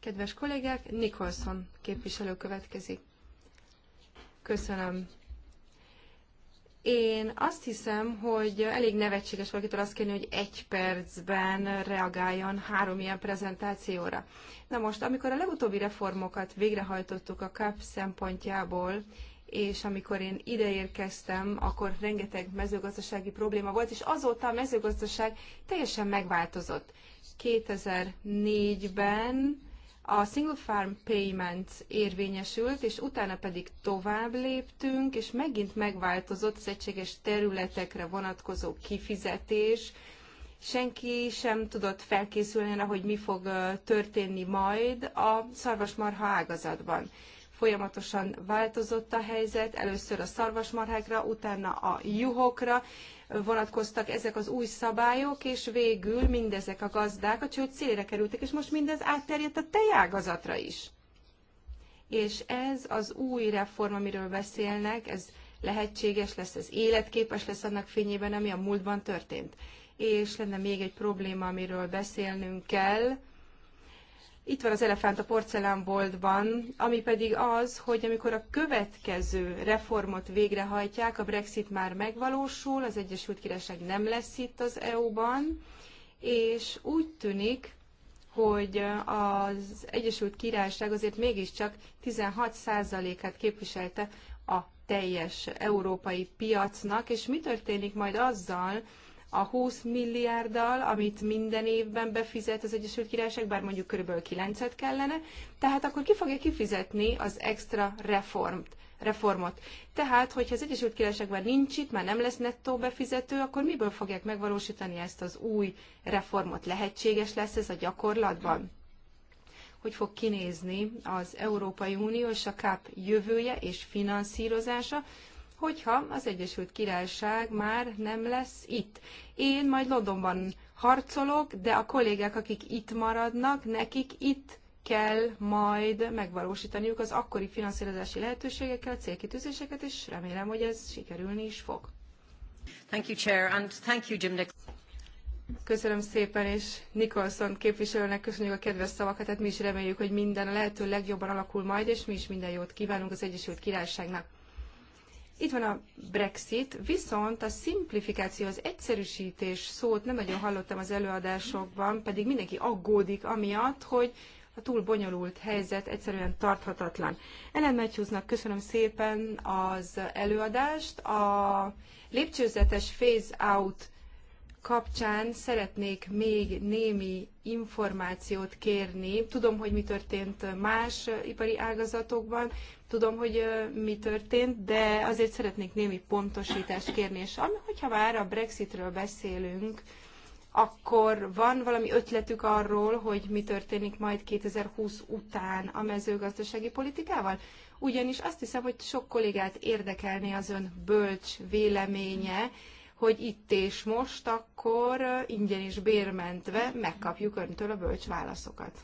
Kedves kollégák, Nicholson képviselő következik. Köszönöm. Én azt hiszem, hogy elég nevetséges valakitől azt kérni, hogy egy percben reagáljon három ilyen prezentációra. Na most, amikor a legutóbbi reformokat végrehajtottuk a CAP szempontjából, és amikor én ideérkeztem, akkor rengeteg mezőgazdasági probléma volt, és azóta a mezőgazdaság teljesen megváltozott. 2004-ben a single farm payment érvényesült, és utána pedig tovább léptünk, és megint megváltozott az egységes területekre vonatkozó kifizetés. Senki sem tudott felkészülni arra, hogy mi fog történni majd a szarvasmarha ágazatban folyamatosan változott a helyzet, először a szarvasmarhákra, utána a juhokra vonatkoztak ezek az új szabályok, és végül mindezek a gazdák a csőd célére kerültek, és most mindez átterjedt a tejágazatra is. És ez az új reform, amiről beszélnek, ez lehetséges lesz, ez életképes lesz annak fényében, ami a múltban történt. És lenne még egy probléma, amiről beszélnünk kell, itt van az elefánt a porcelánboltban, ami pedig az, hogy amikor a következő reformot végrehajtják, a Brexit már megvalósul, az Egyesült Királyság nem lesz itt az EU-ban, és úgy tűnik, hogy az Egyesült Királyság azért mégiscsak 16%-át képviselte a teljes európai piacnak, és mi történik majd azzal, a 20 milliárddal, amit minden évben befizet az Egyesült Királyság, bár mondjuk körülbelül 9-et kellene, tehát akkor ki fogja kifizetni az extra reformt, reformot. Tehát, hogyha az Egyesült Királyság már nincs itt, már nem lesz nettó befizető, akkor miből fogják megvalósítani ezt az új reformot? Lehetséges lesz ez a gyakorlatban? hogy fog kinézni az Európai Unió és a KAP jövője és finanszírozása, hogyha az Egyesült Királyság már nem lesz itt. Én majd Londonban harcolok, de a kollégák, akik itt maradnak, nekik itt kell majd megvalósítaniuk az akkori finanszírozási lehetőségekkel a célkitűzéseket, és remélem, hogy ez sikerülni is fog. Thank you, Chair, and thank you, Jim Köszönöm szépen, és Nicholson képviselőnek köszönjük a kedves szavakat, tehát mi is reméljük, hogy minden a lehető legjobban alakul majd, és mi is minden jót kívánunk az Egyesült Királyságnak. Itt van a Brexit, viszont a szimplifikáció, az egyszerűsítés szót nem nagyon hallottam az előadásokban, pedig mindenki aggódik amiatt, hogy a túl bonyolult helyzet egyszerűen tarthatatlan. Ellen Matthewsnak köszönöm szépen az előadást. A lépcsőzetes phase-out kapcsán szeretnék még némi információt kérni. Tudom, hogy mi történt más ipari ágazatokban, tudom, hogy mi történt, de azért szeretnék némi pontosítást kérni, és ami, hogyha már a Brexitről beszélünk, akkor van valami ötletük arról, hogy mi történik majd 2020 után a mezőgazdasági politikával? Ugyanis azt hiszem, hogy sok kollégát érdekelné az ön bölcs véleménye, hogy itt és most akkor ingyen és bérmentve megkapjuk öntől a bölcs válaszokat.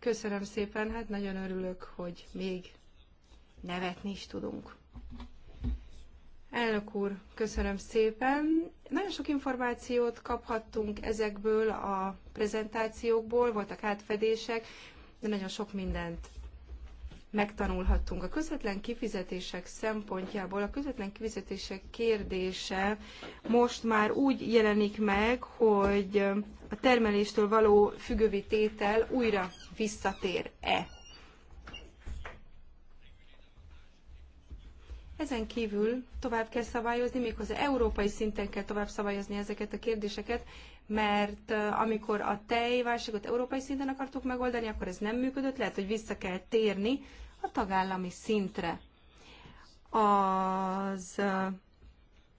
Köszönöm szépen, hát nagyon örülök, hogy még nevetni is tudunk. Elnök úr, köszönöm szépen. Nagyon sok információt kaphattunk ezekből a prezentációkból, voltak átfedések, de nagyon sok mindent megtanulhattunk. A közvetlen kifizetések szempontjából a közvetlen kifizetések kérdése most már úgy jelenik meg, hogy a termeléstől való függővi tétel újra visszatér-e Ezen kívül tovább kell szabályozni, méghozzá európai szinten kell tovább szabályozni ezeket a kérdéseket, mert amikor a tejválságot európai szinten akartuk megoldani, akkor ez nem működött, lehet, hogy vissza kell térni a tagállami szintre. Az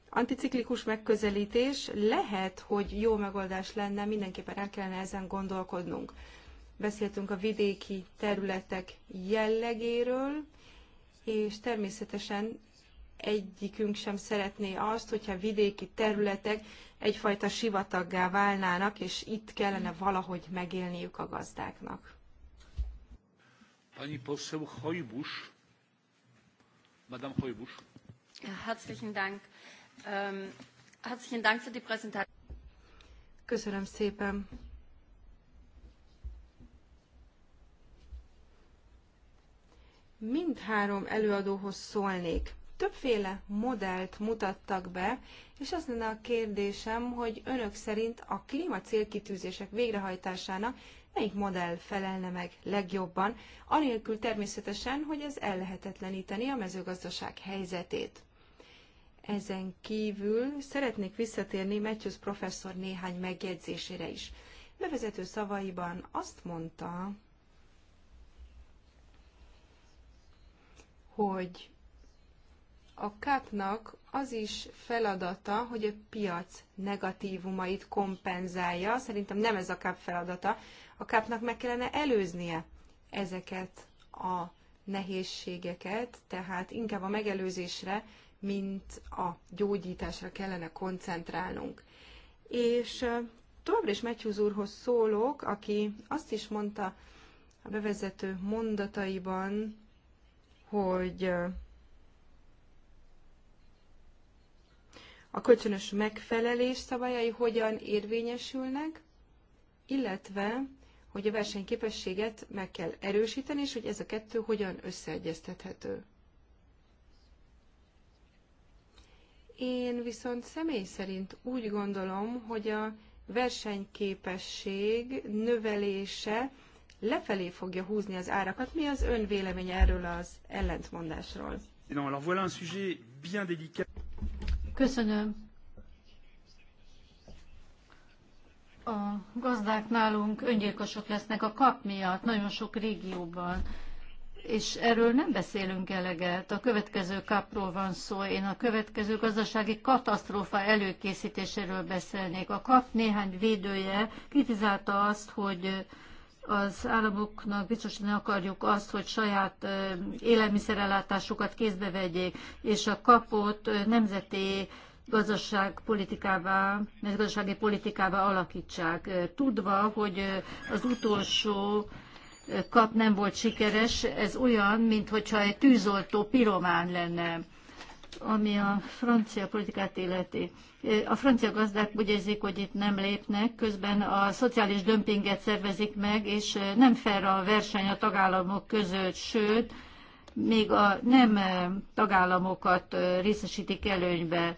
anticiklikus megközelítés lehet, hogy jó megoldás lenne, mindenképpen el kellene ezen gondolkodnunk. Beszéltünk a vidéki területek jellegéről, és természetesen egyikünk sem szeretné azt, hogyha vidéki területek egyfajta sivataggá válnának, és itt kellene valahogy megélniük a gazdáknak. Pani poseł Hojbusz. Madame Hojbusz. Herzlichen Dank. Ähm, herzlichen Dank für die Präsentation. Köszönöm szépen. Mindhárom előadóhoz szólnék többféle modellt mutattak be, és az lenne a kérdésem, hogy önök szerint a klíma célkitűzések végrehajtásának melyik modell felelne meg legjobban, anélkül természetesen, hogy ez ellehetetleníteni a mezőgazdaság helyzetét. Ezen kívül szeretnék visszatérni Matthews professzor néhány megjegyzésére is. Bevezető szavaiban azt mondta, hogy a kapnak az is feladata, hogy a piac negatívumait kompenzálja. Szerintem nem ez a kap feladata. A kapnak meg kellene előznie ezeket a nehézségeket, tehát inkább a megelőzésre, mint a gyógyításra kellene koncentrálnunk. És továbbra is Matthews úrhoz szólok, aki azt is mondta a bevezető mondataiban, hogy a kölcsönös megfelelés szabályai hogyan érvényesülnek, illetve hogy a versenyképességet meg kell erősíteni, és hogy ez a kettő hogyan összeegyeztethető. Én viszont személy szerint úgy gondolom, hogy a versenyképesség növelése lefelé fogja húzni az árakat. Mi az ön vélemény erről az ellentmondásról? Non, alors voilà un sujet bien délicat. Köszönöm. A gazdák nálunk öngyilkosok lesznek a kap miatt, nagyon sok régióban. És erről nem beszélünk eleget. A következő kapról van szó. Én a következő gazdasági katasztrófa előkészítéséről beszélnék. A kap néhány védője kritizálta azt, hogy az államoknak biztosítani akarjuk azt, hogy saját élelmiszerellátásukat kézbe vegyék, és a kapot nemzeti gazdaságpolitikává, mezőgazdasági politikává alakítsák. Tudva, hogy az utolsó kap nem volt sikeres, ez olyan, mintha egy tűzoltó piromán lenne ami a francia politikát illeti. A francia gazdák úgy érzik, hogy itt nem lépnek, közben a szociális dömpinget szervezik meg, és nem fel a verseny a tagállamok között, sőt, még a nem tagállamokat részesítik előnybe.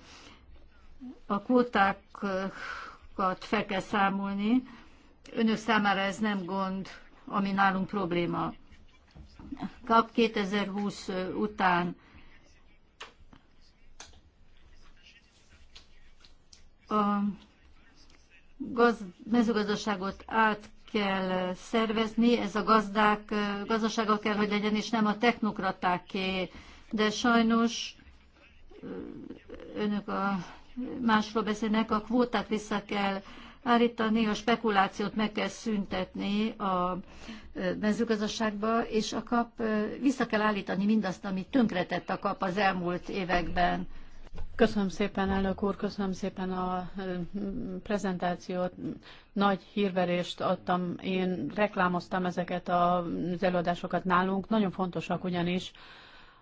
A kvótákat fel kell számolni. Önök számára ez nem gond, ami nálunk probléma. Kap 2020 után a gaz, mezőgazdaságot át kell szervezni, ez a gazdák gazdasága kell, hogy legyen, és nem a technokratáké. De sajnos önök a másról beszélnek, a kvótát vissza kell állítani, a spekulációt meg kell szüntetni a mezőgazdaságba, és a kap, vissza kell állítani mindazt, ami tönkretett a kap az elmúlt években. Köszönöm szépen, elnök úr, köszönöm szépen a prezentációt. Nagy hírverést adtam, én reklámoztam ezeket az előadásokat nálunk, nagyon fontosak ugyanis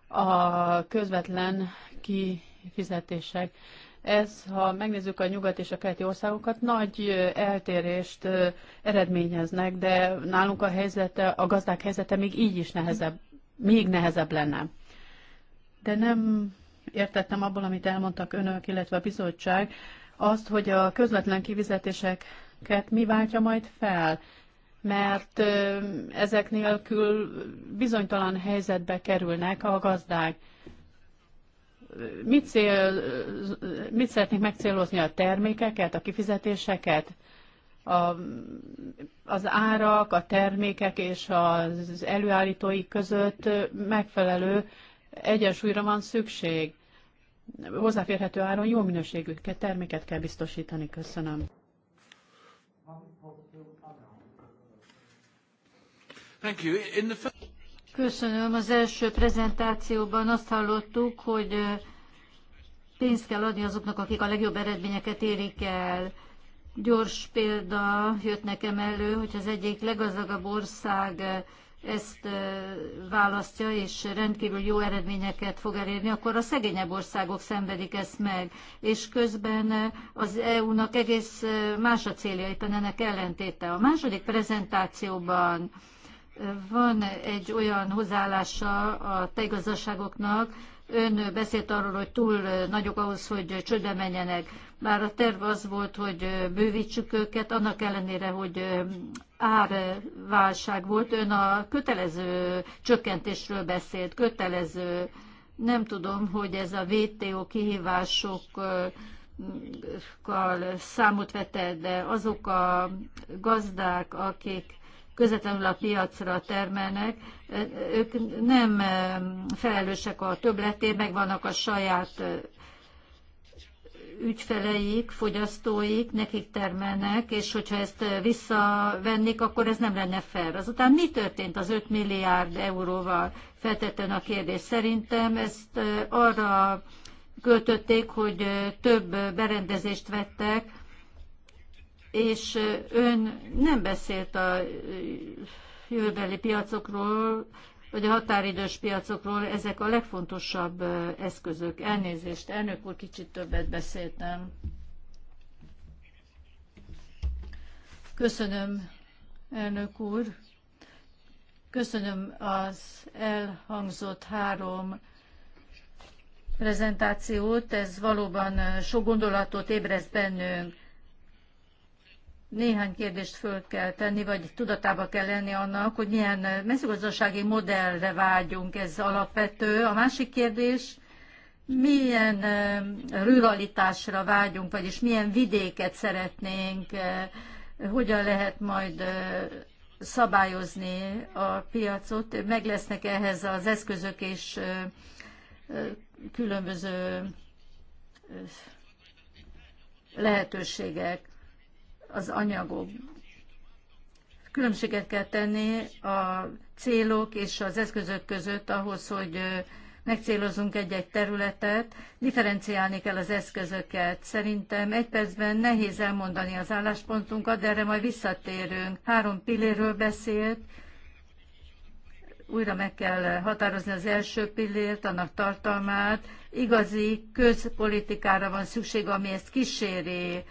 a közvetlen kifizetések. Ez, ha megnézzük a nyugat és a keleti országokat, nagy eltérést eredményeznek, de nálunk a helyzete, a gazdák helyzete még így is nehezebb, még nehezebb lenne. De nem értettem abból, amit elmondtak önök, illetve a bizottság, azt, hogy a közvetlen kivizetéseket mi váltja majd fel, mert ezek nélkül bizonytalan helyzetbe kerülnek a gazdák. Mit, cél, mit szeretnék megcélozni a termékeket, a kifizetéseket? a, az árak, a termékek és az előállítói között megfelelő egyensúlyra van szükség hozzáférhető áron jó minőségű terméket kell biztosítani. Köszönöm. Köszönöm. Az első prezentációban azt hallottuk, hogy pénzt kell adni azoknak, akik a legjobb eredményeket érik el. Gyors példa jött nekem elő, hogy az egyik leggazdagabb ország ezt választja, és rendkívül jó eredményeket fog elérni, akkor a szegényebb országok szenvedik ezt meg, és közben az EU-nak egész más a célja, éppen ennek ellentéte. A második prezentációban van egy olyan hozzáállása a tejgazdaságoknak, ön beszélt arról, hogy túl nagyok ahhoz, hogy csődbe menjenek bár a terv az volt, hogy bővítsük őket, annak ellenére, hogy árválság volt. Ön a kötelező csökkentésről beszélt, kötelező, nem tudom, hogy ez a VTO kihívásokkal számot vette, de azok a gazdák, akik közvetlenül a piacra termelnek, ők nem felelősek a többletért, meg vannak a saját ügyfeleik, fogyasztóik, nekik termelnek, és hogyha ezt visszavennék, akkor ez nem lenne fel. Azután mi történt az 5 milliárd euróval? Feltetően a kérdés szerintem ezt arra költötték, hogy több berendezést vettek, és ön nem beszélt a jövőbeli piacokról, hogy a határidős piacokról, ezek a legfontosabb eszközök. Elnézést, elnök úr, kicsit többet beszéltem. Köszönöm, elnök úr. Köszönöm az elhangzott három prezentációt. Ez valóban sok gondolatot ébreszt bennünk néhány kérdést föl kell tenni, vagy tudatába kell lenni annak, hogy milyen mezőgazdasági modellre vágyunk, ez alapvető. A másik kérdés, milyen ruralitásra vágyunk, vagyis milyen vidéket szeretnénk, hogyan lehet majd szabályozni a piacot, meg lesznek ehhez az eszközök és különböző lehetőségek az anyagok. Különbséget kell tenni a célok és az eszközök között ahhoz, hogy megcélozunk egy-egy területet, differenciálni kell az eszközöket. Szerintem egy percben nehéz elmondani az álláspontunkat, de erre majd visszatérünk. Három pilléről beszélt, újra meg kell határozni az első pillért, annak tartalmát. Igazi közpolitikára van szükség, ami ezt kíséri,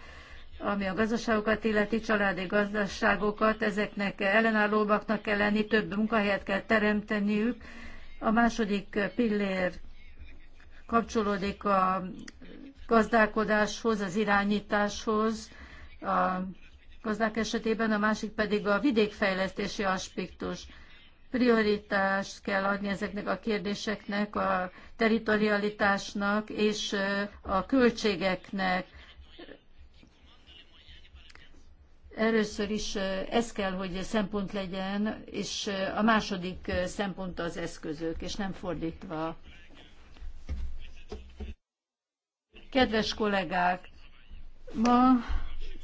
ami a gazdaságokat illeti családi gazdaságokat, ezeknek ellenállóbbaknak kell lenni, több munkahelyet kell teremteniük. A második pillér kapcsolódik a gazdálkodáshoz, az irányításhoz, a gazdák esetében, a másik pedig a vidékfejlesztési aspektus. Prioritást kell adni ezeknek a kérdéseknek, a territorialitásnak és a költségeknek Először is ez kell, hogy szempont legyen, és a második szempont az eszközök, és nem fordítva. Kedves kollégák, ma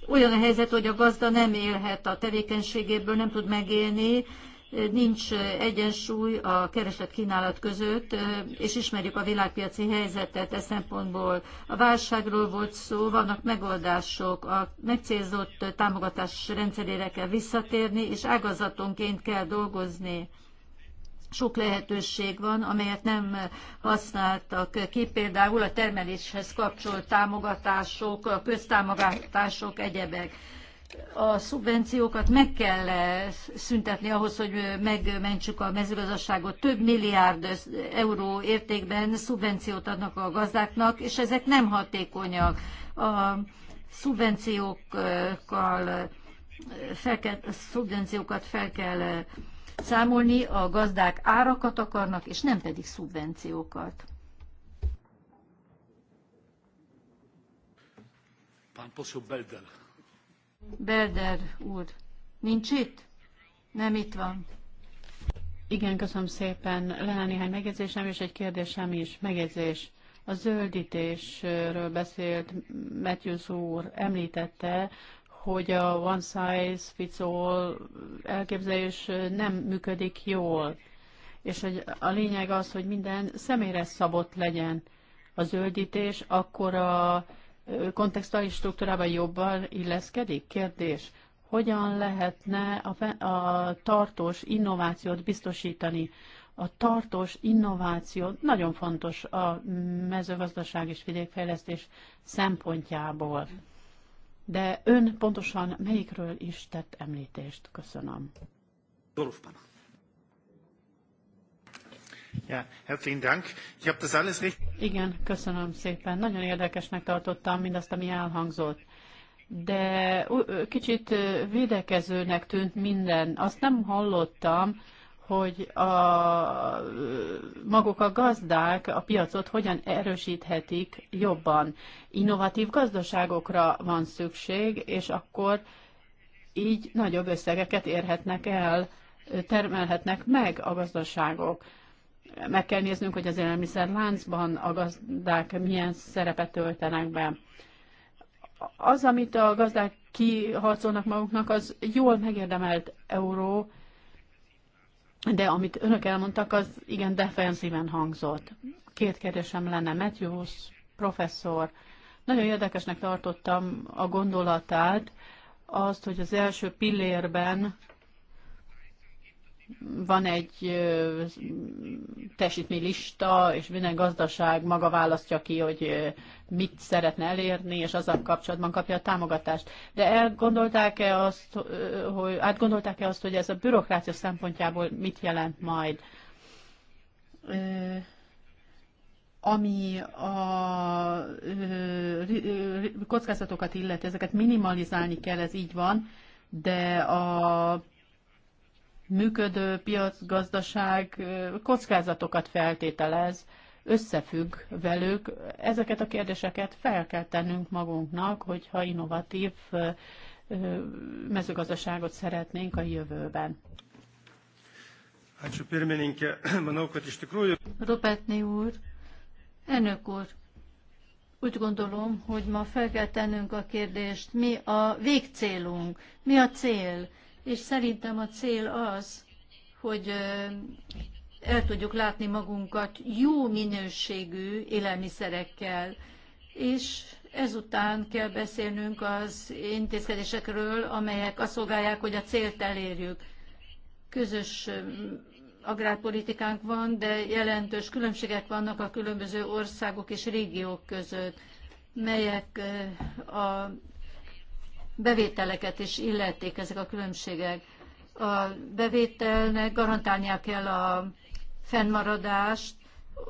olyan a helyzet, hogy a gazda nem élhet a tevékenységéből, nem tud megélni, nincs egyensúly a kereslet-kínálat között, és ismerjük a világpiaci helyzetet e szempontból. A válságról volt szó, vannak megoldások, a megcélzott támogatás rendszerére kell visszatérni, és ágazatonként kell dolgozni. Sok lehetőség van, amelyet nem használtak ki, például a termeléshez kapcsolt támogatások, a köztámogatások, egyebek a szubvenciókat meg kell eh, szüntetni ahhoz, hogy eh, megmentsük a mezőgazdaságot. Több milliárd eh, euró értékben szubvenciót adnak a gazdáknak, és ezek nem hatékonyak. A szubvenciókkal fel kell, szubvenciókat fel kell számolni, a gazdák árakat akarnak, és nem pedig szubvenciókat. Pán Poszó Beldel. Berder úr, nincs itt? Nem itt van. Igen, köszönöm szépen. Lenne néhány megjegyzésem és egy kérdésem is. Megjegyzés. A zöldítésről beszélt Matthews úr, említette, hogy a one size fits all elképzelés nem működik jól. És hogy a lényeg az, hogy minden személyre szabott legyen a zöldítés, akkor a kontextuális struktúrában jobban illeszkedik? Kérdés. Hogyan lehetne a, a tartós innovációt biztosítani? A tartós innováció nagyon fontos a mezőgazdaság és vidékfejlesztés szempontjából. De ön pontosan melyikről is tett említést? Köszönöm. Dorfman. Ja, herzlichen Dank. Ich habe das alles Igen, köszönöm szépen. Nagyon érdekesnek tartottam mindazt, ami elhangzott. De kicsit védekezőnek tűnt minden. Azt nem hallottam, hogy a, maguk a gazdák a piacot hogyan erősíthetik jobban. Innovatív gazdaságokra van szükség, és akkor így nagyobb összegeket érhetnek el, termelhetnek meg a gazdaságok meg kell néznünk, hogy az élelmiszer láncban a gazdák milyen szerepet töltenek be. Az, amit a gazdák kiharcolnak maguknak, az jól megérdemelt euró, de amit önök elmondtak, az igen defenzíven hangzott. Két kérdésem lenne. Matthews professzor, nagyon érdekesnek tartottam a gondolatát, azt, hogy az első pillérben van egy teljesítménylista, és minden gazdaság maga választja ki, hogy mit szeretne elérni, és azzal kapcsolatban kapja a támogatást. De elgondolták-e azt, hogy, átgondolták-e azt, hogy ez a bürokrácia szempontjából mit jelent majd? ami a kockázatokat illeti, ezeket minimalizálni kell, ez így van, de a működő piacgazdaság kockázatokat feltételez, összefügg velük. Ezeket a kérdéseket fel kell tennünk magunknak, hogyha innovatív mezőgazdaságot szeretnénk a jövőben. Ačiū pirmininkė. Manau, kad iš tikrųjų. úr, elnök úr, úgy gondolom, hogy ma fel kell tennünk a kérdést, mi a végcélunk, mi a cél és szerintem a cél az, hogy el tudjuk látni magunkat jó minőségű élelmiszerekkel, és ezután kell beszélnünk az intézkedésekről, amelyek azt szolgálják, hogy a célt elérjük. Közös agrárpolitikánk van, de jelentős különbségek vannak a különböző országok és régiók között, melyek a bevételeket is illették ezek a különbségek. A bevételnek garantálnia kell a fennmaradást,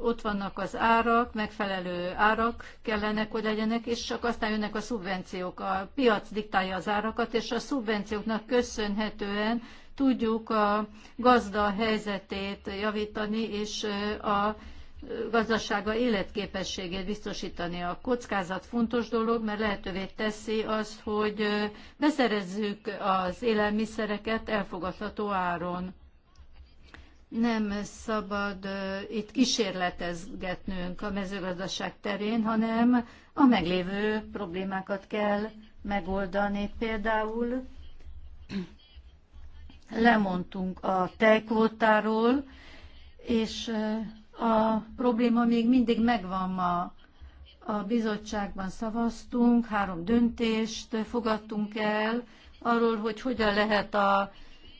ott vannak az árak, megfelelő árak kellenek, hogy legyenek, és csak aztán jönnek a szubvenciók. A piac diktálja az árakat, és a szubvencióknak köszönhetően tudjuk a gazda helyzetét javítani, és a gazdasága életképességét biztosítani. A kockázat fontos dolog, mert lehetővé teszi az, hogy beszerezzük az élelmiszereket elfogadható áron. Nem szabad itt kísérletezgetnünk a mezőgazdaság terén, hanem a meglévő problémákat kell megoldani. Például lemondtunk a tejkvótáról, és a probléma még mindig megvan ma. A bizottságban szavaztunk, három döntést fogadtunk el arról, hogy hogyan lehet a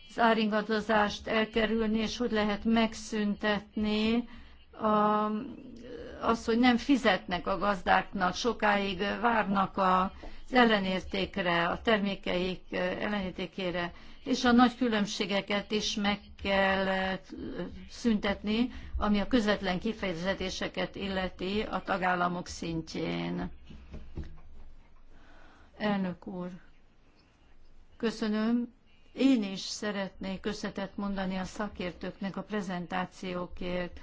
az áringadozást elkerülni, és hogy lehet megszüntetni a, az, hogy nem fizetnek a gazdáknak, sokáig várnak a, az ellenértékre, a termékeik ellenértékére, és a nagy különbségeket is meg kell eh, szüntetni, ami a közvetlen kifejezéseket illeti a tagállamok szintjén. Elnök úr, köszönöm. Én is szeretnék köszönetet mondani a szakértőknek a prezentációkért.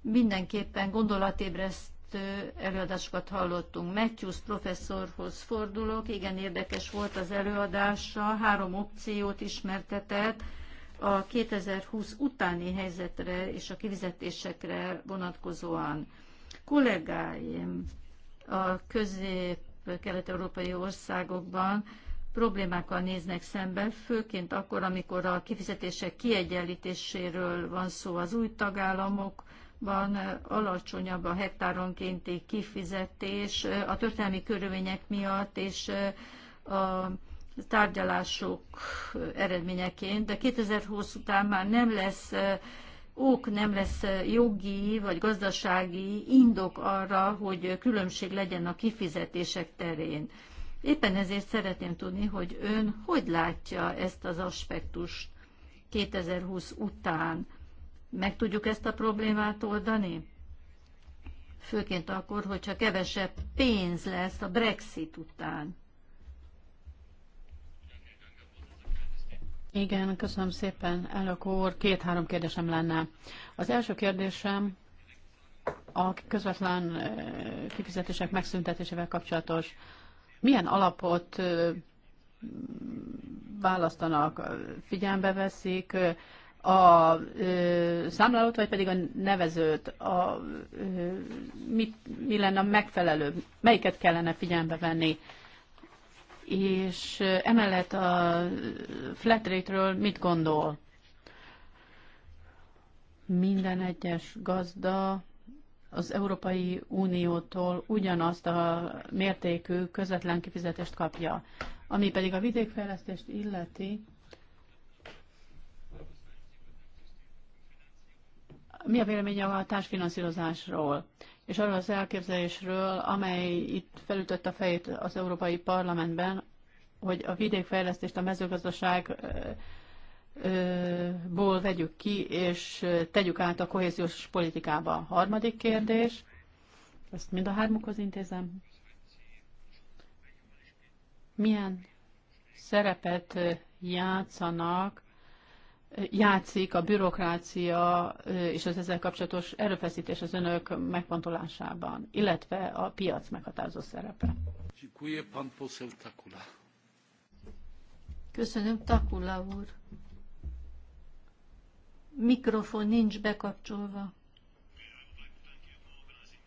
Mindenképpen gondolatébresztő előadásokat hallottunk. Matthews professzorhoz fordulok, igen érdekes volt az előadása, három opciót ismertetett, a 2020 utáni helyzetre és a kivizetésekre vonatkozóan. Kollégáim a közép-kelet-európai országokban problémákkal néznek szembe, főként akkor, amikor a kifizetések kiegyenlítéséről van szó az új tagállamok, van alacsonyabb a hektáronkénti kifizetés a történelmi körülmények miatt és a tárgyalások eredményeként, de 2020 után már nem lesz ok, nem lesz jogi vagy gazdasági indok arra, hogy különbség legyen a kifizetések terén. Éppen ezért szeretném tudni, hogy ön hogy látja ezt az aspektust 2020 után meg tudjuk ezt a problémát oldani? Főként akkor, hogyha kevesebb pénz lesz a Brexit után. Igen, köszönöm szépen, elnök úr. Két-három kérdésem lenne. Az első kérdésem a közvetlen eh, kifizetések megszüntetésével kapcsolatos. Milyen alapot eh, választanak, figyelembe veszik eh, a ö, számlálót, vagy pedig a nevezőt, a, ö, mit, mi lenne a megfelelő, melyiket kellene figyelembe venni. És emellett a flat rate-ről mit gondol? Minden egyes gazda az Európai Uniótól ugyanazt a mértékű közvetlen kifizetést kapja. Ami pedig a vidékfejlesztést illeti, mi a véleménye a társfinanszírozásról, és arról az elképzelésről, amely itt felütött a fejét az Európai Parlamentben, hogy a vidékfejlesztést a mezőgazdaságból vegyük ki, és tegyük át a kohéziós politikába. A harmadik kérdés, ezt mind a hármukhoz intézem. Milyen szerepet játszanak játszik a bürokrácia és az ezzel kapcsolatos erőfeszítés az önök megpontolásában, illetve a piac meghatározó szerepe? Köszönöm, Takula úr. Mikrofon nincs bekapcsolva.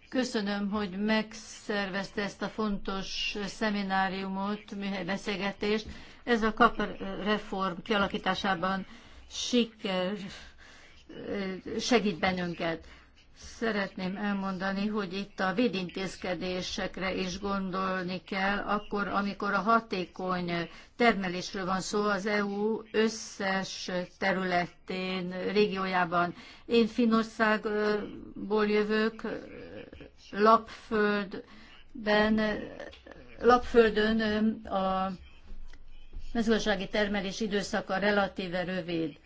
Köszönöm, hogy megszervezte ezt a fontos szemináriumot, műhely beszélgetést. Ez a kap reform kialakításában siker segít bennünket. Szeretném elmondani, hogy itt a védintézkedésekre is gondolni kell, akkor, amikor a hatékony termelésről van szó az EU összes területén, régiójában. Én Finországból jövök, Lapföldben, Lapföldön a mezőgazdasági termelés időszaka relatíve rövid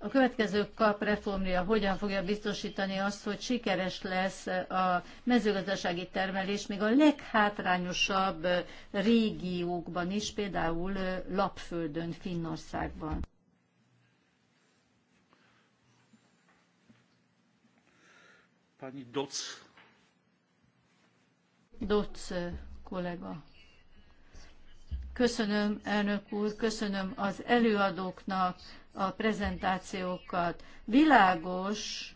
a következő kap reformja hogyan fogja biztosítani azt, hogy sikeres lesz a mezőgazdasági termelés még a leghátrányosabb régiókban is, például Lapföldön, Finnországban? Pani Doc. Doc kollega. Köszönöm, elnök úr, köszönöm az előadóknak, a prezentációkat. Világos,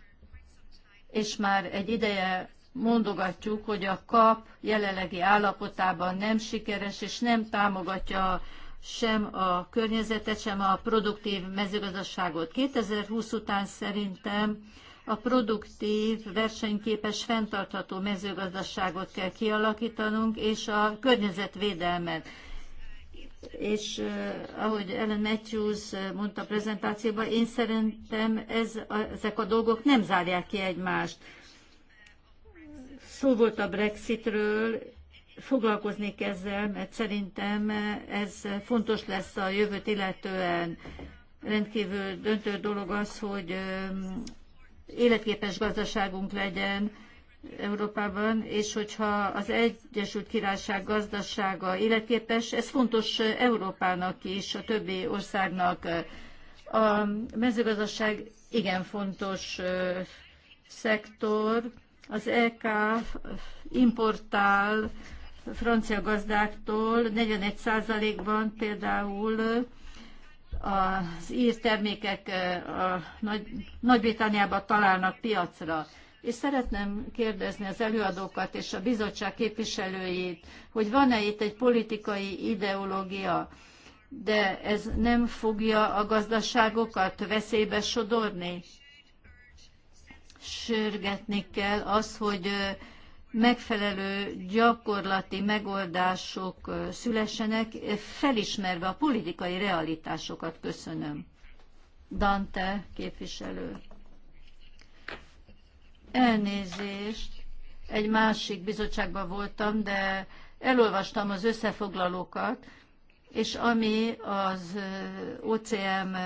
és már egy ideje mondogatjuk, hogy a kap jelenlegi állapotában nem sikeres, és nem támogatja sem a környezetet, sem a produktív mezőgazdaságot. 2020 után szerintem a produktív, versenyképes, fenntartható mezőgazdaságot kell kialakítanunk, és a környezetvédelmet és ahogy Ellen Matthews mondta a prezentációban, én szerintem ez, ezek a dolgok nem zárják ki egymást. Szó volt a Brexitről, foglalkozni ezzel, mert szerintem ez fontos lesz a jövőt illetően. Rendkívül döntő dolog az, hogy életképes gazdaságunk legyen, Európában, és hogyha az Egyesült Királyság gazdasága életképes, ez fontos Európának is, a többi országnak. A mezőgazdaság igen fontos szektor. Az EK importál francia gazdáktól 41%-ban például az ír termékek a Nagy- Nagy-Britanniában találnak piacra és szeretném kérdezni az előadókat és a bizottság képviselőjét, hogy van-e itt egy politikai ideológia, de ez nem fogja a gazdaságokat veszélybe sodorni? Sürgetni kell az, hogy megfelelő gyakorlati megoldások szülessenek, felismerve a politikai realitásokat. Köszönöm. Dante képviselő. Elnézést, egy másik bizottságban voltam, de elolvastam az összefoglalókat, és ami az OCM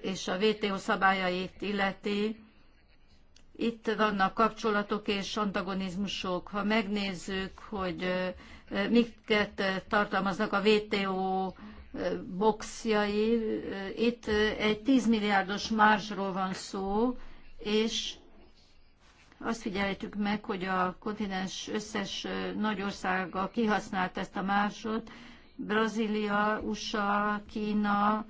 és a WTO szabályait illeti, itt vannak kapcsolatok és antagonizmusok. Ha megnézzük, hogy miket tartalmaznak a WTO boxjai, itt egy 10 milliárdos marzsról van szó, és azt figyeltük meg, hogy a kontinens összes nagy országa kihasznált ezt a másod. Brazília, USA, Kína,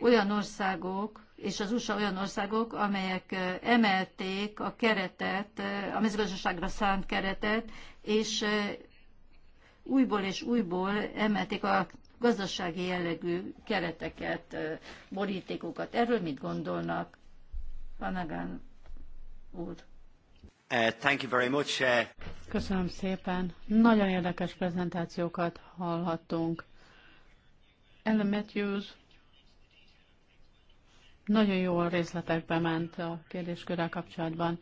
olyan országok, és az USA olyan országok, amelyek emelték a keretet, a mezőgazdaságra szánt keretet, és újból és újból emelték a gazdasági jellegű kereteket, borítékokat. Erről mit gondolnak? Panagán úr. Uh, thank you very much. Uh, Köszönöm szépen. Nagyon érdekes prezentációkat hallhattunk. Ellen Matthews nagyon jól részletekbe ment a kérdéskörrel kapcsolatban.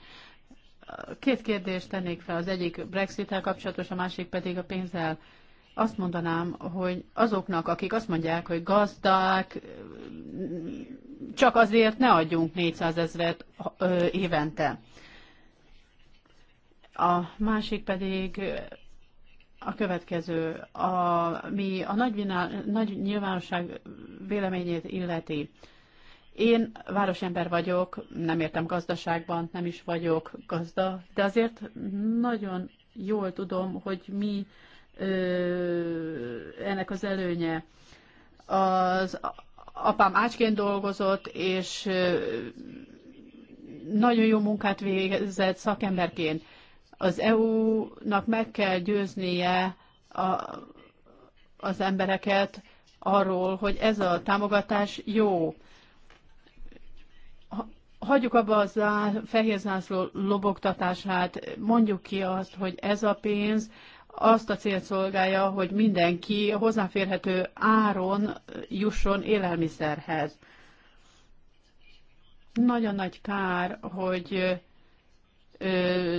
Két kérdést tennék fel, az egyik Brexit-tel kapcsolatos, a másik pedig a pénzzel. Azt mondanám, hogy azoknak, akik azt mondják, hogy gazdák, csak azért ne adjunk 400 ezret évente. A másik pedig a következő, a, mi a nagy, nagy nyilvánosság véleményét illeti. Én városember vagyok, nem értem gazdaságban, nem is vagyok gazda, de azért nagyon jól tudom, hogy mi ö, ennek az előnye. Az apám ácsként dolgozott, és ö, nagyon jó munkát végzett szakemberként az EU-nak meg kell győznie a, az embereket arról, hogy ez a támogatás jó. Hagyjuk abba a zál, fehér zászló lobogtatását, mondjuk ki azt, hogy ez a pénz azt a célt szolgálja, hogy mindenki hozzáférhető áron jusson élelmiszerhez. Nagyon nagy kár, hogy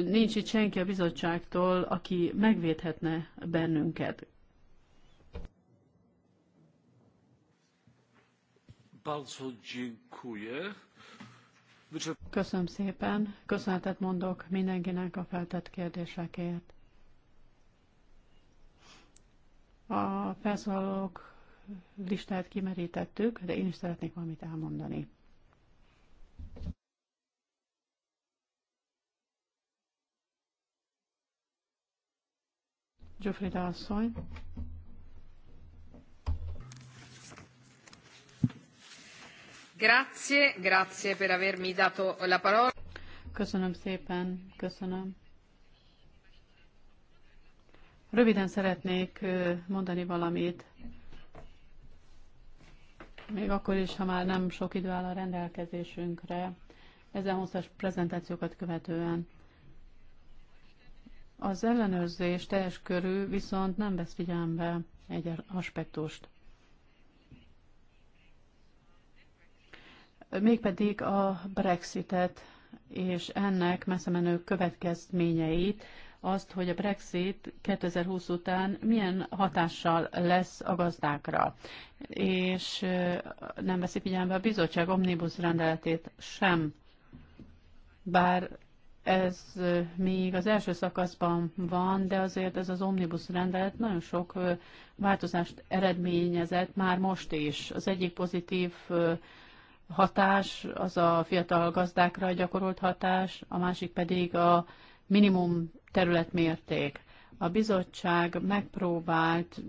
nincs itt senki a bizottságtól, aki megvédhetne bennünket. Köszönöm szépen. Köszönetet mondok mindenkinek a feltett kérdésekért. A felszólalók listát kimerítettük, de én is szeretnék valamit elmondani. Gyufrida asszony. Grazie, grazie per avermi dato la parola. Köszönöm szépen, köszönöm. Röviden szeretnék mondani valamit, még akkor is, ha már nem sok idő áll a rendelkezésünkre, ezen hosszas prezentációkat követően. Az ellenőrzés teljes körű viszont nem vesz figyelembe egy aspektust. Mégpedig a Brexitet és ennek messze menő következményeit, azt, hogy a Brexit 2020 után milyen hatással lesz a gazdákra. És nem veszi figyelembe a bizottság omnibus rendeletét sem. Bár ez még az első szakaszban van, de azért ez az omnibus rendelet nagyon sok változást eredményezett már most is. Az egyik pozitív hatás az a fiatal gazdákra gyakorolt hatás, a másik pedig a minimum területmérték. A bizottság megpróbált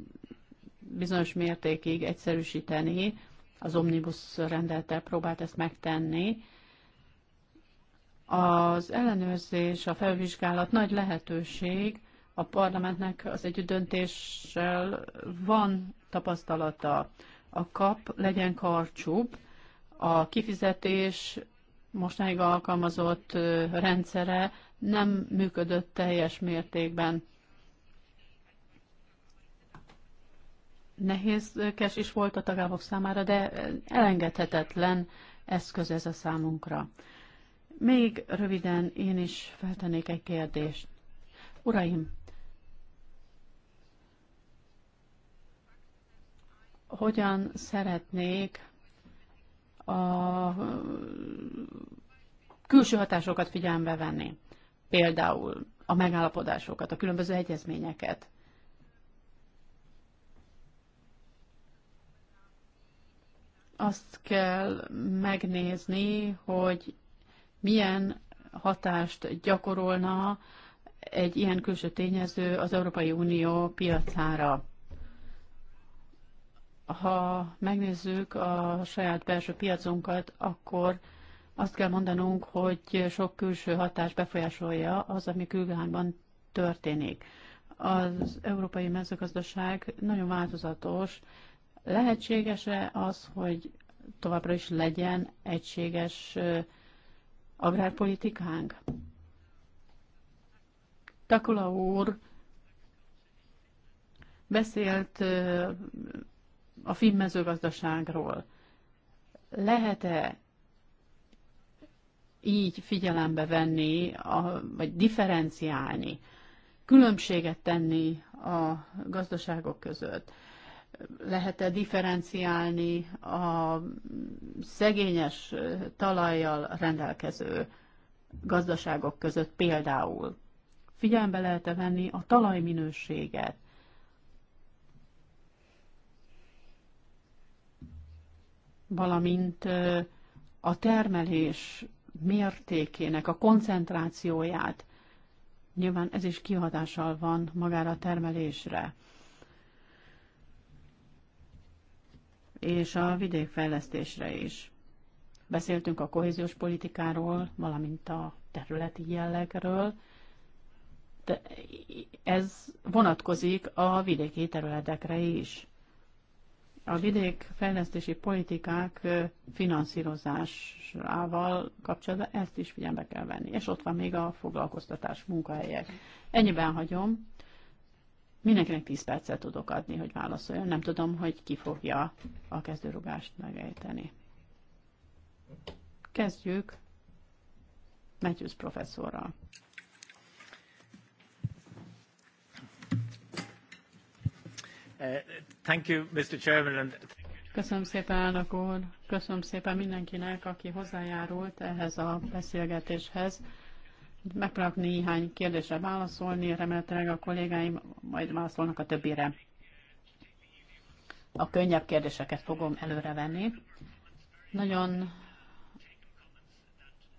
bizonyos mértékig egyszerűsíteni, az omnibus rendelettel próbált ezt megtenni, az ellenőrzés, a felvizsgálat nagy lehetőség, a parlamentnek az együtt döntéssel van tapasztalata. A kap legyen karcsúbb, a kifizetés mostanáig alkalmazott rendszere nem működött teljes mértékben. Nehézkes is volt a tagállamok számára, de elengedhetetlen eszköz ez a számunkra. Még röviden én is feltennék egy kérdést. Uraim, hogyan szeretnék a külső hatásokat figyelembe venni. Például a megállapodásokat, a különböző egyezményeket. Azt kell megnézni, hogy milyen hatást gyakorolna egy ilyen külső tényező az Európai Unió piacára. Ha megnézzük a saját belső piacunkat, akkor azt kell mondanunk, hogy sok külső hatás befolyásolja az, ami külgánban történik. Az európai mezőgazdaság nagyon változatos. Lehetséges-e az, hogy továbbra is legyen egységes agrárpolitikánk. Takula úr beszélt a finn mezőgazdaságról. Lehet-e így figyelembe venni, a, vagy differenciálni, különbséget tenni a gazdaságok között? lehet-e differenciálni a szegényes talajjal rendelkező gazdaságok között például. Figyelembe lehet-e venni a talajminőséget, valamint a termelés mértékének a koncentrációját. Nyilván ez is kihatással van magára a termelésre. és a vidékfejlesztésre is. Beszéltünk a kohéziós politikáról, valamint a területi jellegről, de ez vonatkozik a vidéki területekre is. A vidék fejlesztési politikák finanszírozásával kapcsolatban ezt is figyelembe kell venni. És ott van még a foglalkoztatás munkahelyek. Ennyiben hagyom. Mindenkinek 10 percet tudok adni, hogy válaszoljon. Nem tudom, hogy ki fogja a kezdőrugást megejteni. Kezdjük Matthews professzorral. Thank you, Mr. Chairman, and Köszönöm szépen, elnök úr. Köszönöm szépen mindenkinek, aki hozzájárult ehhez a beszélgetéshez. Megpróbálok néhány kérdésre válaszolni, remélhetőleg a kollégáim majd válaszolnak a többire. A könnyebb kérdéseket fogom előrevenni. Nagyon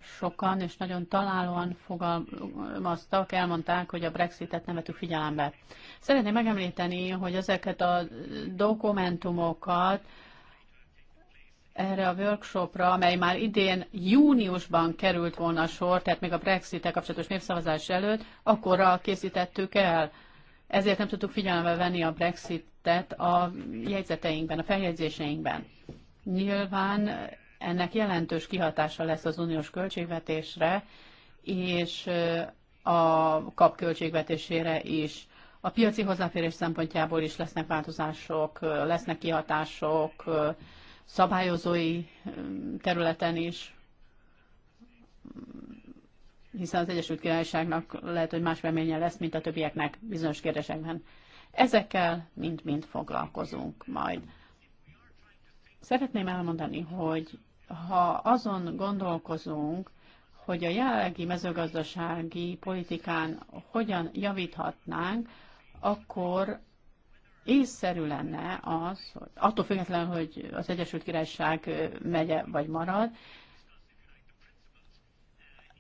sokan és nagyon találóan fogalmaztak, elmondták, hogy a Brexitet nem vettük figyelembe. Szeretném megemlíteni, hogy ezeket a dokumentumokat erre a workshopra, amely már idén júniusban került volna sor, tehát még a brexit kapcsolatos népszavazás előtt, akkorra készítettük el. Ezért nem tudtuk figyelembe venni a Brexitet a jegyzeteinkben, a feljegyzéseinkben. Nyilván ennek jelentős kihatása lesz az uniós költségvetésre, és a kap költségvetésére is. A piaci hozzáférés szempontjából is lesznek változások, lesznek kihatások, szabályozói területen is, hiszen az Egyesült Királyságnak lehet, hogy más reménye lesz, mint a többieknek bizonyos kérdésekben. Ezekkel mind-mind foglalkozunk majd. Szeretném elmondani, hogy ha azon gondolkozunk, hogy a jelenlegi mezőgazdasági politikán hogyan javíthatnánk, akkor észszerű lenne az, hogy attól függetlenül, hogy az Egyesült Királyság megye vagy marad,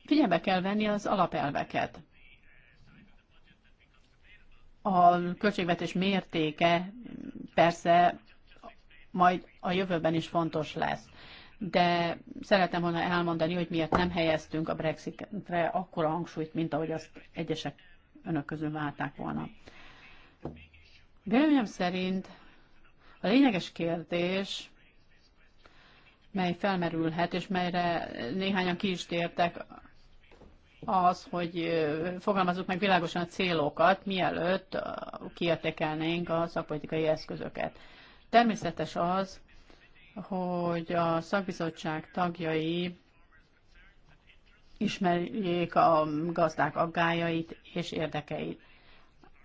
figyelme kell venni az alapelveket. A költségvetés mértéke persze majd a jövőben is fontos lesz. De szeretem volna elmondani, hogy miért nem helyeztünk a Brexitre akkora hangsúlyt, mint ahogy azt egyesek önök közül válták volna. Véleményem szerint a lényeges kérdés, mely felmerülhet, és melyre néhányan ki is tértek, az, hogy fogalmazzuk meg világosan a célokat, mielőtt kiértékelnénk a szakpolitikai eszközöket. Természetes az, hogy a szakbizottság tagjai ismerjék a gazdák aggájait és érdekeit.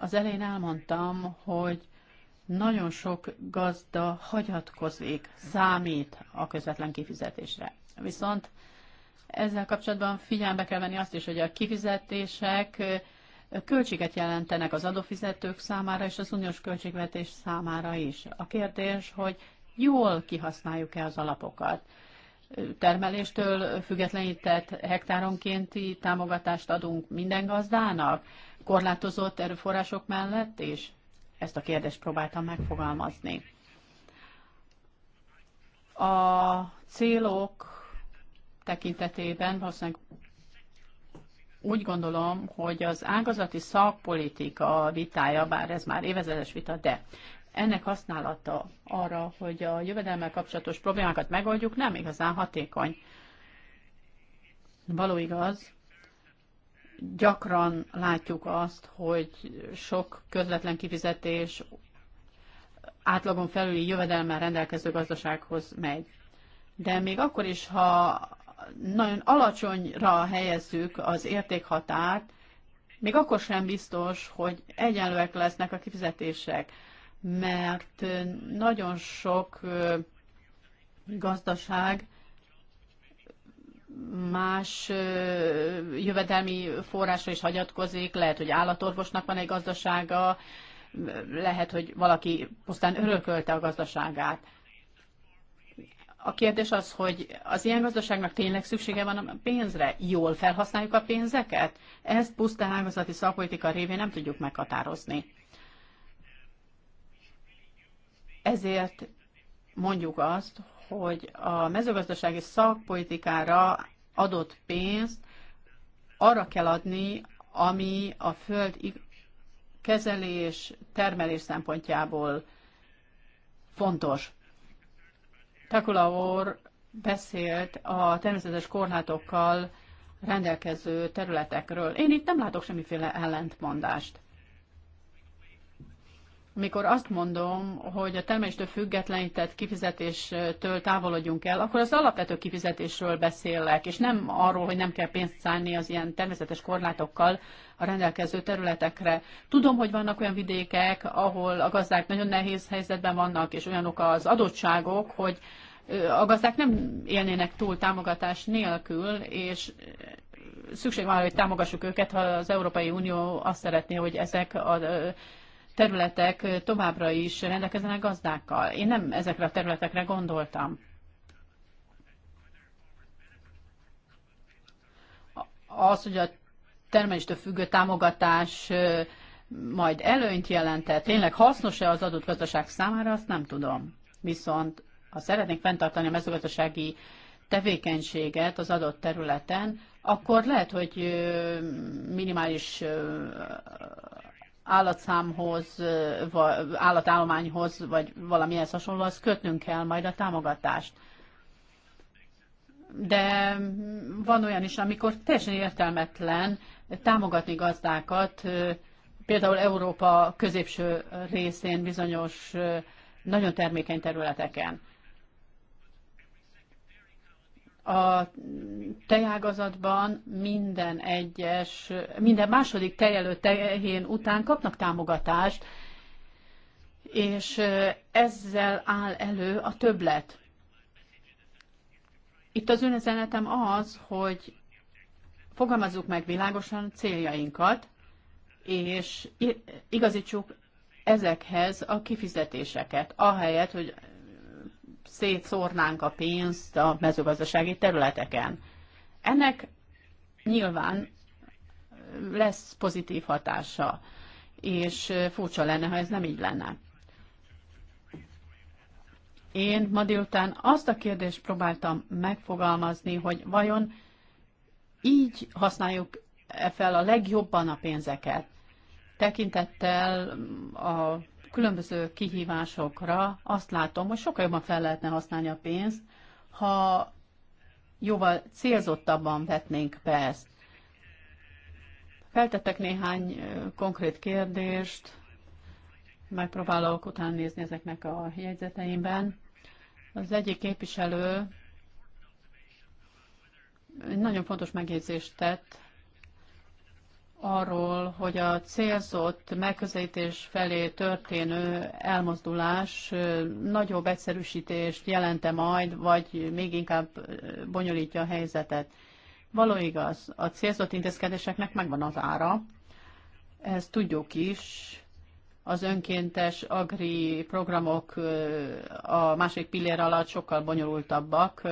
Az elején elmondtam, hogy nagyon sok gazda hagyatkozik, számít a közvetlen kifizetésre. Viszont ezzel kapcsolatban figyelme kell venni azt is, hogy a kifizetések költséget jelentenek az adófizetők számára és az uniós költségvetés számára is. A kérdés, hogy jól kihasználjuk-e az alapokat. Termeléstől függetlenített hektáronkénti támogatást adunk minden gazdának, korlátozott erőforrások mellett és Ezt a kérdést próbáltam megfogalmazni. A célok tekintetében valószínűleg úgy gondolom, hogy az ágazati szakpolitika vitája, bár ez már évezetes vita, de ennek használata arra, hogy a jövedelmel kapcsolatos problémákat megoldjuk, nem igazán hatékony. Való igaz, gyakran látjuk azt, hogy sok közvetlen kifizetés átlagon felüli jövedelmel rendelkező gazdasághoz megy. De még akkor is, ha nagyon alacsonyra helyezzük az értékhatárt, még akkor sem biztos, hogy egyenlőek lesznek a kifizetések, mert nagyon sok gazdaság más jövedelmi forrásra is hagyatkozik, lehet, hogy állatorvosnak van egy gazdasága, lehet, hogy valaki pusztán örökölte a gazdaságát. A kérdés az, hogy az ilyen gazdaságnak tényleg szüksége van a pénzre? Jól felhasználjuk a pénzeket? Ezt pusztán ágazati szakpolitika révén nem tudjuk meghatározni. Ezért mondjuk azt, hogy a mezőgazdasági szakpolitikára adott pénzt arra kell adni, ami a föld kezelés, termelés szempontjából fontos. Takula úr beszélt a természetes korlátokkal rendelkező területekről. Én itt nem látok semmiféle ellentmondást mikor azt mondom, hogy a termeléstől függetlenített kifizetéstől távolodjunk el, akkor az alapvető kifizetésről beszélek, és nem arról, hogy nem kell pénzt szállni az ilyen természetes korlátokkal a rendelkező területekre. Tudom, hogy vannak olyan vidékek, ahol a gazdák nagyon nehéz helyzetben vannak, és olyanok az adottságok, hogy a gazdák nem élnének túl támogatás nélkül, és szükség van, hogy támogassuk őket, ha az Európai Unió azt szeretné, hogy ezek a területek továbbra is rendelkeznek gazdákkal. Én nem ezekre a területekre gondoltam. Az, hogy a termeléstől függő támogatás majd előnyt jelentett, tényleg hasznos-e az adott gazdaság számára, azt nem tudom. Viszont ha szeretnénk fenntartani a mezőgazdasági tevékenységet az adott területen, akkor lehet, hogy minimális állatszámhoz, állatállományhoz, vagy valamihez hasonló, az kötnünk kell majd a támogatást. De van olyan is, amikor teljesen értelmetlen támogatni gazdákat, például Európa középső részén bizonyos nagyon termékeny területeken. A tejágazatban minden egyes, minden második tejelő tehén után kapnak támogatást, és ezzel áll elő a többlet. Itt az üzenetem az, hogy fogalmazzuk meg világosan céljainkat, és igazítsuk ezekhez a kifizetéseket, ahelyett, hogy szétszórnánk a pénzt a mezőgazdasági területeken. Ennek nyilván lesz pozitív hatása, és furcsa lenne, ha ez nem így lenne. Én ma délután azt a kérdést próbáltam megfogalmazni, hogy vajon így használjuk -e fel a legjobban a pénzeket, tekintettel a különböző kihívásokra azt látom, hogy sokkal jobban fel lehetne használni a pénzt, ha jóval célzottabban vetnénk be ezt. Feltettek néhány konkrét kérdést, megpróbálok utána nézni ezeknek a jegyzeteimben. Az egyik képviselő nagyon fontos megjegyzést tett arról, hogy a célzott megközelítés felé történő elmozdulás nagyobb egyszerűsítést jelente majd, vagy még inkább bonyolítja a helyzetet. Való igaz, a célzott intézkedéseknek megvan az ára, ezt tudjuk is, az önkéntes agri programok a másik pillér alatt sokkal bonyolultabbak,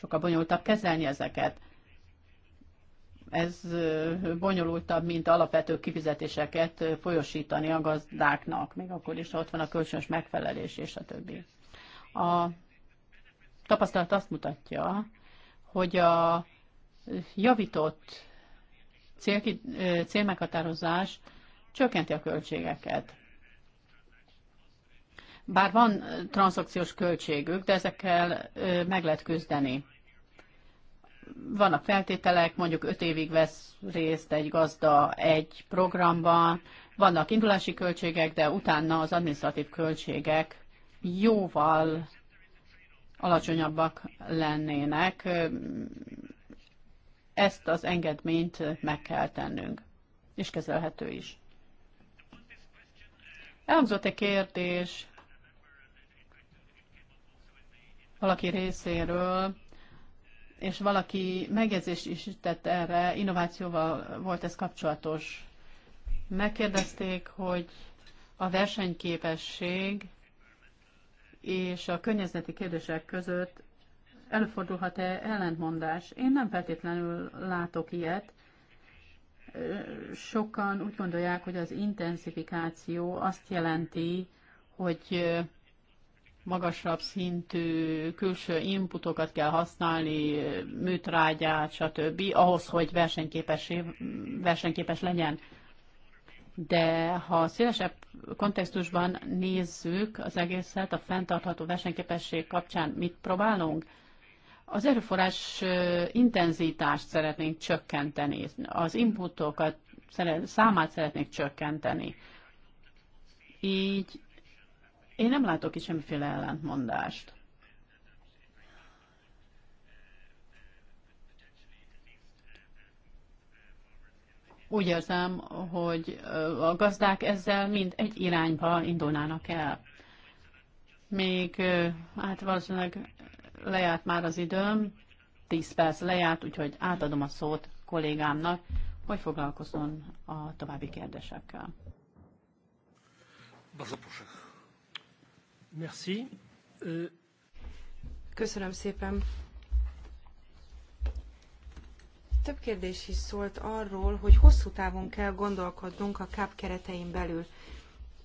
sokkal bonyolultabb kezelni ezeket ez bonyolultabb, mint alapvető kifizetéseket folyosítani a gazdáknak, még akkor is ha ott van a kölcsönös megfelelés és a többi. A tapasztalat azt mutatja, hogy a javított cél, célmeghatározás csökkenti a költségeket. Bár van transzakciós költségük, de ezekkel meg lehet küzdeni vannak feltételek, mondjuk öt évig vesz részt egy gazda egy programban, vannak indulási költségek, de utána az administratív költségek jóval alacsonyabbak lennének. Ezt az engedményt meg kell tennünk, és kezelhető is. Elhangzott egy kérdés valaki részéről, és valaki megjegyzést is tett erre, innovációval volt ez kapcsolatos. Megkérdezték, hogy a versenyképesség és a környezeti kérdések között előfordulhat-e ellentmondás. Én nem feltétlenül látok ilyet. Sokan úgy gondolják, hogy az intenzifikáció azt jelenti, hogy magasabb szintű külső inputokat kell használni, műtrágyát, stb. ahhoz, hogy versenyképes, versenyképes legyen. De ha szélesebb kontextusban nézzük az egészet, a fenntartható versenyképesség kapcsán mit próbálunk? Az erőforrás intenzitást szeretnénk csökkenteni, az inputokat számát szeretnénk csökkenteni. Így én nem látok itt semmiféle ellentmondást. Úgy érzem, hogy a gazdák ezzel mind egy irányba indulnának el. Még, hát valószínűleg lejárt már az időm, 10 perc lejárt, úgyhogy átadom a szót kollégámnak, hogy foglalkozzon a további kérdésekkel. Bazaposak. Merci. Euh, Köszönöm szépen. Több kérdés is szólt arról, hogy hosszú távon kell gondolkodnunk a KAP keretein belül.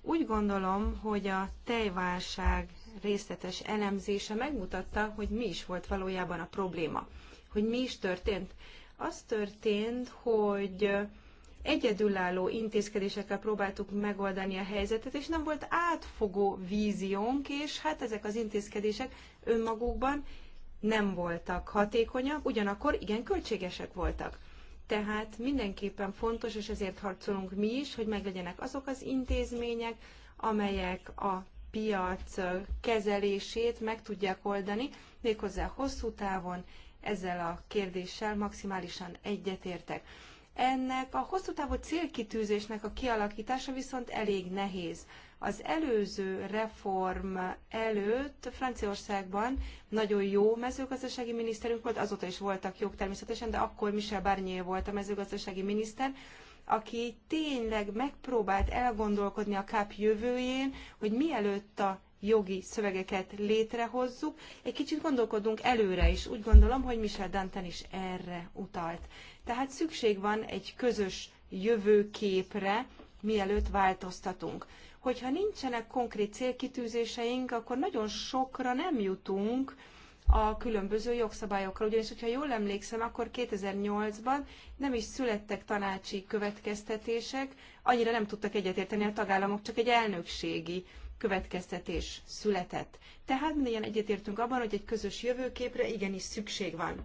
Úgy gondolom, hogy a tejválság részletes elemzése megmutatta, hogy mi is volt valójában a probléma, hogy mi is történt. Az történt, hogy egyedülálló intézkedésekkel próbáltuk megoldani a helyzetet, és nem volt átfogó víziónk, és hát ezek az intézkedések önmagukban nem voltak hatékonyak, ugyanakkor igen költségesek voltak. Tehát mindenképpen fontos, és ezért harcolunk mi is, hogy meglegyenek azok az intézmények, amelyek a piac kezelését meg tudják oldani, méghozzá hosszú távon ezzel a kérdéssel maximálisan egyetértek. Ennek a hosszú távú célkitűzésnek a kialakítása viszont elég nehéz. Az előző reform előtt Franciaországban nagyon jó mezőgazdasági miniszterünk volt, azóta is voltak jók természetesen, de akkor Michel Barnier volt a mezőgazdasági miniszter, aki tényleg megpróbált elgondolkodni a káp jövőjén, hogy mielőtt a jogi szövegeket létrehozzuk, egy kicsit gondolkodunk előre is. Úgy gondolom, hogy Michel Danten is erre utalt. Tehát szükség van egy közös jövőképre, mielőtt változtatunk. Hogyha nincsenek konkrét célkitűzéseink, akkor nagyon sokra nem jutunk a különböző jogszabályokra. Ugyanis, hogyha jól emlékszem, akkor 2008-ban nem is születtek tanácsi következtetések, annyira nem tudtak egyetérteni a tagállamok, csak egy elnökségi következtetés született. Tehát mindegyen egyetértünk abban, hogy egy közös jövőképre igenis szükség van.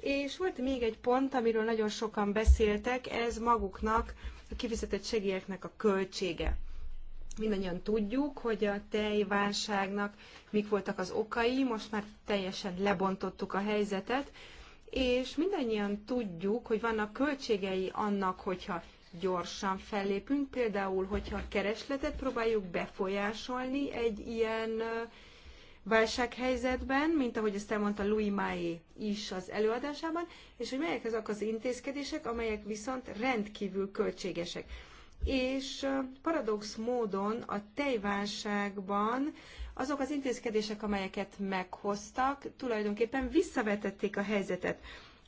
És volt még egy pont, amiről nagyon sokan beszéltek, ez maguknak, a kifizetett segélyeknek a költsége. Mindannyian tudjuk, hogy a tejválságnak mik voltak az okai, most már teljesen lebontottuk a helyzetet, és mindannyian tudjuk, hogy vannak költségei annak, hogyha gyorsan fellépünk, például, hogyha a keresletet próbáljuk befolyásolni egy ilyen uh, válsághelyzetben, mint ahogy ezt elmondta Louis Maé is az előadásában, és hogy melyek azok az intézkedések, amelyek viszont rendkívül költségesek. És paradox módon a tejválságban azok az intézkedések, amelyeket meghoztak, tulajdonképpen visszavetették a helyzetet.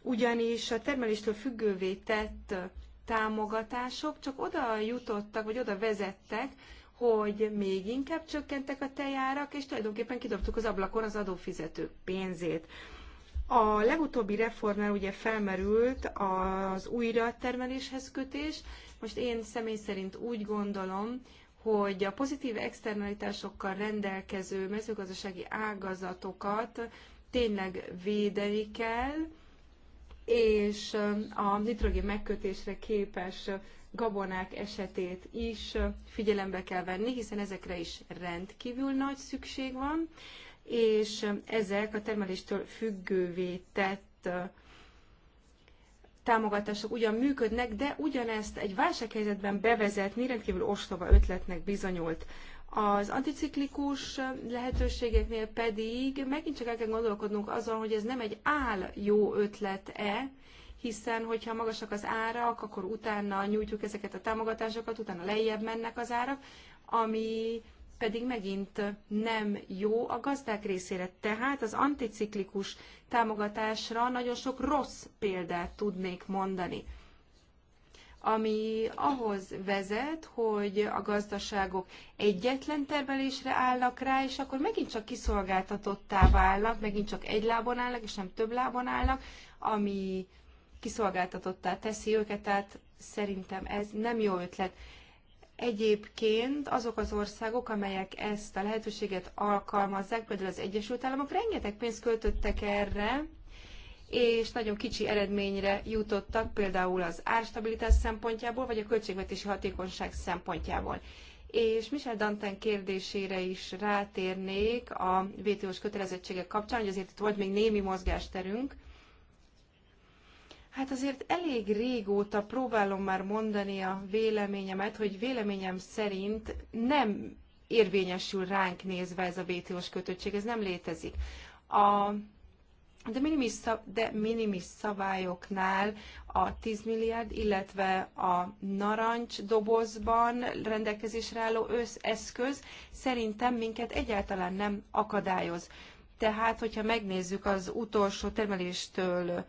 Ugyanis a termeléstől függővé tett támogatások csak oda jutottak, vagy oda vezettek, hogy még inkább csökkentek a tejárak, és tulajdonképpen kidobtuk az ablakon az adófizetők pénzét. A legutóbbi reformnál ugye felmerült az újratermeléshez kötés. Most én személy szerint úgy gondolom, hogy a pozitív externalitásokkal rendelkező mezőgazdasági ágazatokat tényleg védeni kell, és a nitrogén megkötésre képes gabonák esetét is figyelembe kell venni, hiszen ezekre is rendkívül nagy szükség van, és ezek a termeléstől függővé tett támogatások ugyan működnek, de ugyanezt egy válsághelyzetben bevezetni rendkívül ostoba ötletnek bizonyult. Az anticiklikus lehetőségeknél pedig megint csak el kell gondolkodnunk azon, hogy ez nem egy áll jó ötlet-e, hiszen hogyha magasak az árak, akkor utána nyújtjuk ezeket a támogatásokat, utána lejjebb mennek az árak, ami pedig megint nem jó a gazdák részére. Tehát az anticiklikus támogatásra nagyon sok rossz példát tudnék mondani ami ahhoz vezet, hogy a gazdaságok egyetlen termelésre állnak rá, és akkor megint csak kiszolgáltatottá válnak, megint csak egy lábon állnak, és nem több lábon állnak, ami kiszolgáltatottá teszi őket, tehát szerintem ez nem jó ötlet. Egyébként azok az országok, amelyek ezt a lehetőséget alkalmazzák, például az Egyesült Államok rengeteg pénzt költöttek erre, és nagyon kicsi eredményre jutottak például az árstabilitás szempontjából, vagy a költségvetési hatékonyság szempontjából. És Michel Danten kérdésére is rátérnék a WTO-s kötelezettségek kapcsán, hogy azért itt volt még némi mozgásterünk, Hát azért elég régóta próbálom már mondani a véleményemet, hogy véleményem szerint nem érvényesül ránk nézve ez a WTO-s kötöttség, ez nem létezik. A de minimis, szab, de minimis szabályoknál a 10 milliárd, illetve a narancs dobozban rendelkezésre álló összeszköz szerintem minket egyáltalán nem akadályoz. Tehát, hogyha megnézzük az utolsó termeléstől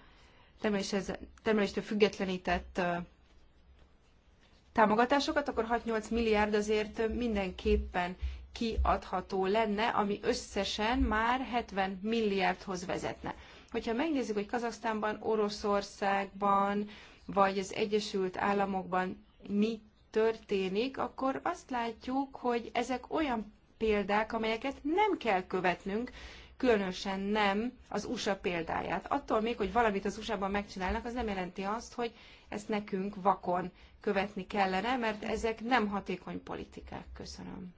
termeléshez, termeléstől függetlenített támogatásokat, akkor 6-8 milliárd azért mindenképpen kiadható lenne, ami összesen már 70 milliárdhoz vezetne. Hogyha megnézzük, hogy Kazasztánban, Oroszországban, vagy az Egyesült Államokban mi történik, akkor azt látjuk, hogy ezek olyan példák, amelyeket nem kell követnünk, különösen nem az USA példáját. Attól még, hogy valamit az USA-ban megcsinálnak, az nem jelenti azt, hogy ezt nekünk vakon követni kellene, mert ezek nem hatékony politikák. Köszönöm.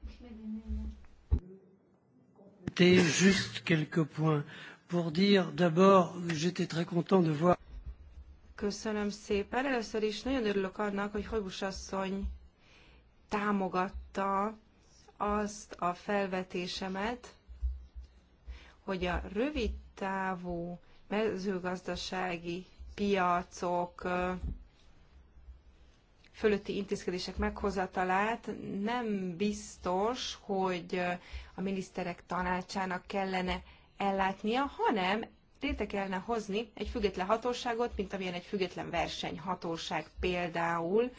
Köszönöm szépen. Először is nagyon örülök annak, hogy Hojbus asszony támogatta azt a felvetésemet, hogy a rövid távú mezőgazdasági piacok fölötti intézkedések meghozatalát nem biztos, hogy a miniszterek tanácsának kellene ellátnia, hanem létre kellene hozni egy független hatóságot, mint amilyen egy független versenyhatóság például,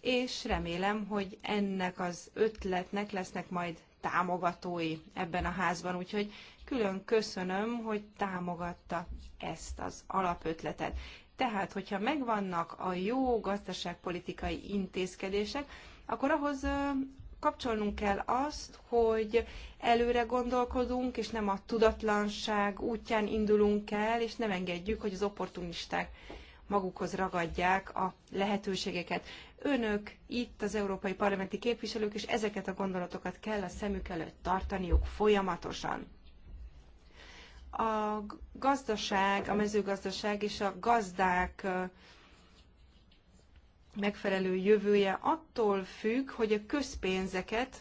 és remélem, hogy ennek az ötletnek lesznek majd támogatói ebben a házban, úgyhogy Külön köszönöm, hogy támogatta ezt az alapötletet. Tehát, hogyha megvannak a jó gazdaságpolitikai intézkedések, akkor ahhoz kapcsolnunk kell azt, hogy előre gondolkodunk, és nem a tudatlanság útján indulunk el, és nem engedjük, hogy az opportunisták magukhoz ragadják a lehetőségeket. Önök itt az európai parlamenti képviselők, és ezeket a gondolatokat kell a szemük előtt tartaniuk folyamatosan a gazdaság, a mezőgazdaság és a gazdák megfelelő jövője attól függ, hogy a közpénzeket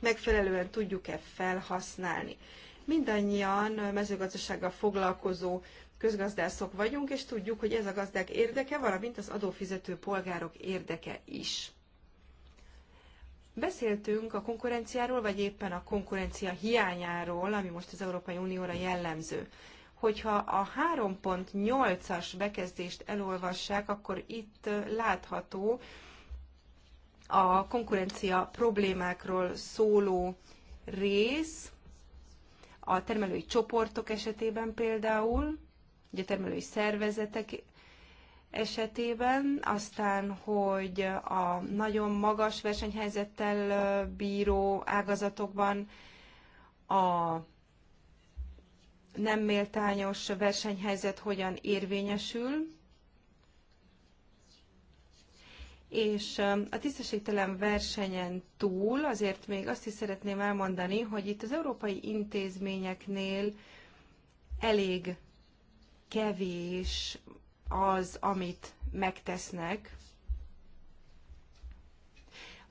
megfelelően tudjuk-e felhasználni. Mindannyian mezőgazdasággal foglalkozó közgazdászok vagyunk, és tudjuk, hogy ez a gazdák érdeke, valamint az adófizető polgárok érdeke is. Beszéltünk a konkurenciáról, vagy éppen a konkurencia hiányáról, ami most az Európai Unióra jellemző. Hogyha a 3.8-as bekezdést elolvassák, akkor itt látható a konkurencia problémákról szóló rész, a termelői csoportok esetében például, ugye termelői szervezetek esetében, aztán, hogy a nagyon magas versenyhelyzettel bíró ágazatokban a nem méltányos versenyhelyzet hogyan érvényesül, és a tisztességtelen versenyen túl azért még azt is szeretném elmondani, hogy itt az európai intézményeknél elég kevés az, amit megtesznek.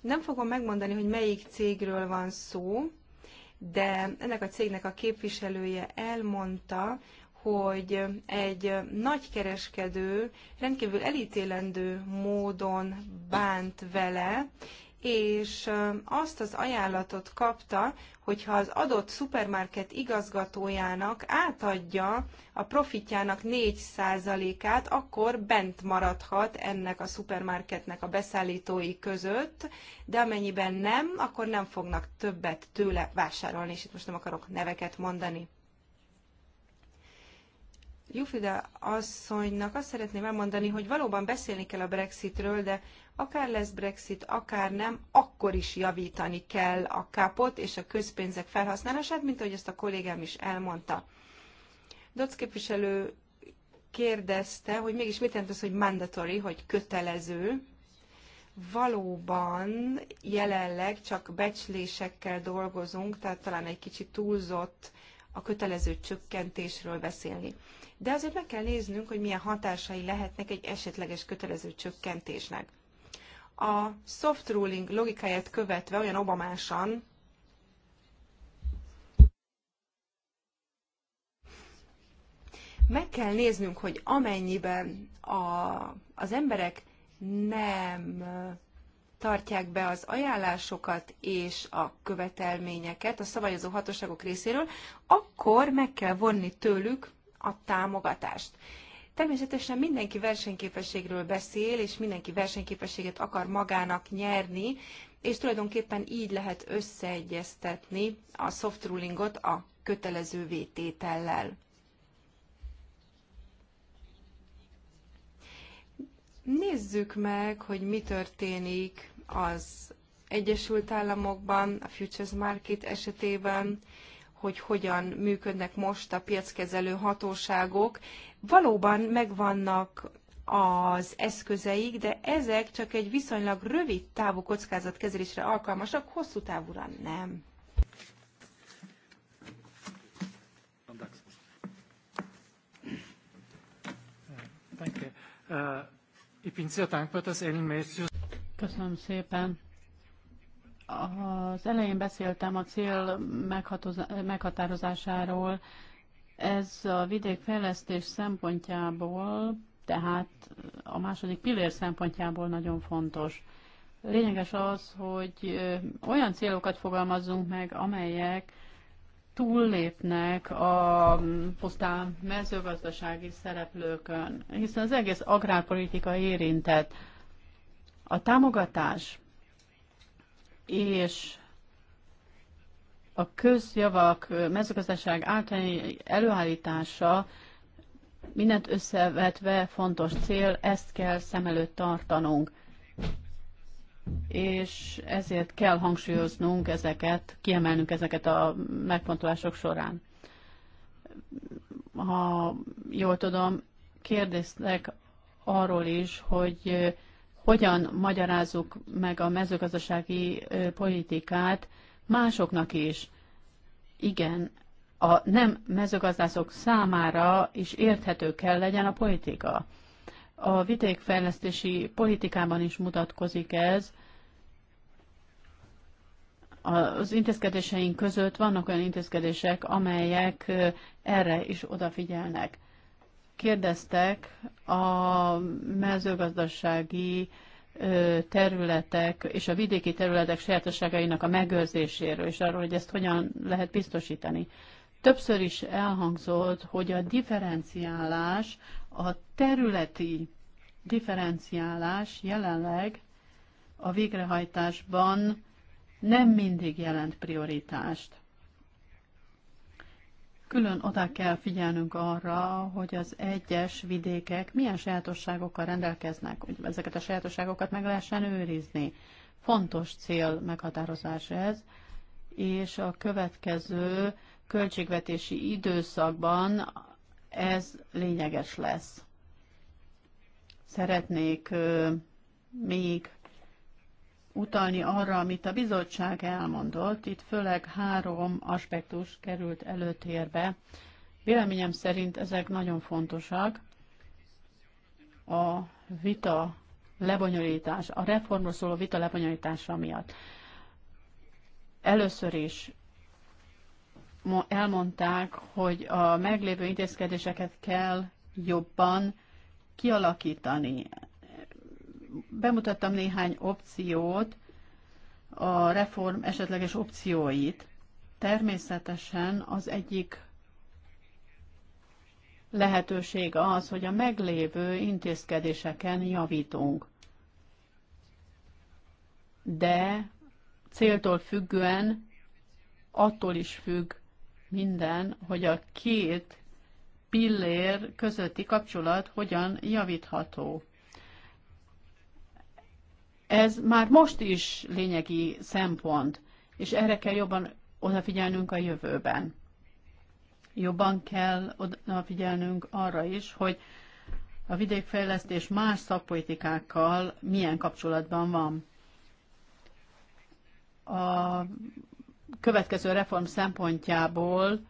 Nem fogom megmondani, hogy melyik cégről van szó, de ennek a cégnek a képviselője elmondta, hogy egy nagykereskedő rendkívül elítélendő módon bánt vele, és azt az ajánlatot kapta, hogyha az adott szupermarket igazgatójának átadja a profitjának 4%-át, akkor bent maradhat ennek a szupermarketnek a beszállítói között, de amennyiben nem, akkor nem fognak többet tőle vásárolni, és itt most nem akarok neveket mondani. Jufida asszonynak azt szeretném elmondani, hogy valóban beszélni kell a Brexitről, de akár lesz Brexit, akár nem, akkor is javítani kell a kapot és a közpénzek felhasználását, mint ahogy ezt a kollégám is elmondta. Dodds képviselő kérdezte, hogy mégis mit jelent az, hogy mandatory, hogy kötelező. Valóban jelenleg csak becslésekkel dolgozunk, tehát talán egy kicsit túlzott a kötelező csökkentésről beszélni. De azért meg kell néznünk, hogy milyen hatásai lehetnek egy esetleges kötelező csökkentésnek a soft ruling logikáját követve olyan obamásan meg kell néznünk, hogy amennyiben a, az emberek nem tartják be az ajánlásokat és a követelményeket a szabályozó hatóságok részéről, akkor meg kell vonni tőlük a támogatást. Természetesen mindenki versenyképességről beszél, és mindenki versenyképességet akar magának nyerni, és tulajdonképpen így lehet összeegyeztetni a soft rulingot a kötelező vététellel. Nézzük meg, hogy mi történik az Egyesült Államokban, a Futures Market esetében, hogy hogyan működnek most a piackezelő hatóságok. Valóban megvannak az eszközeik, de ezek csak egy viszonylag rövid távú kockázatkezelésre alkalmasak, hosszú távúra nem. Uh, Köszönöm szépen. Az elején beszéltem a cél meghatározásáról. Ez a vidékfejlesztés szempontjából, tehát a második pillér szempontjából nagyon fontos. Lényeges az, hogy olyan célokat fogalmazzunk meg, amelyek túllépnek a pusztán mezőgazdasági szereplőkön, hiszen az egész agrárpolitika érintett. A támogatás és a közjavak mezőgazdaság általai előállítása mindent összevetve fontos cél, ezt kell szem előtt tartanunk. És ezért kell hangsúlyoznunk ezeket, kiemelnünk ezeket a megfontolások során. Ha jól tudom, kérdeztek arról is, hogy hogyan magyarázzuk meg a mezőgazdasági politikát másoknak is. Igen, a nem mezőgazdászok számára is érthető kell legyen a politika. A vidékfejlesztési politikában is mutatkozik ez. Az intézkedéseink között vannak olyan intézkedések, amelyek erre is odafigyelnek kérdeztek a mezőgazdasági területek és a vidéki területek sajátosságainak a megőrzéséről, és arról, hogy ezt hogyan lehet biztosítani. Többször is elhangzott, hogy a differenciálás, a területi differenciálás jelenleg a végrehajtásban nem mindig jelent prioritást. Külön oda kell figyelnünk arra, hogy az egyes vidékek milyen sajátosságokkal rendelkeznek, hogy ezeket a sajátosságokat meg lehessen őrizni. Fontos cél meghatározás ez, és a következő költségvetési időszakban ez lényeges lesz. Szeretnék még utalni arra, amit a bizottság elmondott. Itt főleg három aspektus került előtérbe. Véleményem szerint ezek nagyon fontosak. A vita lebonyolítás, a reformról szóló vita lebonyolítása miatt. Először is elmondták, hogy a meglévő intézkedéseket kell jobban kialakítani bemutattam néhány opciót, a reform esetleges opcióit. Természetesen az egyik lehetőség az, hogy a meglévő intézkedéseken javítunk. De céltól függően attól is függ minden, hogy a két pillér közötti kapcsolat hogyan javítható. Ez már most is lényegi szempont, és erre kell jobban odafigyelnünk a jövőben. Jobban kell odafigyelnünk arra is, hogy a vidékfejlesztés más szakpolitikákkal milyen kapcsolatban van. A következő reform szempontjából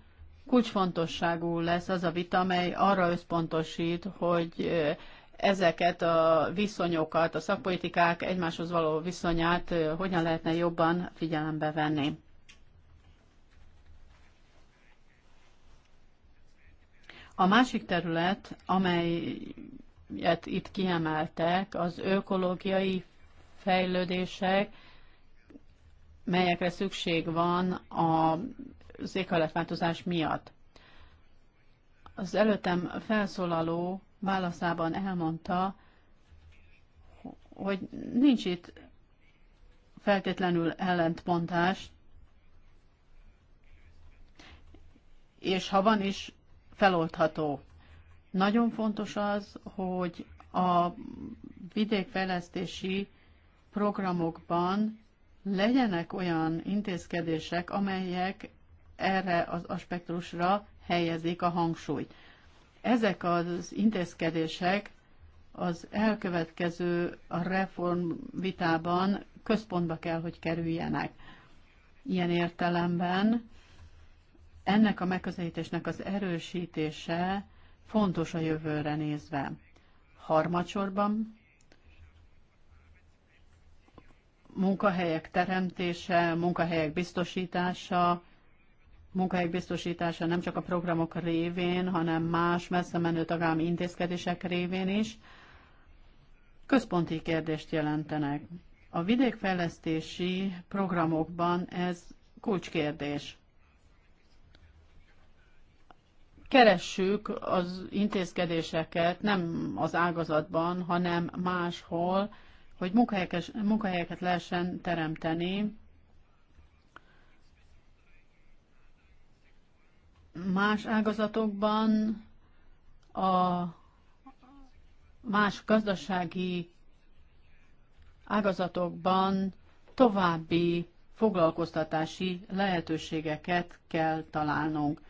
kulcsfontosságú lesz az a vita, amely arra összpontosít, hogy ezeket a viszonyokat, a szakpolitikák egymáshoz való viszonyát hogyan lehetne jobban figyelembe venni. A másik terület, amelyet itt kiemeltek, az ökológiai fejlődések, melyekre szükség van az éghajlatváltozás miatt. Az előttem felszólaló válaszában elmondta, hogy nincs itt feltétlenül ellentmondás, és ha van is, feloldható. Nagyon fontos az, hogy a vidékfejlesztési programokban legyenek olyan intézkedések, amelyek erre az aspektusra helyezik a hangsúlyt. Ezek az intézkedések az elkövetkező reform vitában központba kell, hogy kerüljenek. Ilyen értelemben ennek a megközelítésnek az erősítése fontos a jövőre nézve. Harmadsorban munkahelyek teremtése, munkahelyek biztosítása, munkahelyek biztosítása nem csak a programok révén, hanem más messze menő tagállami intézkedések révén is központi kérdést jelentenek. A vidékfejlesztési programokban ez kulcskérdés. Keressük az intézkedéseket nem az ágazatban, hanem máshol, hogy munkahelyeket, lehessen teremteni, Más ágazatokban a más gazdasági ágazatokban további foglalkoztatási lehetőségeket kell találnunk.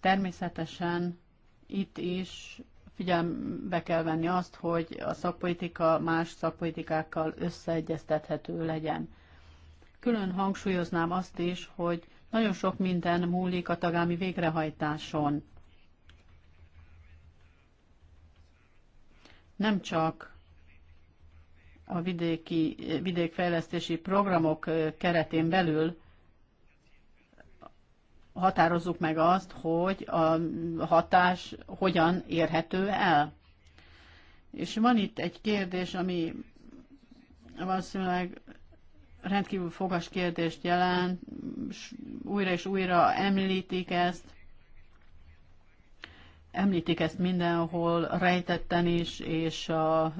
Természetesen itt is figyelembe kell venni azt, hogy a szakpolitika más szakpolitikákkal összeegyeztethető legyen. Külön hangsúlyoznám azt is, hogy nagyon sok minden múlik a tagámi végrehajtáson. Nem csak a vidéki, vidékfejlesztési programok keretén belül határozzuk meg azt, hogy a hatás hogyan érhető el. És van itt egy kérdés, ami valószínűleg rendkívül fogas kérdést jelent, újra és újra említik ezt, említik ezt mindenhol, rejtetten is, és a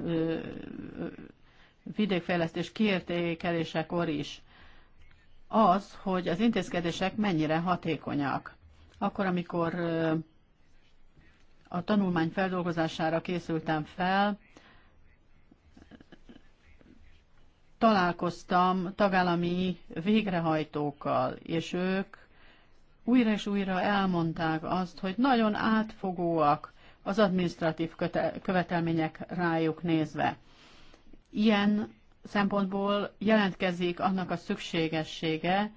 vidékfejlesztés kiértékelésekor is. Az, hogy az intézkedések mennyire hatékonyak. Akkor, amikor a tanulmány feldolgozására készültem fel, találkoztam tagállami végrehajtókkal, és ők újra és újra elmondták azt, hogy nagyon átfogóak az administratív követelmények rájuk nézve. Ilyen szempontból jelentkezik annak a szükségessége,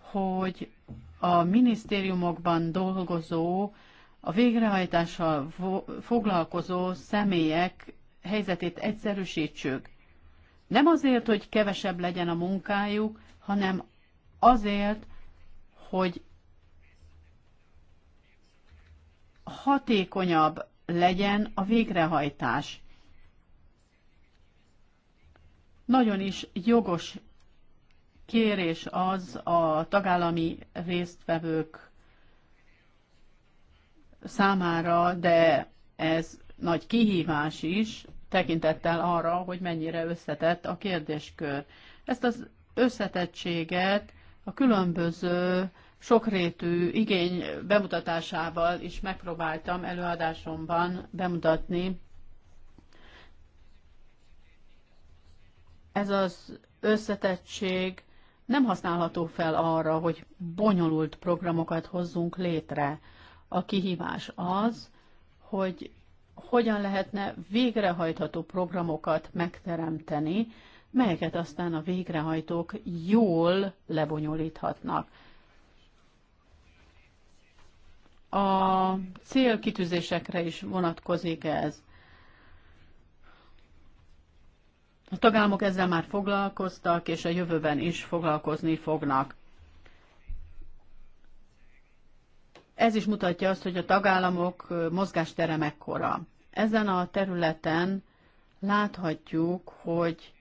hogy a minisztériumokban dolgozó, a végrehajtással foglalkozó személyek helyzetét egyszerűsítsük. Nem azért, hogy kevesebb legyen a munkájuk, hanem azért, hogy hatékonyabb legyen a végrehajtás. Nagyon is jogos kérés az a tagállami résztvevők számára, de ez nagy kihívás is, tekintettel arra, hogy mennyire összetett a kérdéskör. Ezt az összetettséget a különböző sokrétű igény bemutatásával is megpróbáltam előadásomban bemutatni. Ez az összetettség nem használható fel arra, hogy bonyolult programokat hozzunk létre. A kihívás az, hogy hogyan lehetne végrehajtható programokat megteremteni, melyeket aztán a végrehajtók jól lebonyolíthatnak. A célkitűzésekre is vonatkozik ez. A tagállamok ezzel már foglalkoztak, és a jövőben is foglalkozni fognak. Ez is mutatja azt, hogy a tagállamok mozgástere mekkora. Ezen a területen láthatjuk, hogy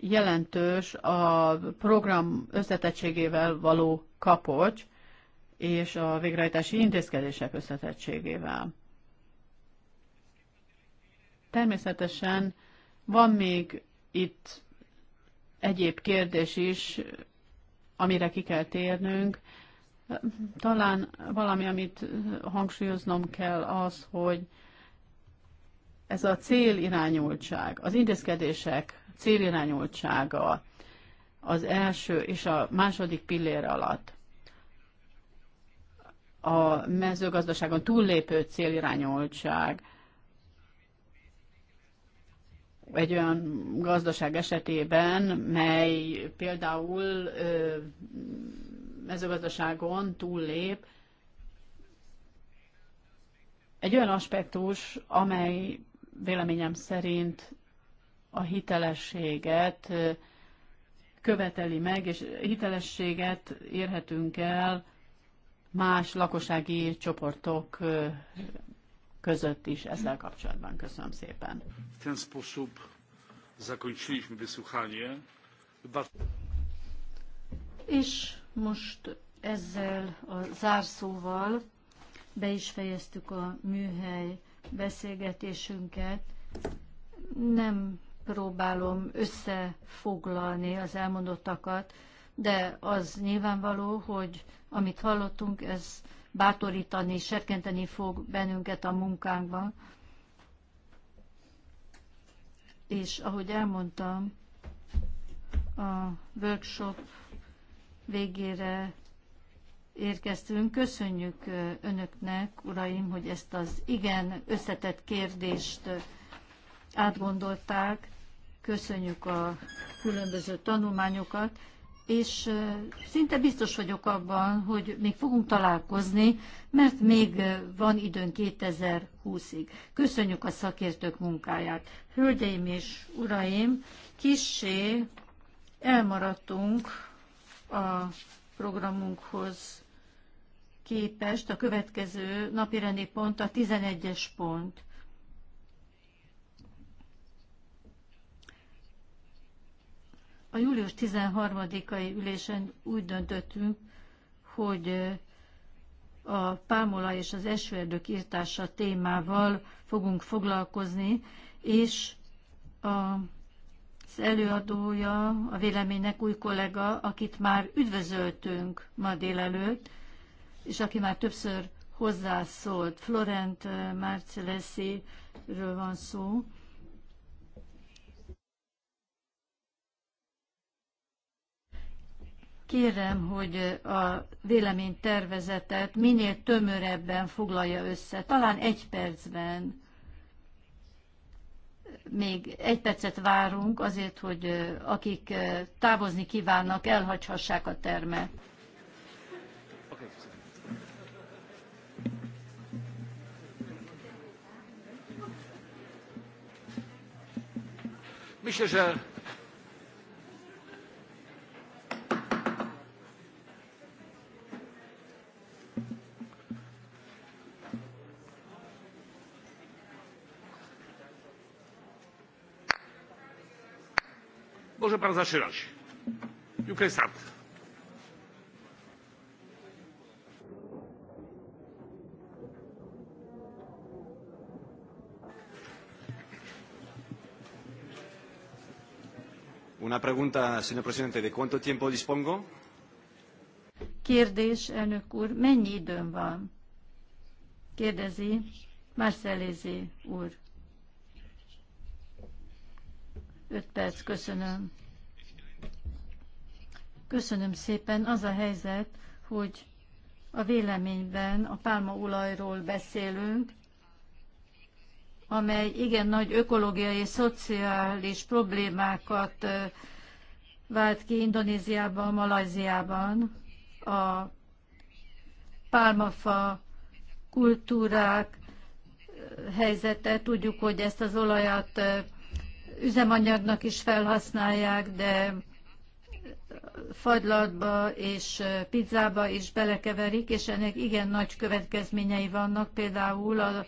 jelentős a program összetettségével való kapocs és a végrehajtási intézkedések összetettségével. Természetesen van még itt egyéb kérdés is, amire ki kell térnünk, talán valami, amit hangsúlyoznom kell az, hogy ez a célirányultság, az intézkedések célirányultsága az első és a második pillér alatt a mezőgazdaságon túllépő célirányultság egy olyan gazdaság esetében, mely például mezőgazdaságon túllép, egy olyan aspektus, amely véleményem szerint a hitelességet követeli meg, és hitelességet érhetünk el más lakossági csoportok között is ezzel kapcsolatban. Köszönöm szépen. És most ezzel a zárszóval be is fejeztük a műhely beszélgetésünket. Nem próbálom összefoglalni az elmondottakat, de az nyilvánvaló, hogy amit hallottunk, ez bátorítani, serkenteni fog bennünket a munkánkban. És ahogy elmondtam, a workshop végére érkeztünk. Köszönjük önöknek, uraim, hogy ezt az igen összetett kérdést átgondolták. Köszönjük a különböző tanulmányokat, és szinte biztos vagyok abban, hogy még fogunk találkozni, mert még van időn 2020-ig. Köszönjük a szakértők munkáját. Hölgyeim és uraim, kissé elmaradtunk a programunkhoz képest a következő napirendi pont a 11-es pont. A július 13-ai ülésen úgy döntöttünk, hogy a pámola és az esőerdők írtása témával fogunk foglalkozni, és a előadója a véleménynek új kollega, akit már üdvözöltünk ma délelőtt, és aki már többször hozzászólt. Florent eh, Marcelesi-ről van szó. Kérem, hogy eh, a véleménytervezetet minél tömörebben foglalja össze, talán egy percben még egy percet várunk azért, hogy akik távozni kívánnak, elhagyhassák a termet. Myślę, że Może pan zaczynać. You can start. Una pregunta, señor presidente, ¿de cuánto tiempo dispongo? Kérdés, elnök úr, mennyi időm van? Kérdezi Marcelézi úr. 5 perc, köszönöm. Köszönöm szépen. Az a helyzet, hogy a véleményben a pálmaolajról beszélünk, amely igen nagy ökológiai és szociális problémákat vált ki Indonéziában, Malajziában. A pálmafa kultúrák helyzete, tudjuk, hogy ezt az olajat üzemanyagnak is felhasználják, de fagylatba és pizzába is belekeverik, és ennek igen nagy következményei vannak, például az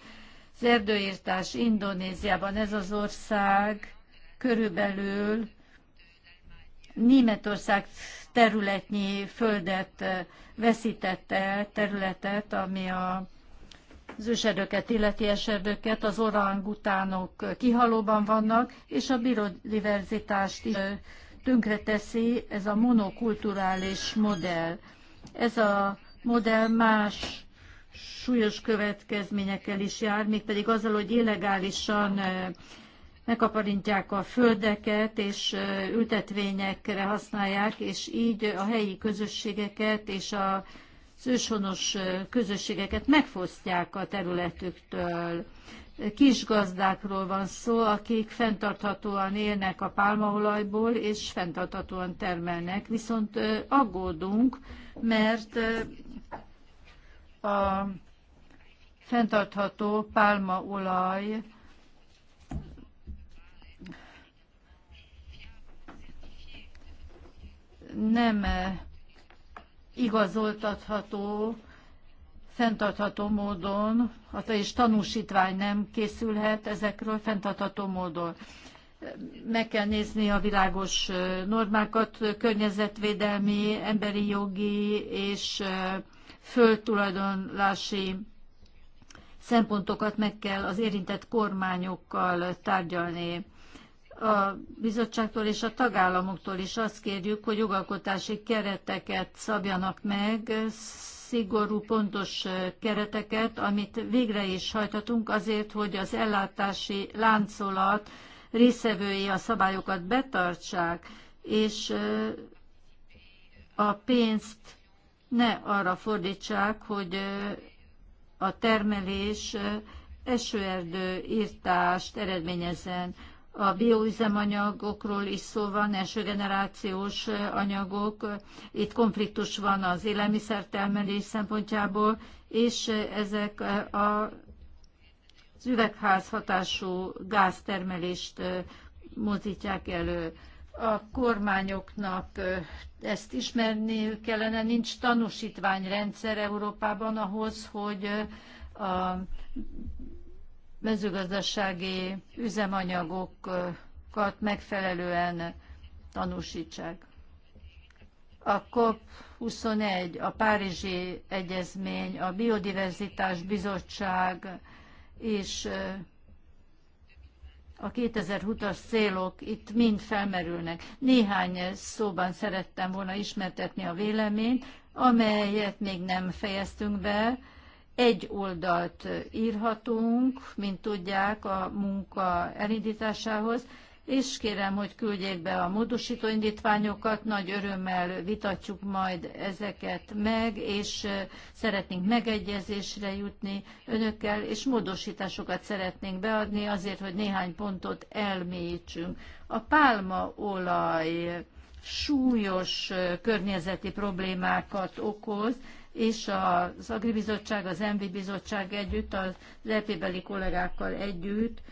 erdőírtás Indonéziában. Ez az ország körülbelül Németország területnyi földet veszítette el, területet, ami a az őserdőket, illeti eserdőket, az orangutánok kihalóban vannak, és a biodiverzitást is tönkreteszi ez a monokulturális modell. Ez a modell más súlyos következményekkel is jár, mégpedig azzal, hogy illegálisan megkaparintják a földeket, és ültetvényekre használják, és így a helyi közösségeket és a az őshonos közösségeket megfosztják a területüktől. Kis gazdákról van szó, akik fenntarthatóan élnek a pálmaolajból, és fenntarthatóan termelnek, viszont aggódunk, mert a fenntartható pálmaolaj nem igazoltatható, fenntartható módon, és tanúsítvány nem készülhet ezekről fenntartható módon. Meg kell nézni a világos normákat, környezetvédelmi, emberi jogi és földtulajdonlási szempontokat meg kell az érintett kormányokkal tárgyalni a bizottságtól és a tagállamoktól is azt kérjük, hogy jogalkotási kereteket szabjanak meg, szigorú, pontos kereteket, amit végre is hajthatunk azért, hogy az ellátási láncolat részevői a szabályokat betartsák, és a pénzt ne arra fordítsák, hogy a termelés esőerdő írtást eredményezzen a bioüzemanyagokról is szó van, első generációs anyagok, itt konfliktus van az élelmiszertermelés szempontjából, és ezek a az üvegházhatású gáztermelést mozítják elő. A kormányoknak ezt ismerniük kellene, nincs tanúsítványrendszer Európában ahhoz, hogy a mezőgazdasági üzemanyagokat megfelelően tanúsítsák. A COP21, a Párizsi Egyezmény, a Biodiverzitás Bizottság és a 2020-as célok itt mind felmerülnek. Néhány szóban szerettem volna ismertetni a véleményt, amelyet még nem fejeztünk be, egy oldalt írhatunk, mint tudják, a munka elindításához, és kérem, hogy küldjék be a módosító indítványokat, nagy örömmel vitatjuk majd ezeket meg, és szeretnénk megegyezésre jutni önökkel, és módosításokat szeretnénk beadni azért, hogy néhány pontot elmélyítsünk. A pálmaolaj súlyos környezeti problémákat okoz, és az Bizottság, az MV Bizottság együtt, az EP-beli kollégákkal együtt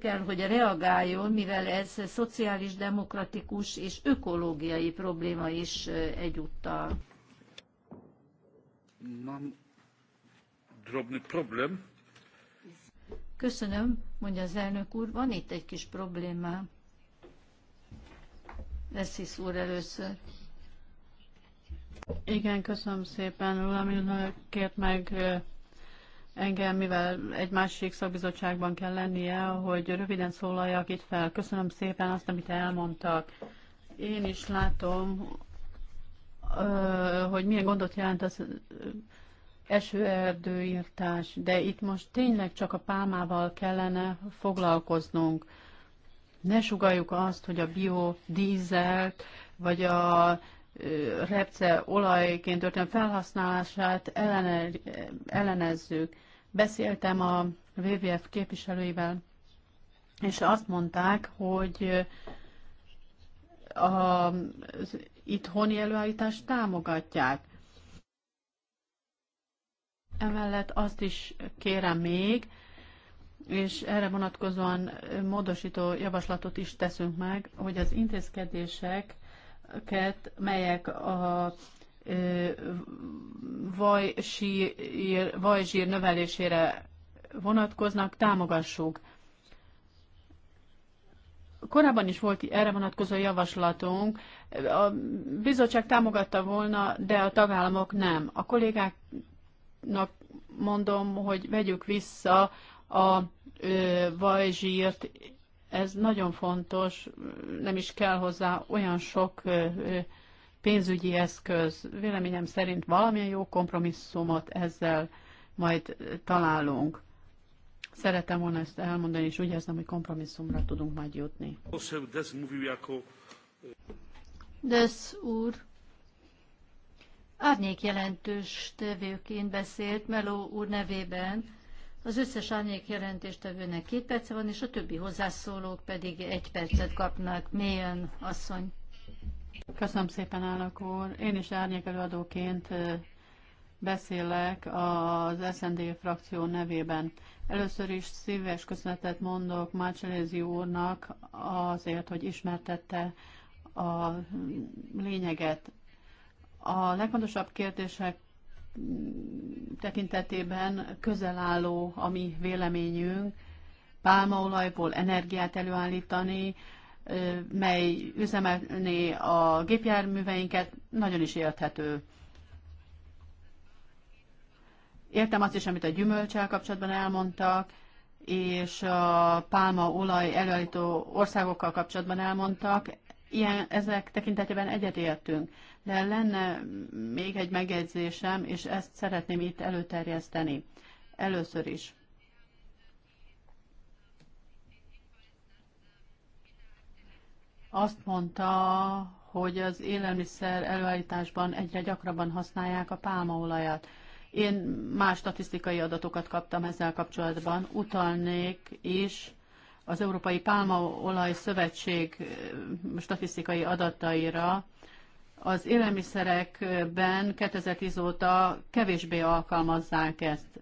kell, hogy reagáljon, mivel ez szociális, demokratikus és ökológiai probléma is egyúttal. Mam drobny problem. Köszönöm, mondja az elnök úr. Van itt egy kis problémám. Veszisz úr először. Igen, köszönöm szépen. Ulam kért meg engem, mivel egy másik szakbizottságban kell lennie, hogy röviden szólaljak itt fel. Köszönöm szépen azt, amit elmondtak. Én is látom, hogy milyen gondot jelent az esőerdőírtás, de itt most tényleg csak a pálmával kellene foglalkoznunk. Ne sugaljuk azt, hogy a biodízelt vagy a repceolajként olajként történő felhasználását ellene, ellenezzük. Beszéltem a WWF képviselőivel, és azt mondták, hogy az itthoni előállítást támogatják. Emellett azt is kérem még, és erre vonatkozóan módosító javaslatot is teszünk meg, hogy az intézkedések amelyeket, melyek a vajsír, vajzsír növelésére vonatkoznak, támogassuk. Korábban is volt erre vonatkozó javaslatunk, a bizottság támogatta volna, de a tagállamok nem. A kollégáknak mondom, hogy vegyük vissza a vajzsírt ez nagyon fontos, nem is kell hozzá olyan sok pénzügyi eszköz. Véleményem szerint valamilyen jó kompromisszumot ezzel majd találunk. Szeretem volna ezt elmondani, és úgy érzem, hogy kompromisszumra tudunk majd jutni. Desz úr, árnyék jelentős tevőként beszélt Meló úr nevében, az összes árnyék jelentéstevőnek két perc van, és a többi hozzászólók pedig egy percet kapnak. Mélyen asszony. Köszönöm szépen, állnak úr. Én is árnyék előadóként beszélek az SND frakció nevében. Először is szíves köszönetet mondok Mácselézi úrnak azért, hogy ismertette a lényeget. A legfontosabb kérdések tekintetében közel álló a mi véleményünk, pálmaolajból energiát előállítani, mely üzemelné a gépjárműveinket, nagyon is érthető. Értem azt is, amit a gyümölcsel kapcsolatban elmondtak, és a pálmaolaj előállító országokkal kapcsolatban elmondtak ilyen, ezek tekintetében egyetértünk. De lenne még egy megjegyzésem, és ezt szeretném itt előterjeszteni. Először is. Azt mondta, hogy az élelmiszer előállításban egyre gyakrabban használják a pálmaolajat. Én más statisztikai adatokat kaptam ezzel kapcsolatban, utalnék is az Európai Pálmaolaj Szövetség eh, statisztikai adataira, az élelmiszerekben 2010 óta kevésbé alkalmazzák ezt.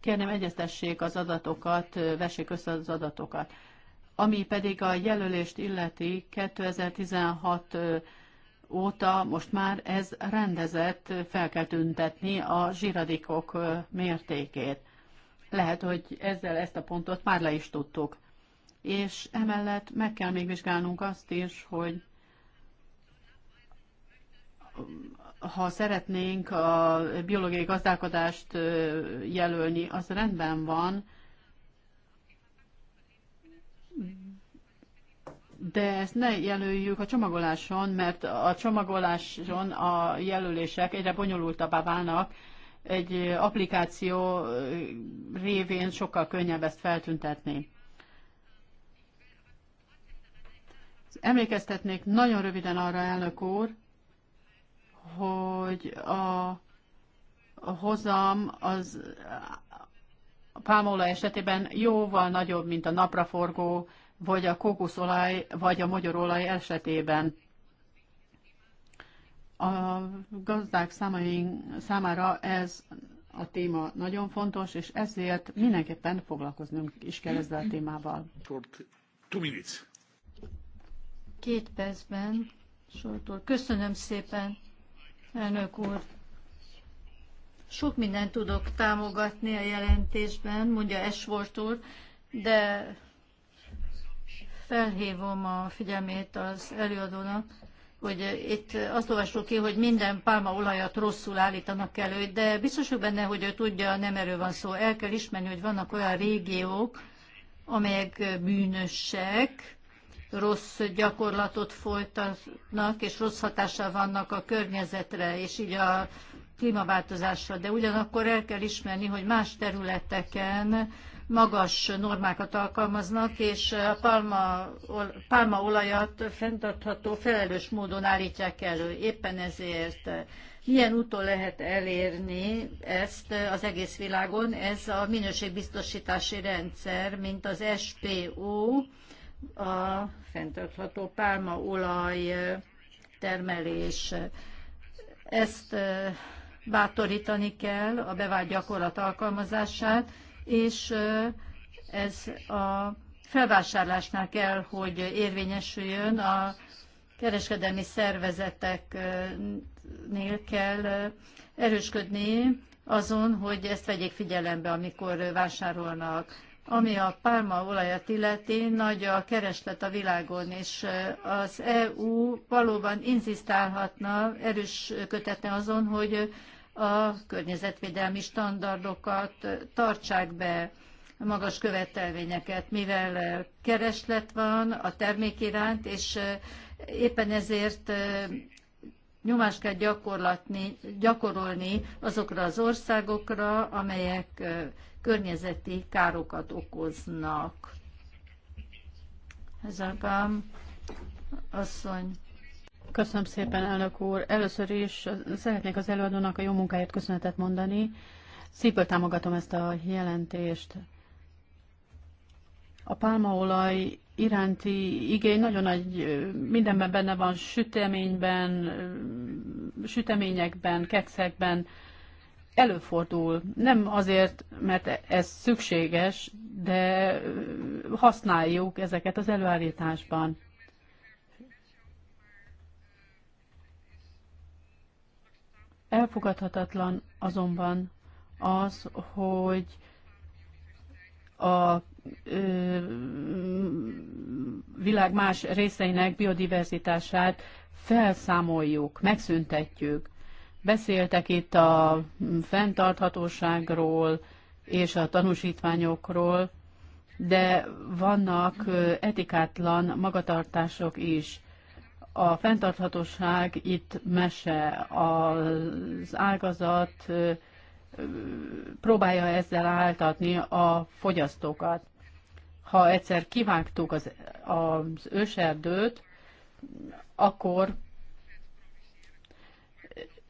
Kérném, egyeztessék az adatokat, eh, vessék össze az adatokat. Ami pedig a jelölést illeti, 2016 eh, óta most már ez rendezett, fel kell tüntetni a zsiradikok mértékét. Lehet, hogy ezzel ezt a pontot már le is tudtuk és emellett meg kell még vizsgálnunk azt is, hogy ha szeretnénk a biológiai gazdálkodást jelölni, az rendben van, de ezt ne jelöljük a csomagoláson, mert a csomagoláson a jelölések egyre bonyolultabbá válnak, egy applikáció révén sokkal könnyebb ezt feltüntetni. Emlékeztetnék nagyon röviden arra, elnök úr, hogy a hozam az a pálmaolaj esetében jóval nagyobb, mint a napraforgó, vagy a kókuszolaj, vagy a magyarolaj esetében. A gazdák számára ez a téma nagyon fontos, és ezért mindenképpen foglalkoznunk is kell ezzel a témával. Two minutes. Két percben sortól. Köszönöm szépen, elnök úr. Sok mindent tudok támogatni a jelentésben, mondja Esvort úr, de felhívom a figyelmét az előadónak, hogy itt azt olvasok ki, hogy minden pálmaolajat rosszul állítanak elő, de biztos vagyok benne, hogy ő tudja, nem erről van szó. El kell ismerni, hogy vannak olyan régiók, amelyek bűnösek, rossz gyakorlatot folytatnak, és rossz hatással vannak a környezetre, és így a klímaváltozásra. De ugyanakkor el kell ismerni, hogy más területeken magas normákat alkalmaznak, és a palma, pálmaolajat fenntartható, felelős módon állítják elő. Éppen ezért milyen úton lehet elérni ezt az egész világon? Ez a minőségbiztosítási rendszer, mint az SPO, a fenntartható pálmaolaj termelés. Ezt bátorítani kell, a bevált gyakorlat alkalmazását, és ez a felvásárlásnál kell, hogy érvényesüljön, a kereskedelmi szervezeteknél kell erősködni azon, hogy ezt vegyék figyelembe, amikor vásárolnak. Ami a pálmaolajat illeti, nagy a kereslet a világon, és az EU valóban inzisztálhatna, erős kötetne azon, hogy a környezetvédelmi standardokat tartsák be, magas követelményeket, mivel kereslet van a termék iránt, és éppen ezért nyomást kell gyakorolni azokra az országokra, amelyek környezeti károkat okoznak. Ezekben asszony. Köszönöm szépen, elnök úr. Először is szeretnék az előadónak a jó munkáért köszönetet mondani. Szívből támogatom ezt a jelentést a pálmaolaj iránti igény nagyon nagy, mindenben benne van, süteményben, süteményekben, kekszekben, előfordul. Nem azért, mert ez szükséges, de használjuk ezeket az előállításban. Elfogadhatatlan azonban az, hogy a világ más részeinek biodiverzitását felszámoljuk, megszüntetjük. Beszéltek itt a fenntarthatóságról és a tanúsítványokról, de vannak etikátlan magatartások is. A fenntarthatóság itt mese, az ágazat próbálja ezzel áltatni a fogyasztókat ha egyszer kivágtuk az, az őserdőt, akkor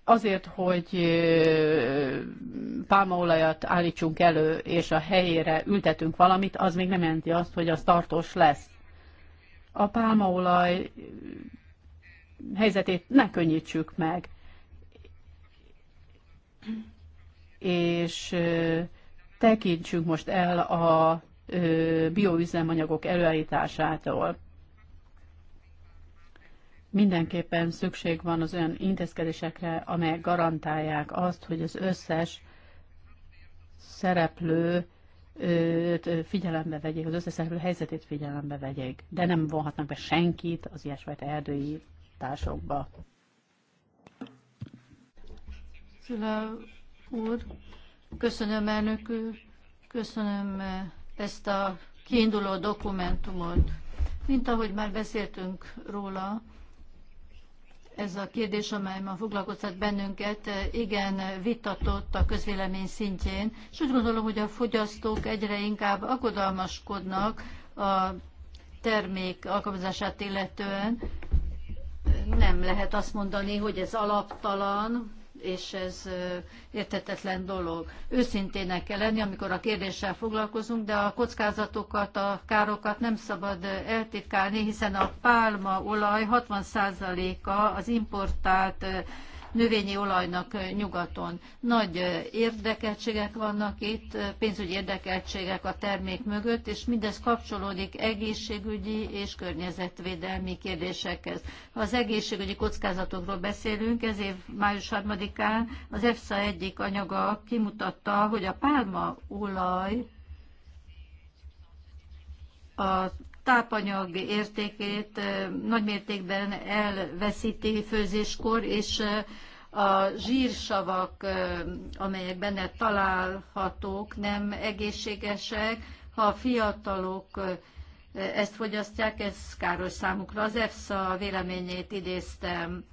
azért, hogy pálmaolajat állítsunk elő, és a helyére ültetünk valamit, az még nem jelenti azt, hogy az tartós lesz. A pálmaolaj helyzetét ne könnyítsük meg. És tekintsünk most el a bioüzemanyagok előállításától. Mindenképpen szükség van az olyan intézkedésekre, amelyek garantálják azt, hogy az összes szereplő figyelembe vegyék, az összes szereplő helyzetét figyelembe vegyék, de nem vonhatnak be senkit az ilyesfajta erdői társokba. úr, köszönöm elnök úr, köszönöm ezt a kiinduló dokumentumot. Mint ahogy már beszéltünk róla, ez a kérdés, amely ma foglalkoztat bennünket, igen vitatott a közvélemény szintjén, és úgy gondolom, hogy a fogyasztók egyre inkább akodalmaskodnak a termék alkalmazását illetően. Nem lehet azt mondani, hogy ez alaptalan, és ez értetetlen dolog. Őszintének kell lenni, amikor a kérdéssel foglalkozunk, de a kockázatokat, a károkat nem szabad eltitkálni, hiszen a pálmaolaj 60%-a az importált növényi olajnak nyugaton. Nagy érdekeltségek vannak itt, pénzügyi érdekeltségek a termék mögött, és mindez kapcsolódik egészségügyi és környezetvédelmi kérdésekhez. Ha az egészségügyi kockázatokról beszélünk, ez év május 3-án az EFSA egyik anyaga kimutatta, hogy a pálmaolaj a tápanyag értékét nagymértékben elveszíti főzéskor, és a zsírsavak, amelyek benne találhatók, nem egészségesek. Ha a fiatalok ezt fogyasztják, ez káros számukra. Az EFSA véleményét idéztem.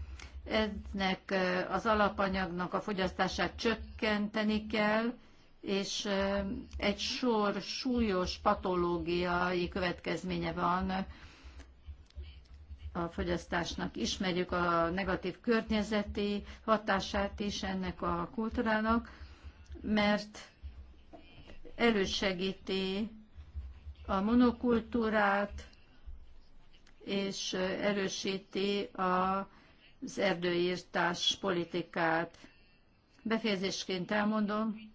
Ennek az alapanyagnak a fogyasztását csökkenteni kell, és egy sor súlyos patológiai következménye van a fogyasztásnak. Ismerjük a negatív környezeti hatását is ennek a kultúrának, mert elősegíti a monokultúrát, és erősíti az erdőírtás politikát. Befejezésként elmondom,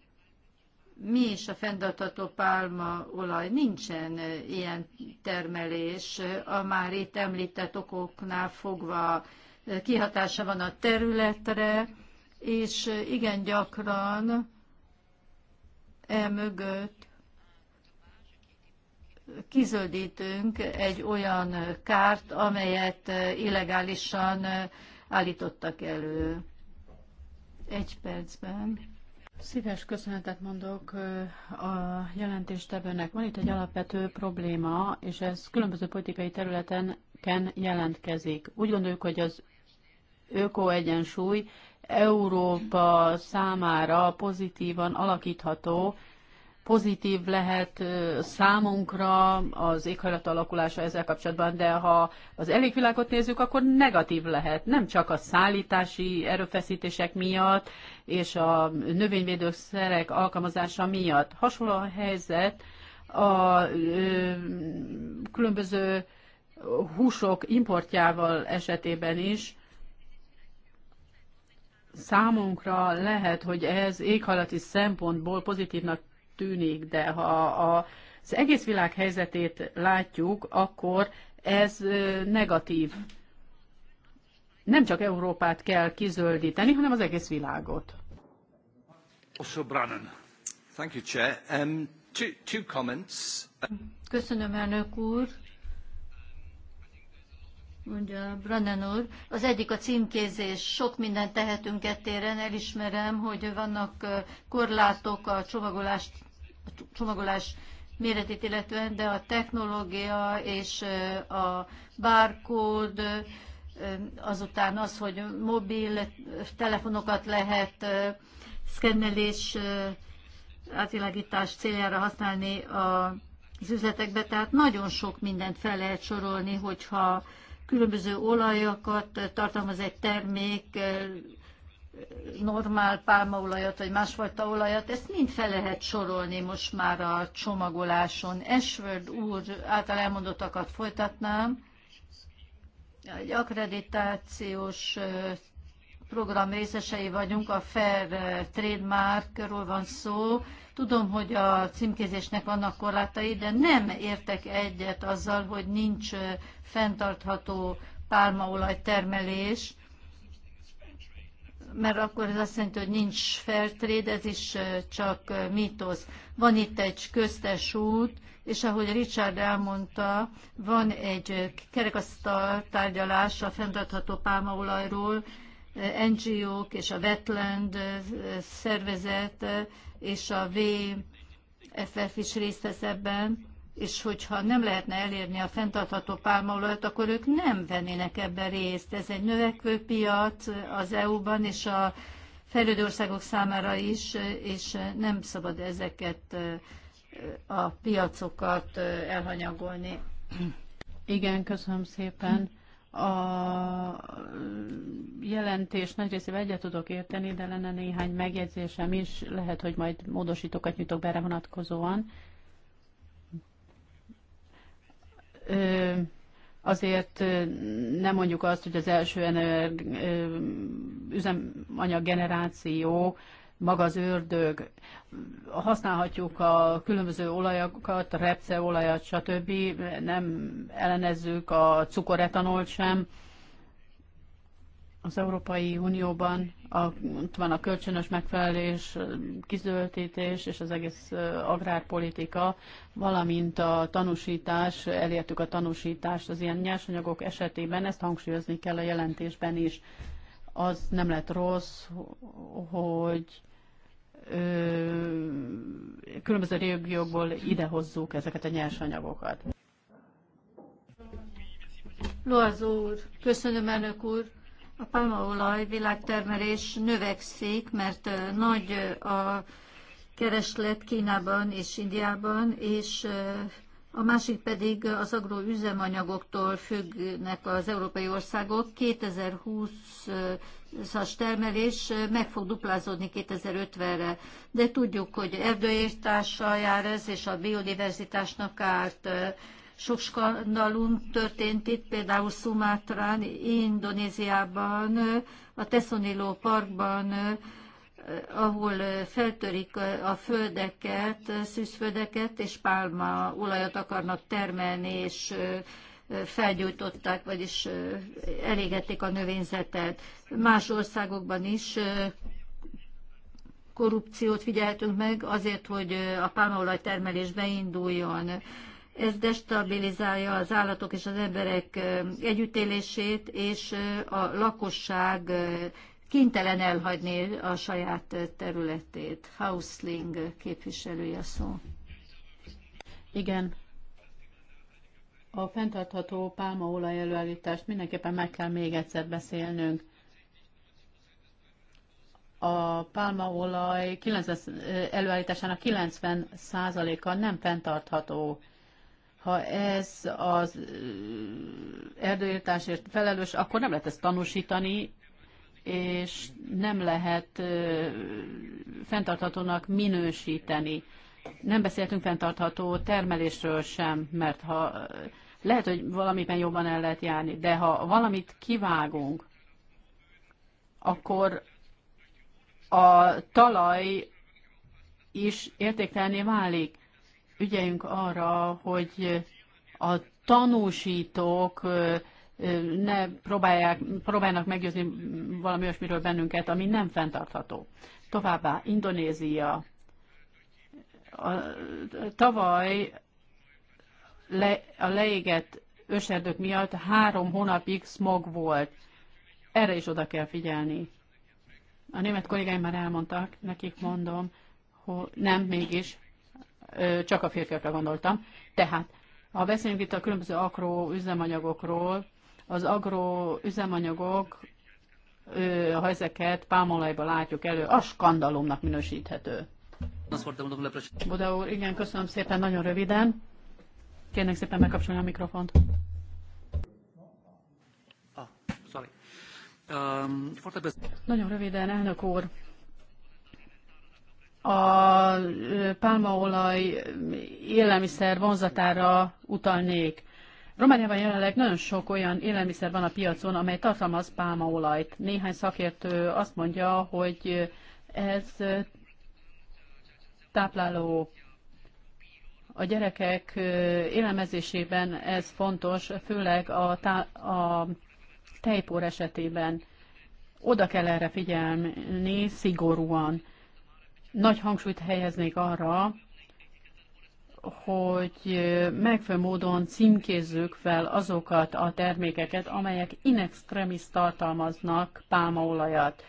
mi is a fenntartható pálmaolaj? Nincsen ilyen termelés, a már itt említett okoknál fogva kihatása van a területre, és igen gyakran e mögött kizöldítünk egy olyan kárt, amelyet illegálisan állítottak elő. Egy percben. Szíves köszönetet mondok a jelentéstevőnek. Van itt egy alapvető probléma, és ez különböző politikai területeken jelentkezik. Úgy gondoljuk, hogy az ökoegyensúly Európa számára pozitívan alakítható, pozitív lehet számunkra az éghajlat alakulása ezzel kapcsolatban, de ha az elégvilágot nézzük, akkor negatív lehet. Nem csak a szállítási erőfeszítések miatt és a növényvédőszerek alkalmazása miatt. Hasonló a helyzet a ö, különböző húsok importjával esetében is. Számunkra lehet, hogy ez éghajlati szempontból pozitívnak tűnik, de ha az egész világ helyzetét látjuk, akkor ez negatív. Nem csak Európát kell kizöldíteni, hanem az egész világot. Um, Köszönöm, elnök úr mondja Brannen úr. Az egyik a címkézés. Sok mindent tehetünk ettéren, elismerem, hogy vannak korlátok a csomagolást a csomagolás méretét illetően, de a technológia és a barcode, azután az, hogy mobil telefonokat lehet szkennelés átvilágítás céljára használni az üzletekbe, tehát nagyon sok mindent fel lehet sorolni, hogyha különböző olajakat tartalmaz egy termék, normál pálmaolajat, vagy másfajta olajat, ezt mind fel lehet sorolni most már a csomagoláson. Ashford úr által elmondottakat folytatnám. Egy akkreditációs program részesei vagyunk, a Fair Trademarkról van szó. Tudom, hogy a címkézésnek vannak korlátai, de nem értek egyet azzal, hogy nincs fenntartható pálmaolaj termelés mert akkor ez azt jelenti, hogy nincs fair trade, ez is csak mítosz. Van itt egy köztes út, és ahogy Richard elmondta, van egy kerekasztal tárgyalás a fenntartható pálmaolajról, NGO-k és a Wetland szervezet és a VFF is részt vesz ebben, és hogyha nem lehetne elérni a fenntartható pálmaolajat, akkor ők nem vennének ebben részt. Ez egy növekvő piac az EU-ban, és a fejlődő országok számára is, és nem szabad ezeket a piacokat elhanyagolni. Igen, köszönöm szépen. A jelentés nagy részével egyet tudok érteni, de lenne néhány megjegyzésem is, lehet, hogy majd módosítókat nyitok be erre vonatkozóan. azért nem mondjuk azt, hogy az első üzemanyag generáció maga az ördög. Használhatjuk a különböző olajakat, repceolajat, stb. Nem ellenezzük a cukoretanolt sem, az Európai Unióban a, ott van a kölcsönös megfelelés, kizöldítés és az egész agrárpolitika, valamint a tanúsítás, elértük a tanúsítást az ilyen nyersanyagok esetében, ezt hangsúlyozni kell a jelentésben is. Az nem lett rossz, hogy ö, különböző régiókból idehozzuk ezeket a nyersanyagokat. Loazó úr, köszönöm elnök úr. A pálmaolaj világtermelés növekszik, mert nagy a kereslet Kínában és Indiában, és a másik pedig az agroüzemanyagoktól függnek az európai országok. 2020-as termelés meg fog duplázódni 2050-re. De tudjuk, hogy erdőírtással jár ez, és a biodiverzitásnak árt sok skandalum történt itt, például Szumátrán, Indonéziában, a Tesoniló parkban, ahol feltörik a földeket, szűzföldeket, és pálma olajat akarnak termelni, és felgyújtották, vagyis elégették a növényzetet. Más országokban is korrupciót figyelhetünk meg azért, hogy a pálmaolaj termelés beinduljon. Ez destabilizálja az állatok és az emberek együttélését, és a lakosság kénytelen elhagyni a saját területét. Hausling képviselője szó. Igen. A fenntartható pálmaolaj előállítást mindenképpen meg kell még egyszer beszélnünk. A pálmaolaj előállításának 90%-a nem fenntartható ha ez az erdőírtásért felelős, akkor nem lehet ezt tanúsítani, és nem lehet fenntarthatónak minősíteni. Nem beszéltünk fenntartható termelésről sem, mert ha lehet, hogy valamiben jobban el lehet járni, de ha valamit kivágunk, akkor a talaj is értéktelné válik ügyeljünk arra, hogy a tanúsítók ne próbálják, próbálnak meggyőzni valami olyasmiről bennünket, ami nem fenntartható. Továbbá Indonézia. A, tavaly le, a leégett őserdők miatt három hónapig smog volt. Erre is oda kell figyelni. A német kollégáim már elmondtak, nekik mondom, hogy nem, mégis csak a férfiakra gondoltam. Tehát, ha beszélünk itt a különböző agró üzemanyagokról, az agró üzemanyagok, ha ezeket pálmolajban látjuk elő, a skandalumnak minősíthető. Buda úr, igen, köszönöm szépen, nagyon röviden. Kérnek szépen megkapcsolni a mikrofont. Ah, nagyon röviden, elnök úr a pálmaolaj élelmiszer vonzatára utalnék. Romániában jelenleg nagyon sok olyan élelmiszer van a piacon, amely tartalmaz pálmaolajt. Néhány szakértő azt mondja, hogy ez tápláló a gyerekek élelmezésében ez fontos, főleg a, tá- a tejpor esetében. Oda kell erre figyelni szigorúan nagy hangsúlyt helyeznék arra, hogy megfelelő módon címkézzük fel azokat a termékeket, amelyek in extremis tartalmaznak pálmaolajat.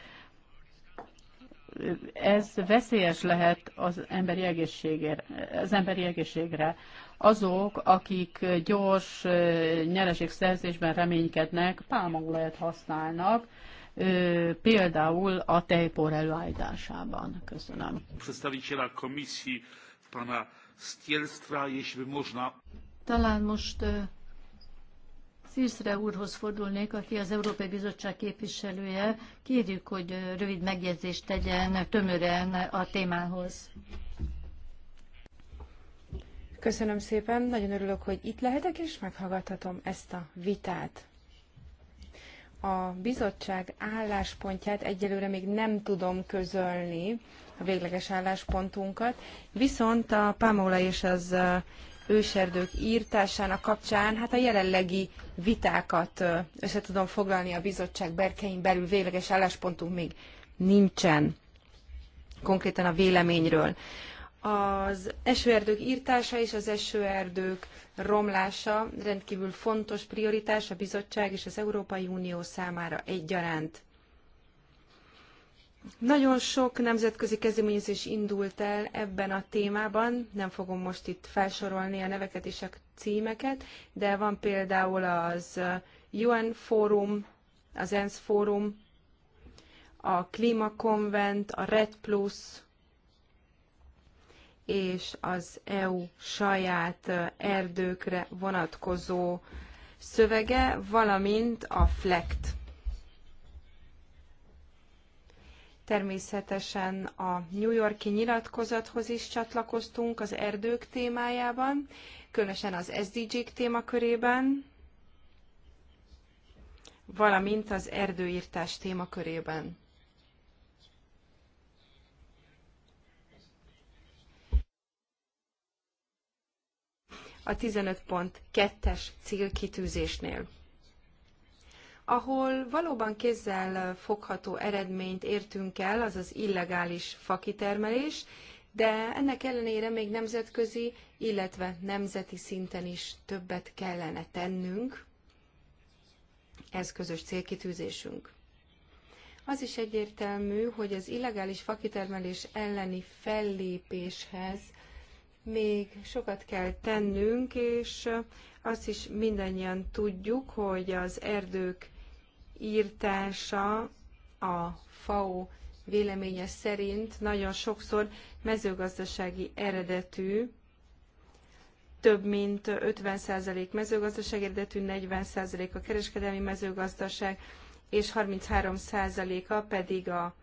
Ez veszélyes lehet az emberi, egészségére, az emberi egészségre. Azok, akik gyors nyereségszerzésben reménykednek, pálmaolajat használnak, például a tejpor előállításában. Köszönöm. Przedstawiciela komisji, pana Stielstra, jeśli można. Talán most Szírszre úrhoz fordulnék, aki az Európai Bizottság képviselője. Kérjük, hogy rövid megjegyzést tegyen tömören a témához. Köszönöm szépen, nagyon örülök, hogy itt lehetek, és meghallgathatom ezt a vitát a bizottság álláspontját egyelőre még nem tudom közölni, a végleges álláspontunkat, viszont a Pámola és az őserdők írtásának kapcsán hát a jelenlegi vitákat össze tudom foglalni a bizottság berkein belül, végleges álláspontunk még nincsen konkrétan a véleményről. Az esőerdők írtása és az esőerdők romlása rendkívül fontos prioritás a bizottság és az Európai Unió számára egyaránt. Nagyon sok nemzetközi kezdeményezés indult el ebben a témában, nem fogom most itt felsorolni a neveket és a címeket, de van például az UN Fórum, az ENSZ Fórum, a Klímakonvent, a Red Plus, és az EU saját erdőkre vonatkozó szövege, valamint a FLECT. Természetesen a New Yorki nyilatkozathoz is csatlakoztunk az erdők témájában, különösen az SDG-k témakörében, valamint az erdőírtás témakörében. a 15.2-es célkitűzésnél ahol valóban kézzel fogható eredményt értünk el, az az illegális fakitermelés, de ennek ellenére még nemzetközi, illetve nemzeti szinten is többet kellene tennünk. Ez közös célkitűzésünk. Az is egyértelmű, hogy az illegális fakitermelés elleni fellépéshez még sokat kell tennünk, és azt is mindannyian tudjuk, hogy az erdők írtása a FAO véleménye szerint nagyon sokszor mezőgazdasági eredetű, több mint 50% mezőgazdaság eredetű, 40% a kereskedelmi mezőgazdaság, és 33%-a pedig a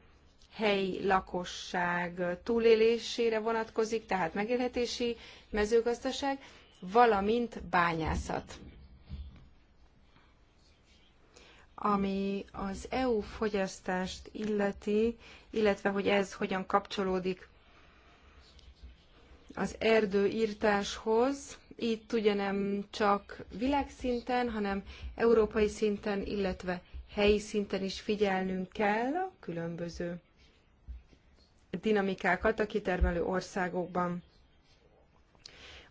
helyi lakosság túlélésére vonatkozik, tehát megélhetési mezőgazdaság, valamint bányászat. Ami az EU fogyasztást illeti, illetve hogy ez hogyan kapcsolódik az erdőírtáshoz, itt ugye nem csak világszinten, hanem európai szinten, illetve helyi szinten is figyelnünk kell a különböző dinamikákat a kitermelő országokban.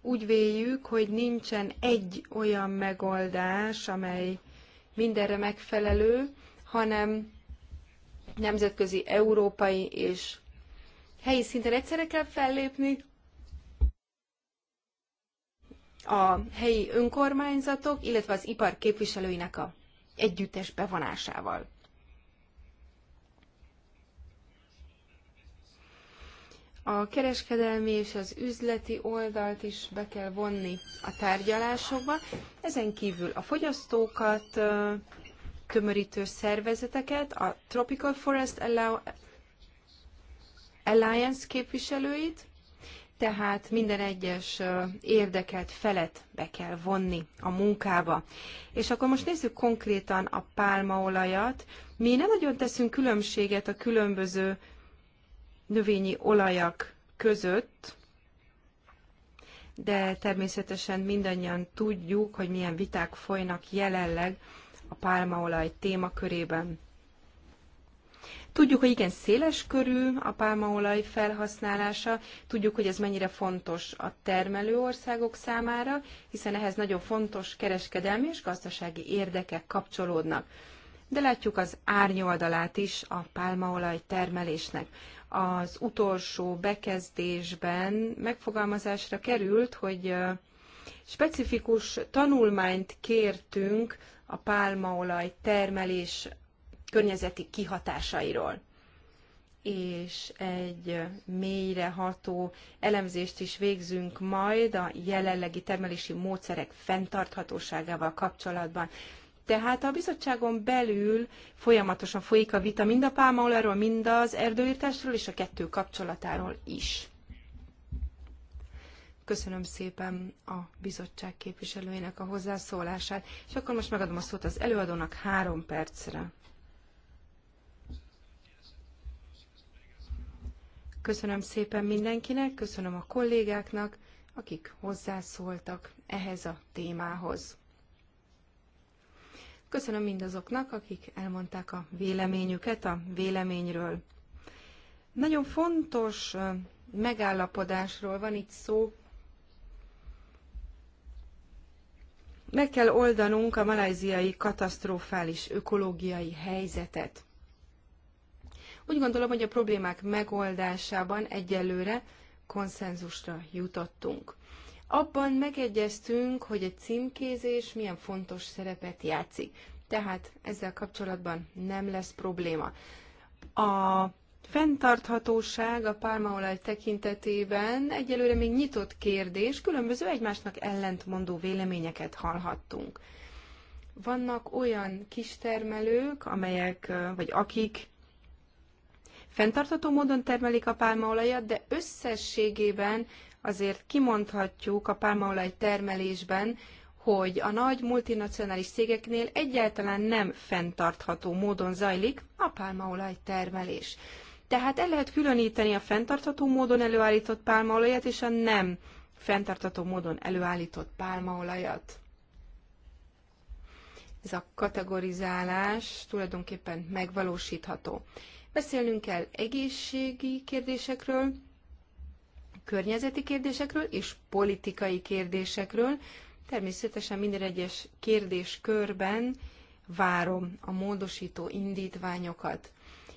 Úgy véljük, hogy nincsen egy olyan megoldás, amely mindenre megfelelő, hanem nemzetközi, európai és helyi szinten egyszerre kell fellépni, a helyi önkormányzatok, illetve az ipar képviselőinek a együttes bevonásával. a kereskedelmi és az üzleti oldalt is be kell vonni a tárgyalásokba. Ezen kívül a fogyasztókat, tömörítő szervezeteket, a Tropical Forest Alliance képviselőit, tehát minden egyes érdekelt felet be kell vonni a munkába. És akkor most nézzük konkrétan a pálmaolajat. Mi nem nagyon teszünk különbséget a különböző növényi olajak között, de természetesen mindannyian tudjuk, hogy milyen viták folynak jelenleg a pálmaolaj témakörében. Tudjuk, hogy igen széles körű a pálmaolaj felhasználása, tudjuk, hogy ez mennyire fontos a termelő országok számára, hiszen ehhez nagyon fontos kereskedelmi és gazdasági érdekek kapcsolódnak. De látjuk az árnyoldalát is a pálmaolaj termelésnek az utolsó bekezdésben megfogalmazásra került, hogy specifikus tanulmányt kértünk a pálmaolaj termelés környezeti kihatásairól és egy mélyreható elemzést is végzünk majd a jelenlegi termelési módszerek fenntarthatóságával kapcsolatban. Tehát a bizottságon belül folyamatosan folyik a vita mind a pálmaolajról, mind az erdőírtásról és a kettő kapcsolatáról is. Köszönöm szépen a bizottság képviselőjének a hozzászólását, és akkor most megadom a szót az előadónak három percre. Köszönöm szépen mindenkinek, köszönöm a kollégáknak, akik hozzászóltak ehhez a témához. Köszönöm mindazoknak, akik elmondták a véleményüket a véleményről. Nagyon fontos megállapodásról van itt szó. Meg kell oldanunk a malajziai katasztrofális ökológiai helyzetet. Úgy gondolom, hogy a problémák megoldásában egyelőre konszenzusra jutottunk. Abban megegyeztünk, hogy a címkézés milyen fontos szerepet játszik. Tehát ezzel kapcsolatban nem lesz probléma. A fenntarthatóság a pálmaolaj tekintetében egyelőre még nyitott kérdés, különböző egymásnak ellentmondó véleményeket hallhattunk. Vannak olyan kistermelők, amelyek, vagy akik fenntartható módon termelik a pálmaolajat, de összességében azért kimondhatjuk a pálmaolaj termelésben, hogy a nagy multinacionális cégeknél egyáltalán nem fenntartható módon zajlik a pálmaolaj termelés. Tehát el lehet különíteni a fenntartható módon előállított pálmaolajat és a nem fenntartható módon előállított pálmaolajat. Ez a kategorizálás tulajdonképpen megvalósítható. Beszélnünk kell egészségi kérdésekről, környezeti kérdésekről és politikai kérdésekről. Természetesen minden egyes kérdéskörben várom a módosító indítványokat.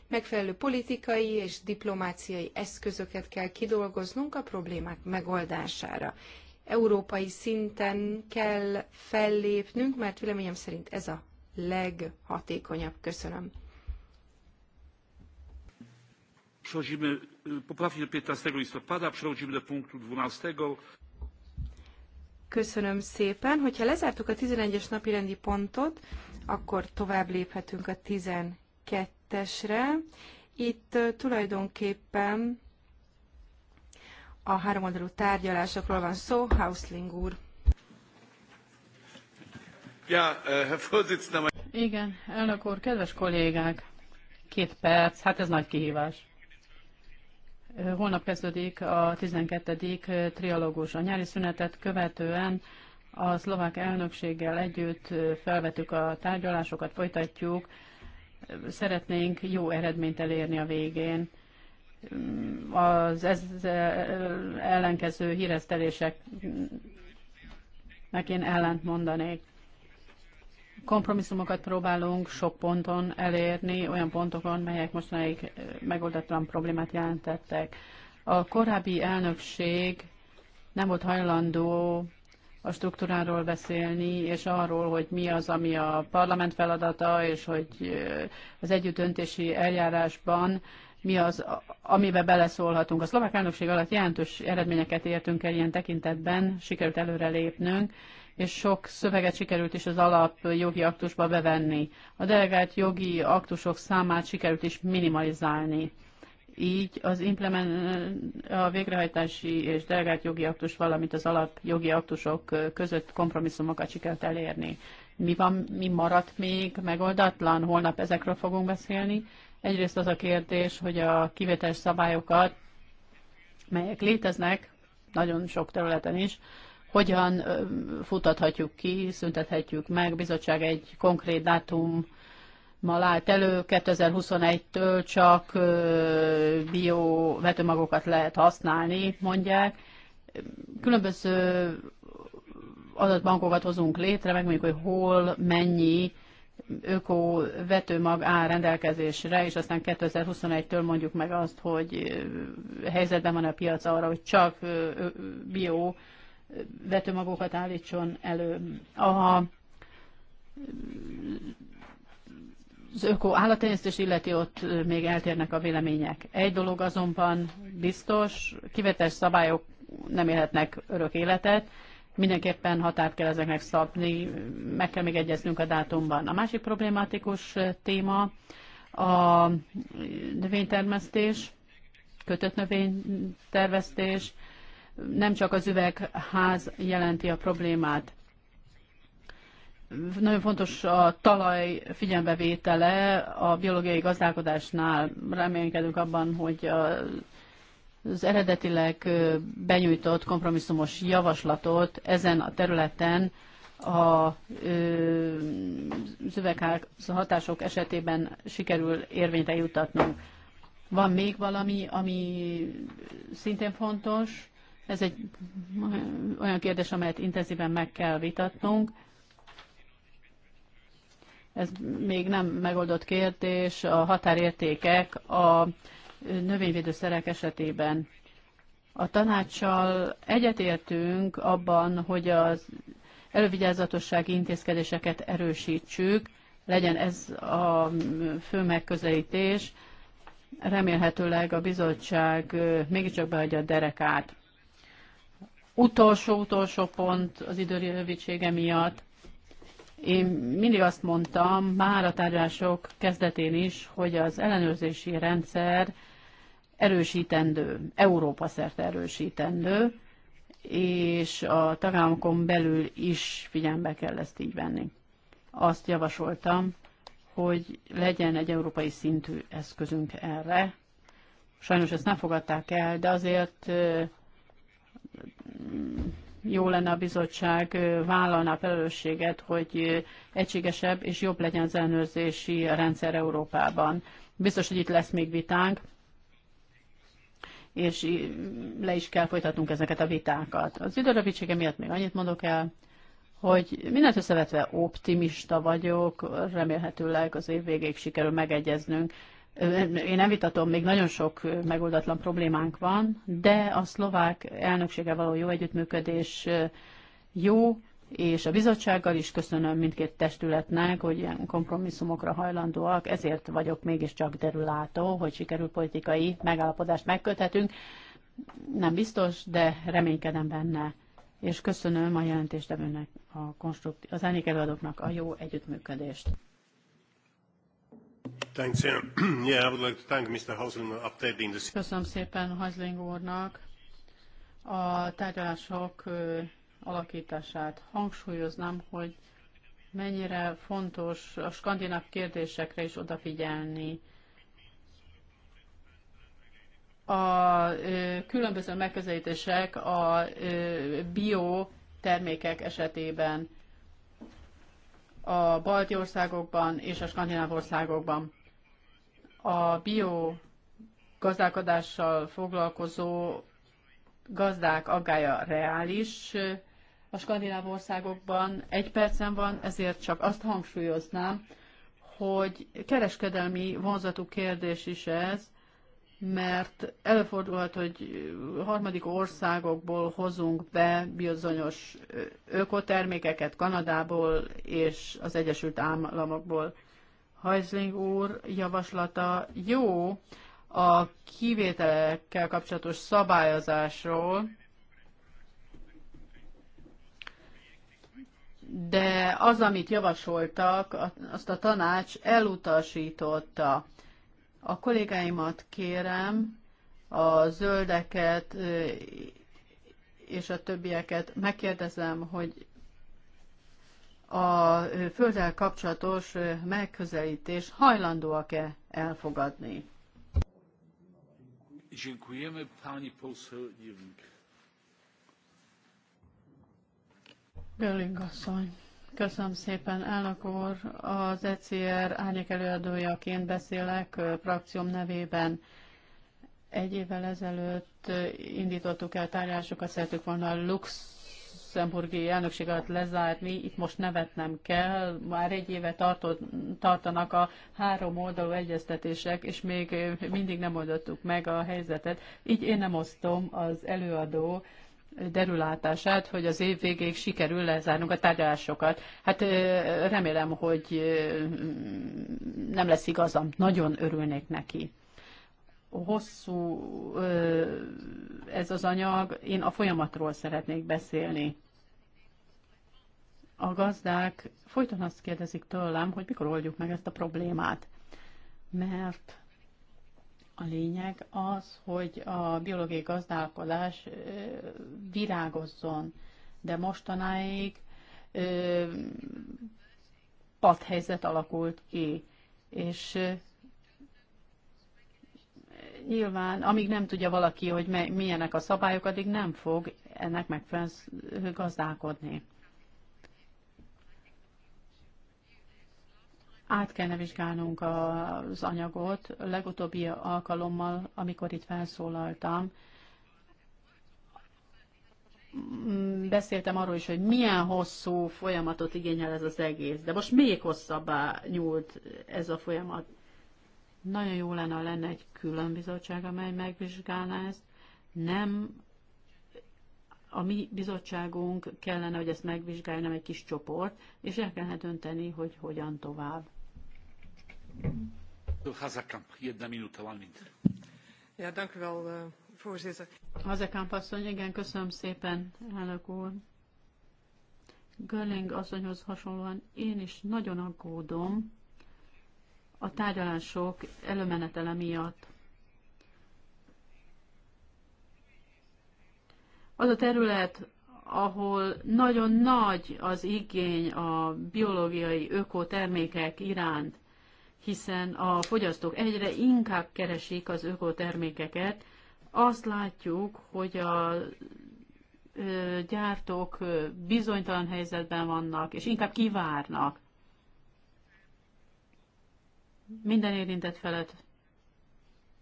Megfelelő politikai és diplomáciai eszközöket kell kidolgoznunk a problémák megoldására. Európai szinten kell fellépnünk, mert véleményem szerint ez a leghatékonyabb. Köszönöm poprawki do 15 listopada. Przechodzimy do punktu 12. Köszönöm szépen. Hogyha lezártuk a 11-es napirendi pontot, akkor tovább léphetünk a 12-esre. Itt tulajdonképpen a háromoldalú tárgyalásokról van szó. Hausling úr. Ja, Herr Vorsitzender. Igen, elnök úr, kedves kollégák, két perc, hát ez nagy kihívás. Holnap kezdődik a 12. trialógus. A nyári szünetet követően a szlovák elnökséggel együtt felvetük a tárgyalásokat, folytatjuk. Szeretnénk jó eredményt elérni a végén. Az ezzel ellenkező híreszteléseknek én ellent mondanék kompromisszumokat próbálunk sok ponton elérni, olyan pontokon, melyek mostanáig eh, megoldatlan problémát jelentettek. A korábbi elnökség nem volt hajlandó a struktúráról beszélni, és arról, hogy mi az, ami a parlament feladata, és hogy eh, az együttöntési eljárásban mi az, amiben beleszólhatunk. A szlovák elnökség alatt jelentős eredményeket értünk el ilyen tekintetben, sikerült előrelépnünk, és sok szöveget sikerült is az alap jogi aktusba bevenni. A delegált jogi aktusok számát sikerült is minimalizálni. Így az a végrehajtási és delegált jogi aktus, valamint az alap jogi aktusok között kompromisszumokat sikerült elérni. Mi, van, mi maradt még megoldatlan? Holnap ezekről fogunk beszélni. Egyrészt az a kérdés, hogy a kivételes szabályokat, melyek léteznek, nagyon sok területen is, hogyan futathatjuk ki, szüntethetjük meg. Bizottság egy konkrét dátum ma állt elő, 2021-től csak bio vetőmagokat lehet használni, mondják. Különböző adatbankokat hozunk létre, mondjuk, hogy hol, mennyi öko vetőmag áll rendelkezésre, és aztán 2021-től mondjuk meg azt, hogy helyzetben van a piac arra, hogy csak bio vetőmagokat állítson elő. A az öko állattenyésztés illeti ott még eltérnek a vélemények. Egy dolog azonban biztos, kivetes szabályok nem élhetnek örök életet, mindenképpen határt kell ezeknek szabni, meg kell még egyeznünk a dátumban. A másik problématikus téma a növénytermesztés, kötött növénytermesztés, nem csak az üvegház jelenti a problémát. Nagyon fontos a talaj figyelmevétele a biológiai gazdálkodásnál. Reménykedünk abban, hogy az eredetileg benyújtott kompromisszumos javaslatot ezen a területen a üvegház hatások esetében sikerül érvényre jutatnunk. Van még valami, ami szintén fontos, ez egy eh, olyan kérdés, amelyet intenzíven meg kell vitatnunk. Ez még nem megoldott kérdés, a határértékek a növényvédőszerek esetében. A tanácssal egyetértünk abban, hogy az elővigyázatossági intézkedéseket erősítsük, legyen ez a fő megközelítés, remélhetőleg a bizottság eh, mégiscsak beadja a derekát utolsó-utolsó pont az időrövítsége miatt. Én mindig azt mondtam, már a tárgyalások kezdetén is, hogy az ellenőrzési rendszer erősítendő, Európa szerte erősítendő, és a tagállamokon belül is figyelembe kell ezt így venni. Azt javasoltam, hogy legyen egy európai szintű eszközünk erre. Sajnos ezt nem fogadták el, de azért jó lenne a bizottság a felelősséget, hogy egységesebb és jobb legyen az ellenőrzési rendszer Európában. Biztos, hogy itt lesz még vitánk, és le is kell folytatnunk ezeket a vitákat. Az időrövidsége miatt még annyit mondok el, hogy mindent összevetve optimista vagyok, remélhetőleg az év végéig sikerül megegyeznünk én nem vitatom, még nagyon sok megoldatlan problémánk van, de a szlovák elnöksége való jó együttműködés jó, és a bizottsággal is köszönöm mindkét testületnek, hogy ilyen kompromisszumokra hajlandóak, ezért vagyok mégiscsak derülátó, hogy sikerül politikai megállapodást megköthetünk. Nem biztos, de reménykedem benne, és köszönöm a jelentéstevőnek, a konstrukti az előadóknak a jó együttműködést. Thanks, yeah, I would like to thank Mr. updating this. Köszönöm szépen Hausling úrnak a tárgyalások alakítását. Hangsúlyoznám, hogy mennyire fontos a skandináv kérdésekre is odafigyelni. A különböző megközelítések a bio termékek esetében a balti országokban és a skandináv országokban a bio gazdálkodással foglalkozó gazdák aggája reális a skandináv országokban. Egy percen van, ezért csak azt hangsúlyoznám, hogy kereskedelmi vonzatú kérdés is ez, mert előfordulhat, hogy harmadik országokból hozunk be bizonyos ökotermékeket Kanadából és az Egyesült Államokból. Hajzling úr javaslata jó a kivételekkel kapcsolatos szabályozásról, de az, amit javasoltak, azt a tanács elutasította. A kollégáimat kérem, a zöldeket és a többieket megkérdezem, hogy a földdel kapcsolatos megközelítés hajlandóak-e elfogadni? Dziękujemy pani poseł Görling asszony. Köszönöm szépen, elnök úr. Az ECR árnyék előadójaként beszélek frakcióm nevében. Egy évvel ezelőtt indítottuk el tárgyalásokat, szeretük volna a Lux luxemburgi elnökség alatt lezárni, itt most nevetnem kell, már egy éve tartott, tartanak a három oldalú egyeztetések, és még mindig nem oldottuk meg a helyzetet. Így én nem osztom az előadó derülátását, hogy az év végéig sikerül lezárnunk a tárgyalásokat. Hát remélem, hogy nem lesz igazam. Nagyon örülnék neki hosszú ez az anyag, én a folyamatról szeretnék beszélni. A gazdák folyton azt kérdezik tőlem, hogy mikor oldjuk meg ezt a problémát. Mert a lényeg az, hogy a biológiai gazdálkodás virágozzon, de mostanáig padhelyzet alakult ki, és nyilván, amíg nem tudja valaki, hogy milyenek a szabályok, addig nem fog ennek megfelelően gazdálkodni. Át kellene vizsgálnunk az anyagot. Legutóbbi alkalommal, amikor itt felszólaltam, beszéltem arról is, hogy milyen hosszú folyamatot igényel ez az egész, de most még hosszabbá nyúlt ez a folyamat. Nagyon jó lenne, ha lenne egy külön bizottság, amely megvizsgálná ezt. Nem a mi bizottságunk kellene, hogy ezt megvizsgálja, nem egy kis csoport, és el kellene dönteni, hogy hogyan tovább. Hazekamp, jedna minuta van mind. Ja, dank wel, eh, voorzitter. Hazekamp asszony, igen, köszönöm szépen, elnök úr. Görling asszonyhoz hasonlóan én is nagyon aggódom, a tárgyalások előmenetele miatt. Az a terület, ahol nagyon nagy az igény a biológiai ökotermékek iránt, hiszen a fogyasztók egyre inkább keresik az ökotermékeket, azt látjuk, hogy a gyártók bizonytalan helyzetben vannak, és inkább kivárnak minden érintett felet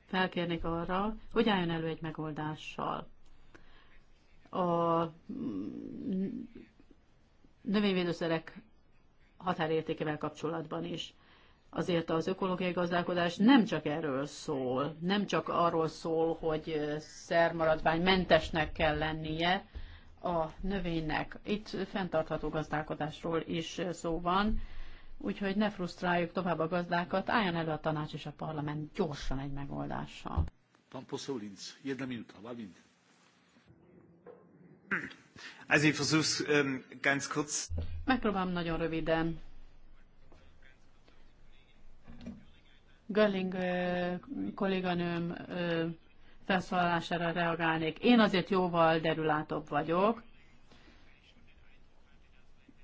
felkérnék arra, hogy álljon elő egy megoldással. A mm, növényvédőszerek határértékevel kapcsolatban is. Azért az ökológiai gazdálkodás nem csak erről szól, nem csak arról szól, hogy szermaradvány mentesnek kell lennie a növénynek. Itt fenntartható gazdálkodásról is szó van, Úgyhogy ne frusztráljuk tovább a gazdákat, álljon elő a tanács és a parlament gyorsan egy megoldással. Pan poseł jedna minuta, Wawin. Also ich versuch's ähm, um, ganz kurz. Megpróbálom nagyon röviden. Görling kolléganőm felszólalására reagálnék. Én azért jóval derülátóbb vagyok,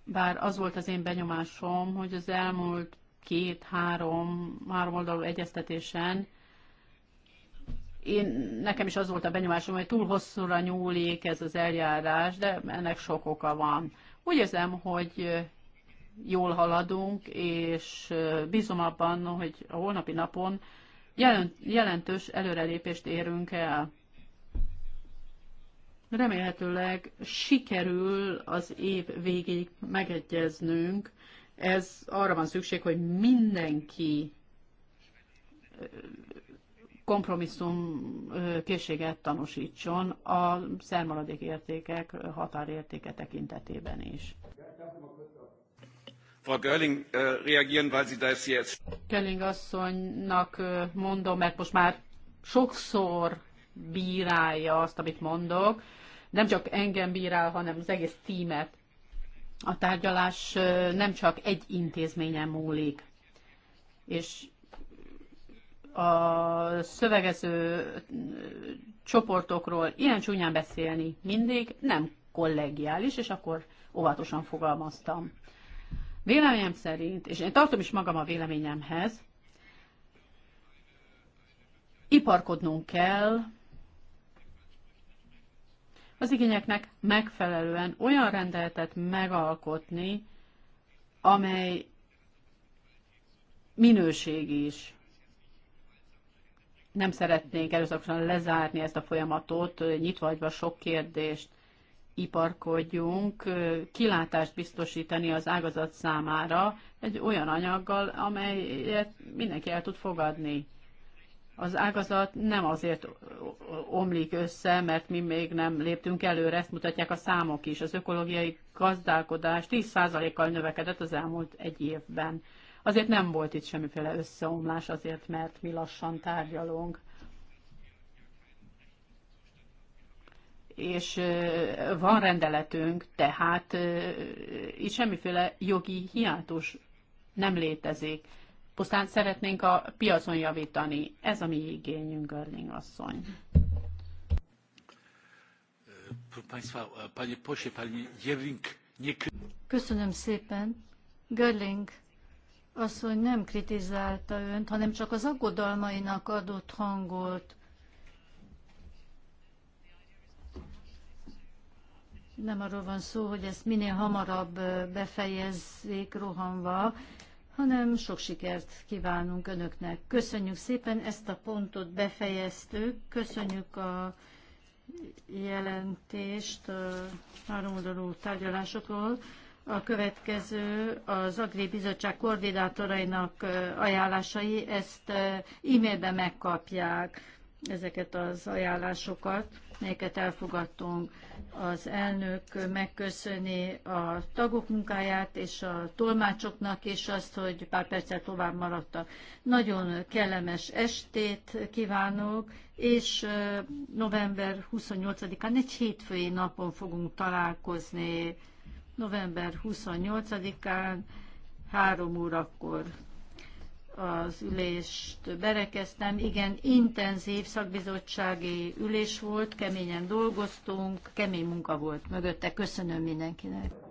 bár az volt az én benyomásom, hogy az elmúlt két-három három oldalú egyeztetésen én, nekem is az volt a benyomásom, hogy túl hosszúra nyúlik ez az eljárás, de ennek sok oka van. Úgy érzem, hogy jól haladunk, és bízom abban, hogy a holnapi napon jelentős előrelépést érünk el. Remélhetőleg sikerül az év végéig megegyeznünk. Ez arra van szükség, hogy mindenki kompromisszum készséget tanúsítson a szermaradék értékek határértéke tekintetében is. Frau Görling, äh, reagieren, weil Sie das jetzt... Görling asszonynak mondom, mert most már sokszor bírálja azt, amit mondok nem csak engem bírál, hanem az egész tímet. A tárgyalás nem csak egy intézményen múlik. És a szövegező csoportokról ilyen csúnyán beszélni mindig nem kollegiális, és akkor óvatosan fogalmaztam. Véleményem szerint, és én tartom is magam a véleményemhez, iparkodnunk kell az igényeknek megfelelően olyan rendeletet megalkotni, amely minőség is. Nem szeretnénk erőszakosan lezárni ezt a folyamatot, nyitva vagyva sok kérdést iparkodjunk, kilátást biztosítani az ágazat számára egy olyan anyaggal, amelyet mindenki el tud fogadni az ágazat nem azért omlik össze, mert mi még nem léptünk előre, ezt mutatják a számok is. Az ökológiai gazdálkodás 10%-kal növekedett az elmúlt egy évben. Azért nem volt itt semmiféle összeomlás, azért mert mi lassan tárgyalunk. És van rendeletünk, tehát itt semmiféle jogi hiátus nem létezik pusztán szeretnénk a piacon javítani. Ez a mi igényünk, Görling asszony. Köszönöm szépen. Görling asszony nem kritizálta önt, hanem csak az aggodalmainak adott hangot. Nem arról van szó, hogy ezt minél hamarabb befejezzék rohanva, hanem sok sikert kívánunk Önöknek. Köszönjük szépen, ezt a pontot befejeztük, köszönjük a jelentést a háromoldalú tárgyalásokról. A következő az Agri Bizottság koordinátorainak ajánlásai, ezt e-mailben megkapják ezeket az ajánlásokat melyeket elfogadtunk. Az elnök megköszöni a tagok munkáját és a tolmácsoknak is azt, hogy pár perccel tovább maradtak. Nagyon kellemes estét kívánok, és november 28-án egy hétfői napon fogunk találkozni. November 28-án három órakor az ülést berekeztem. Igen, intenzív szakbizottsági ülés volt, keményen dolgoztunk, kemény munka volt mögötte. Köszönöm mindenkinek.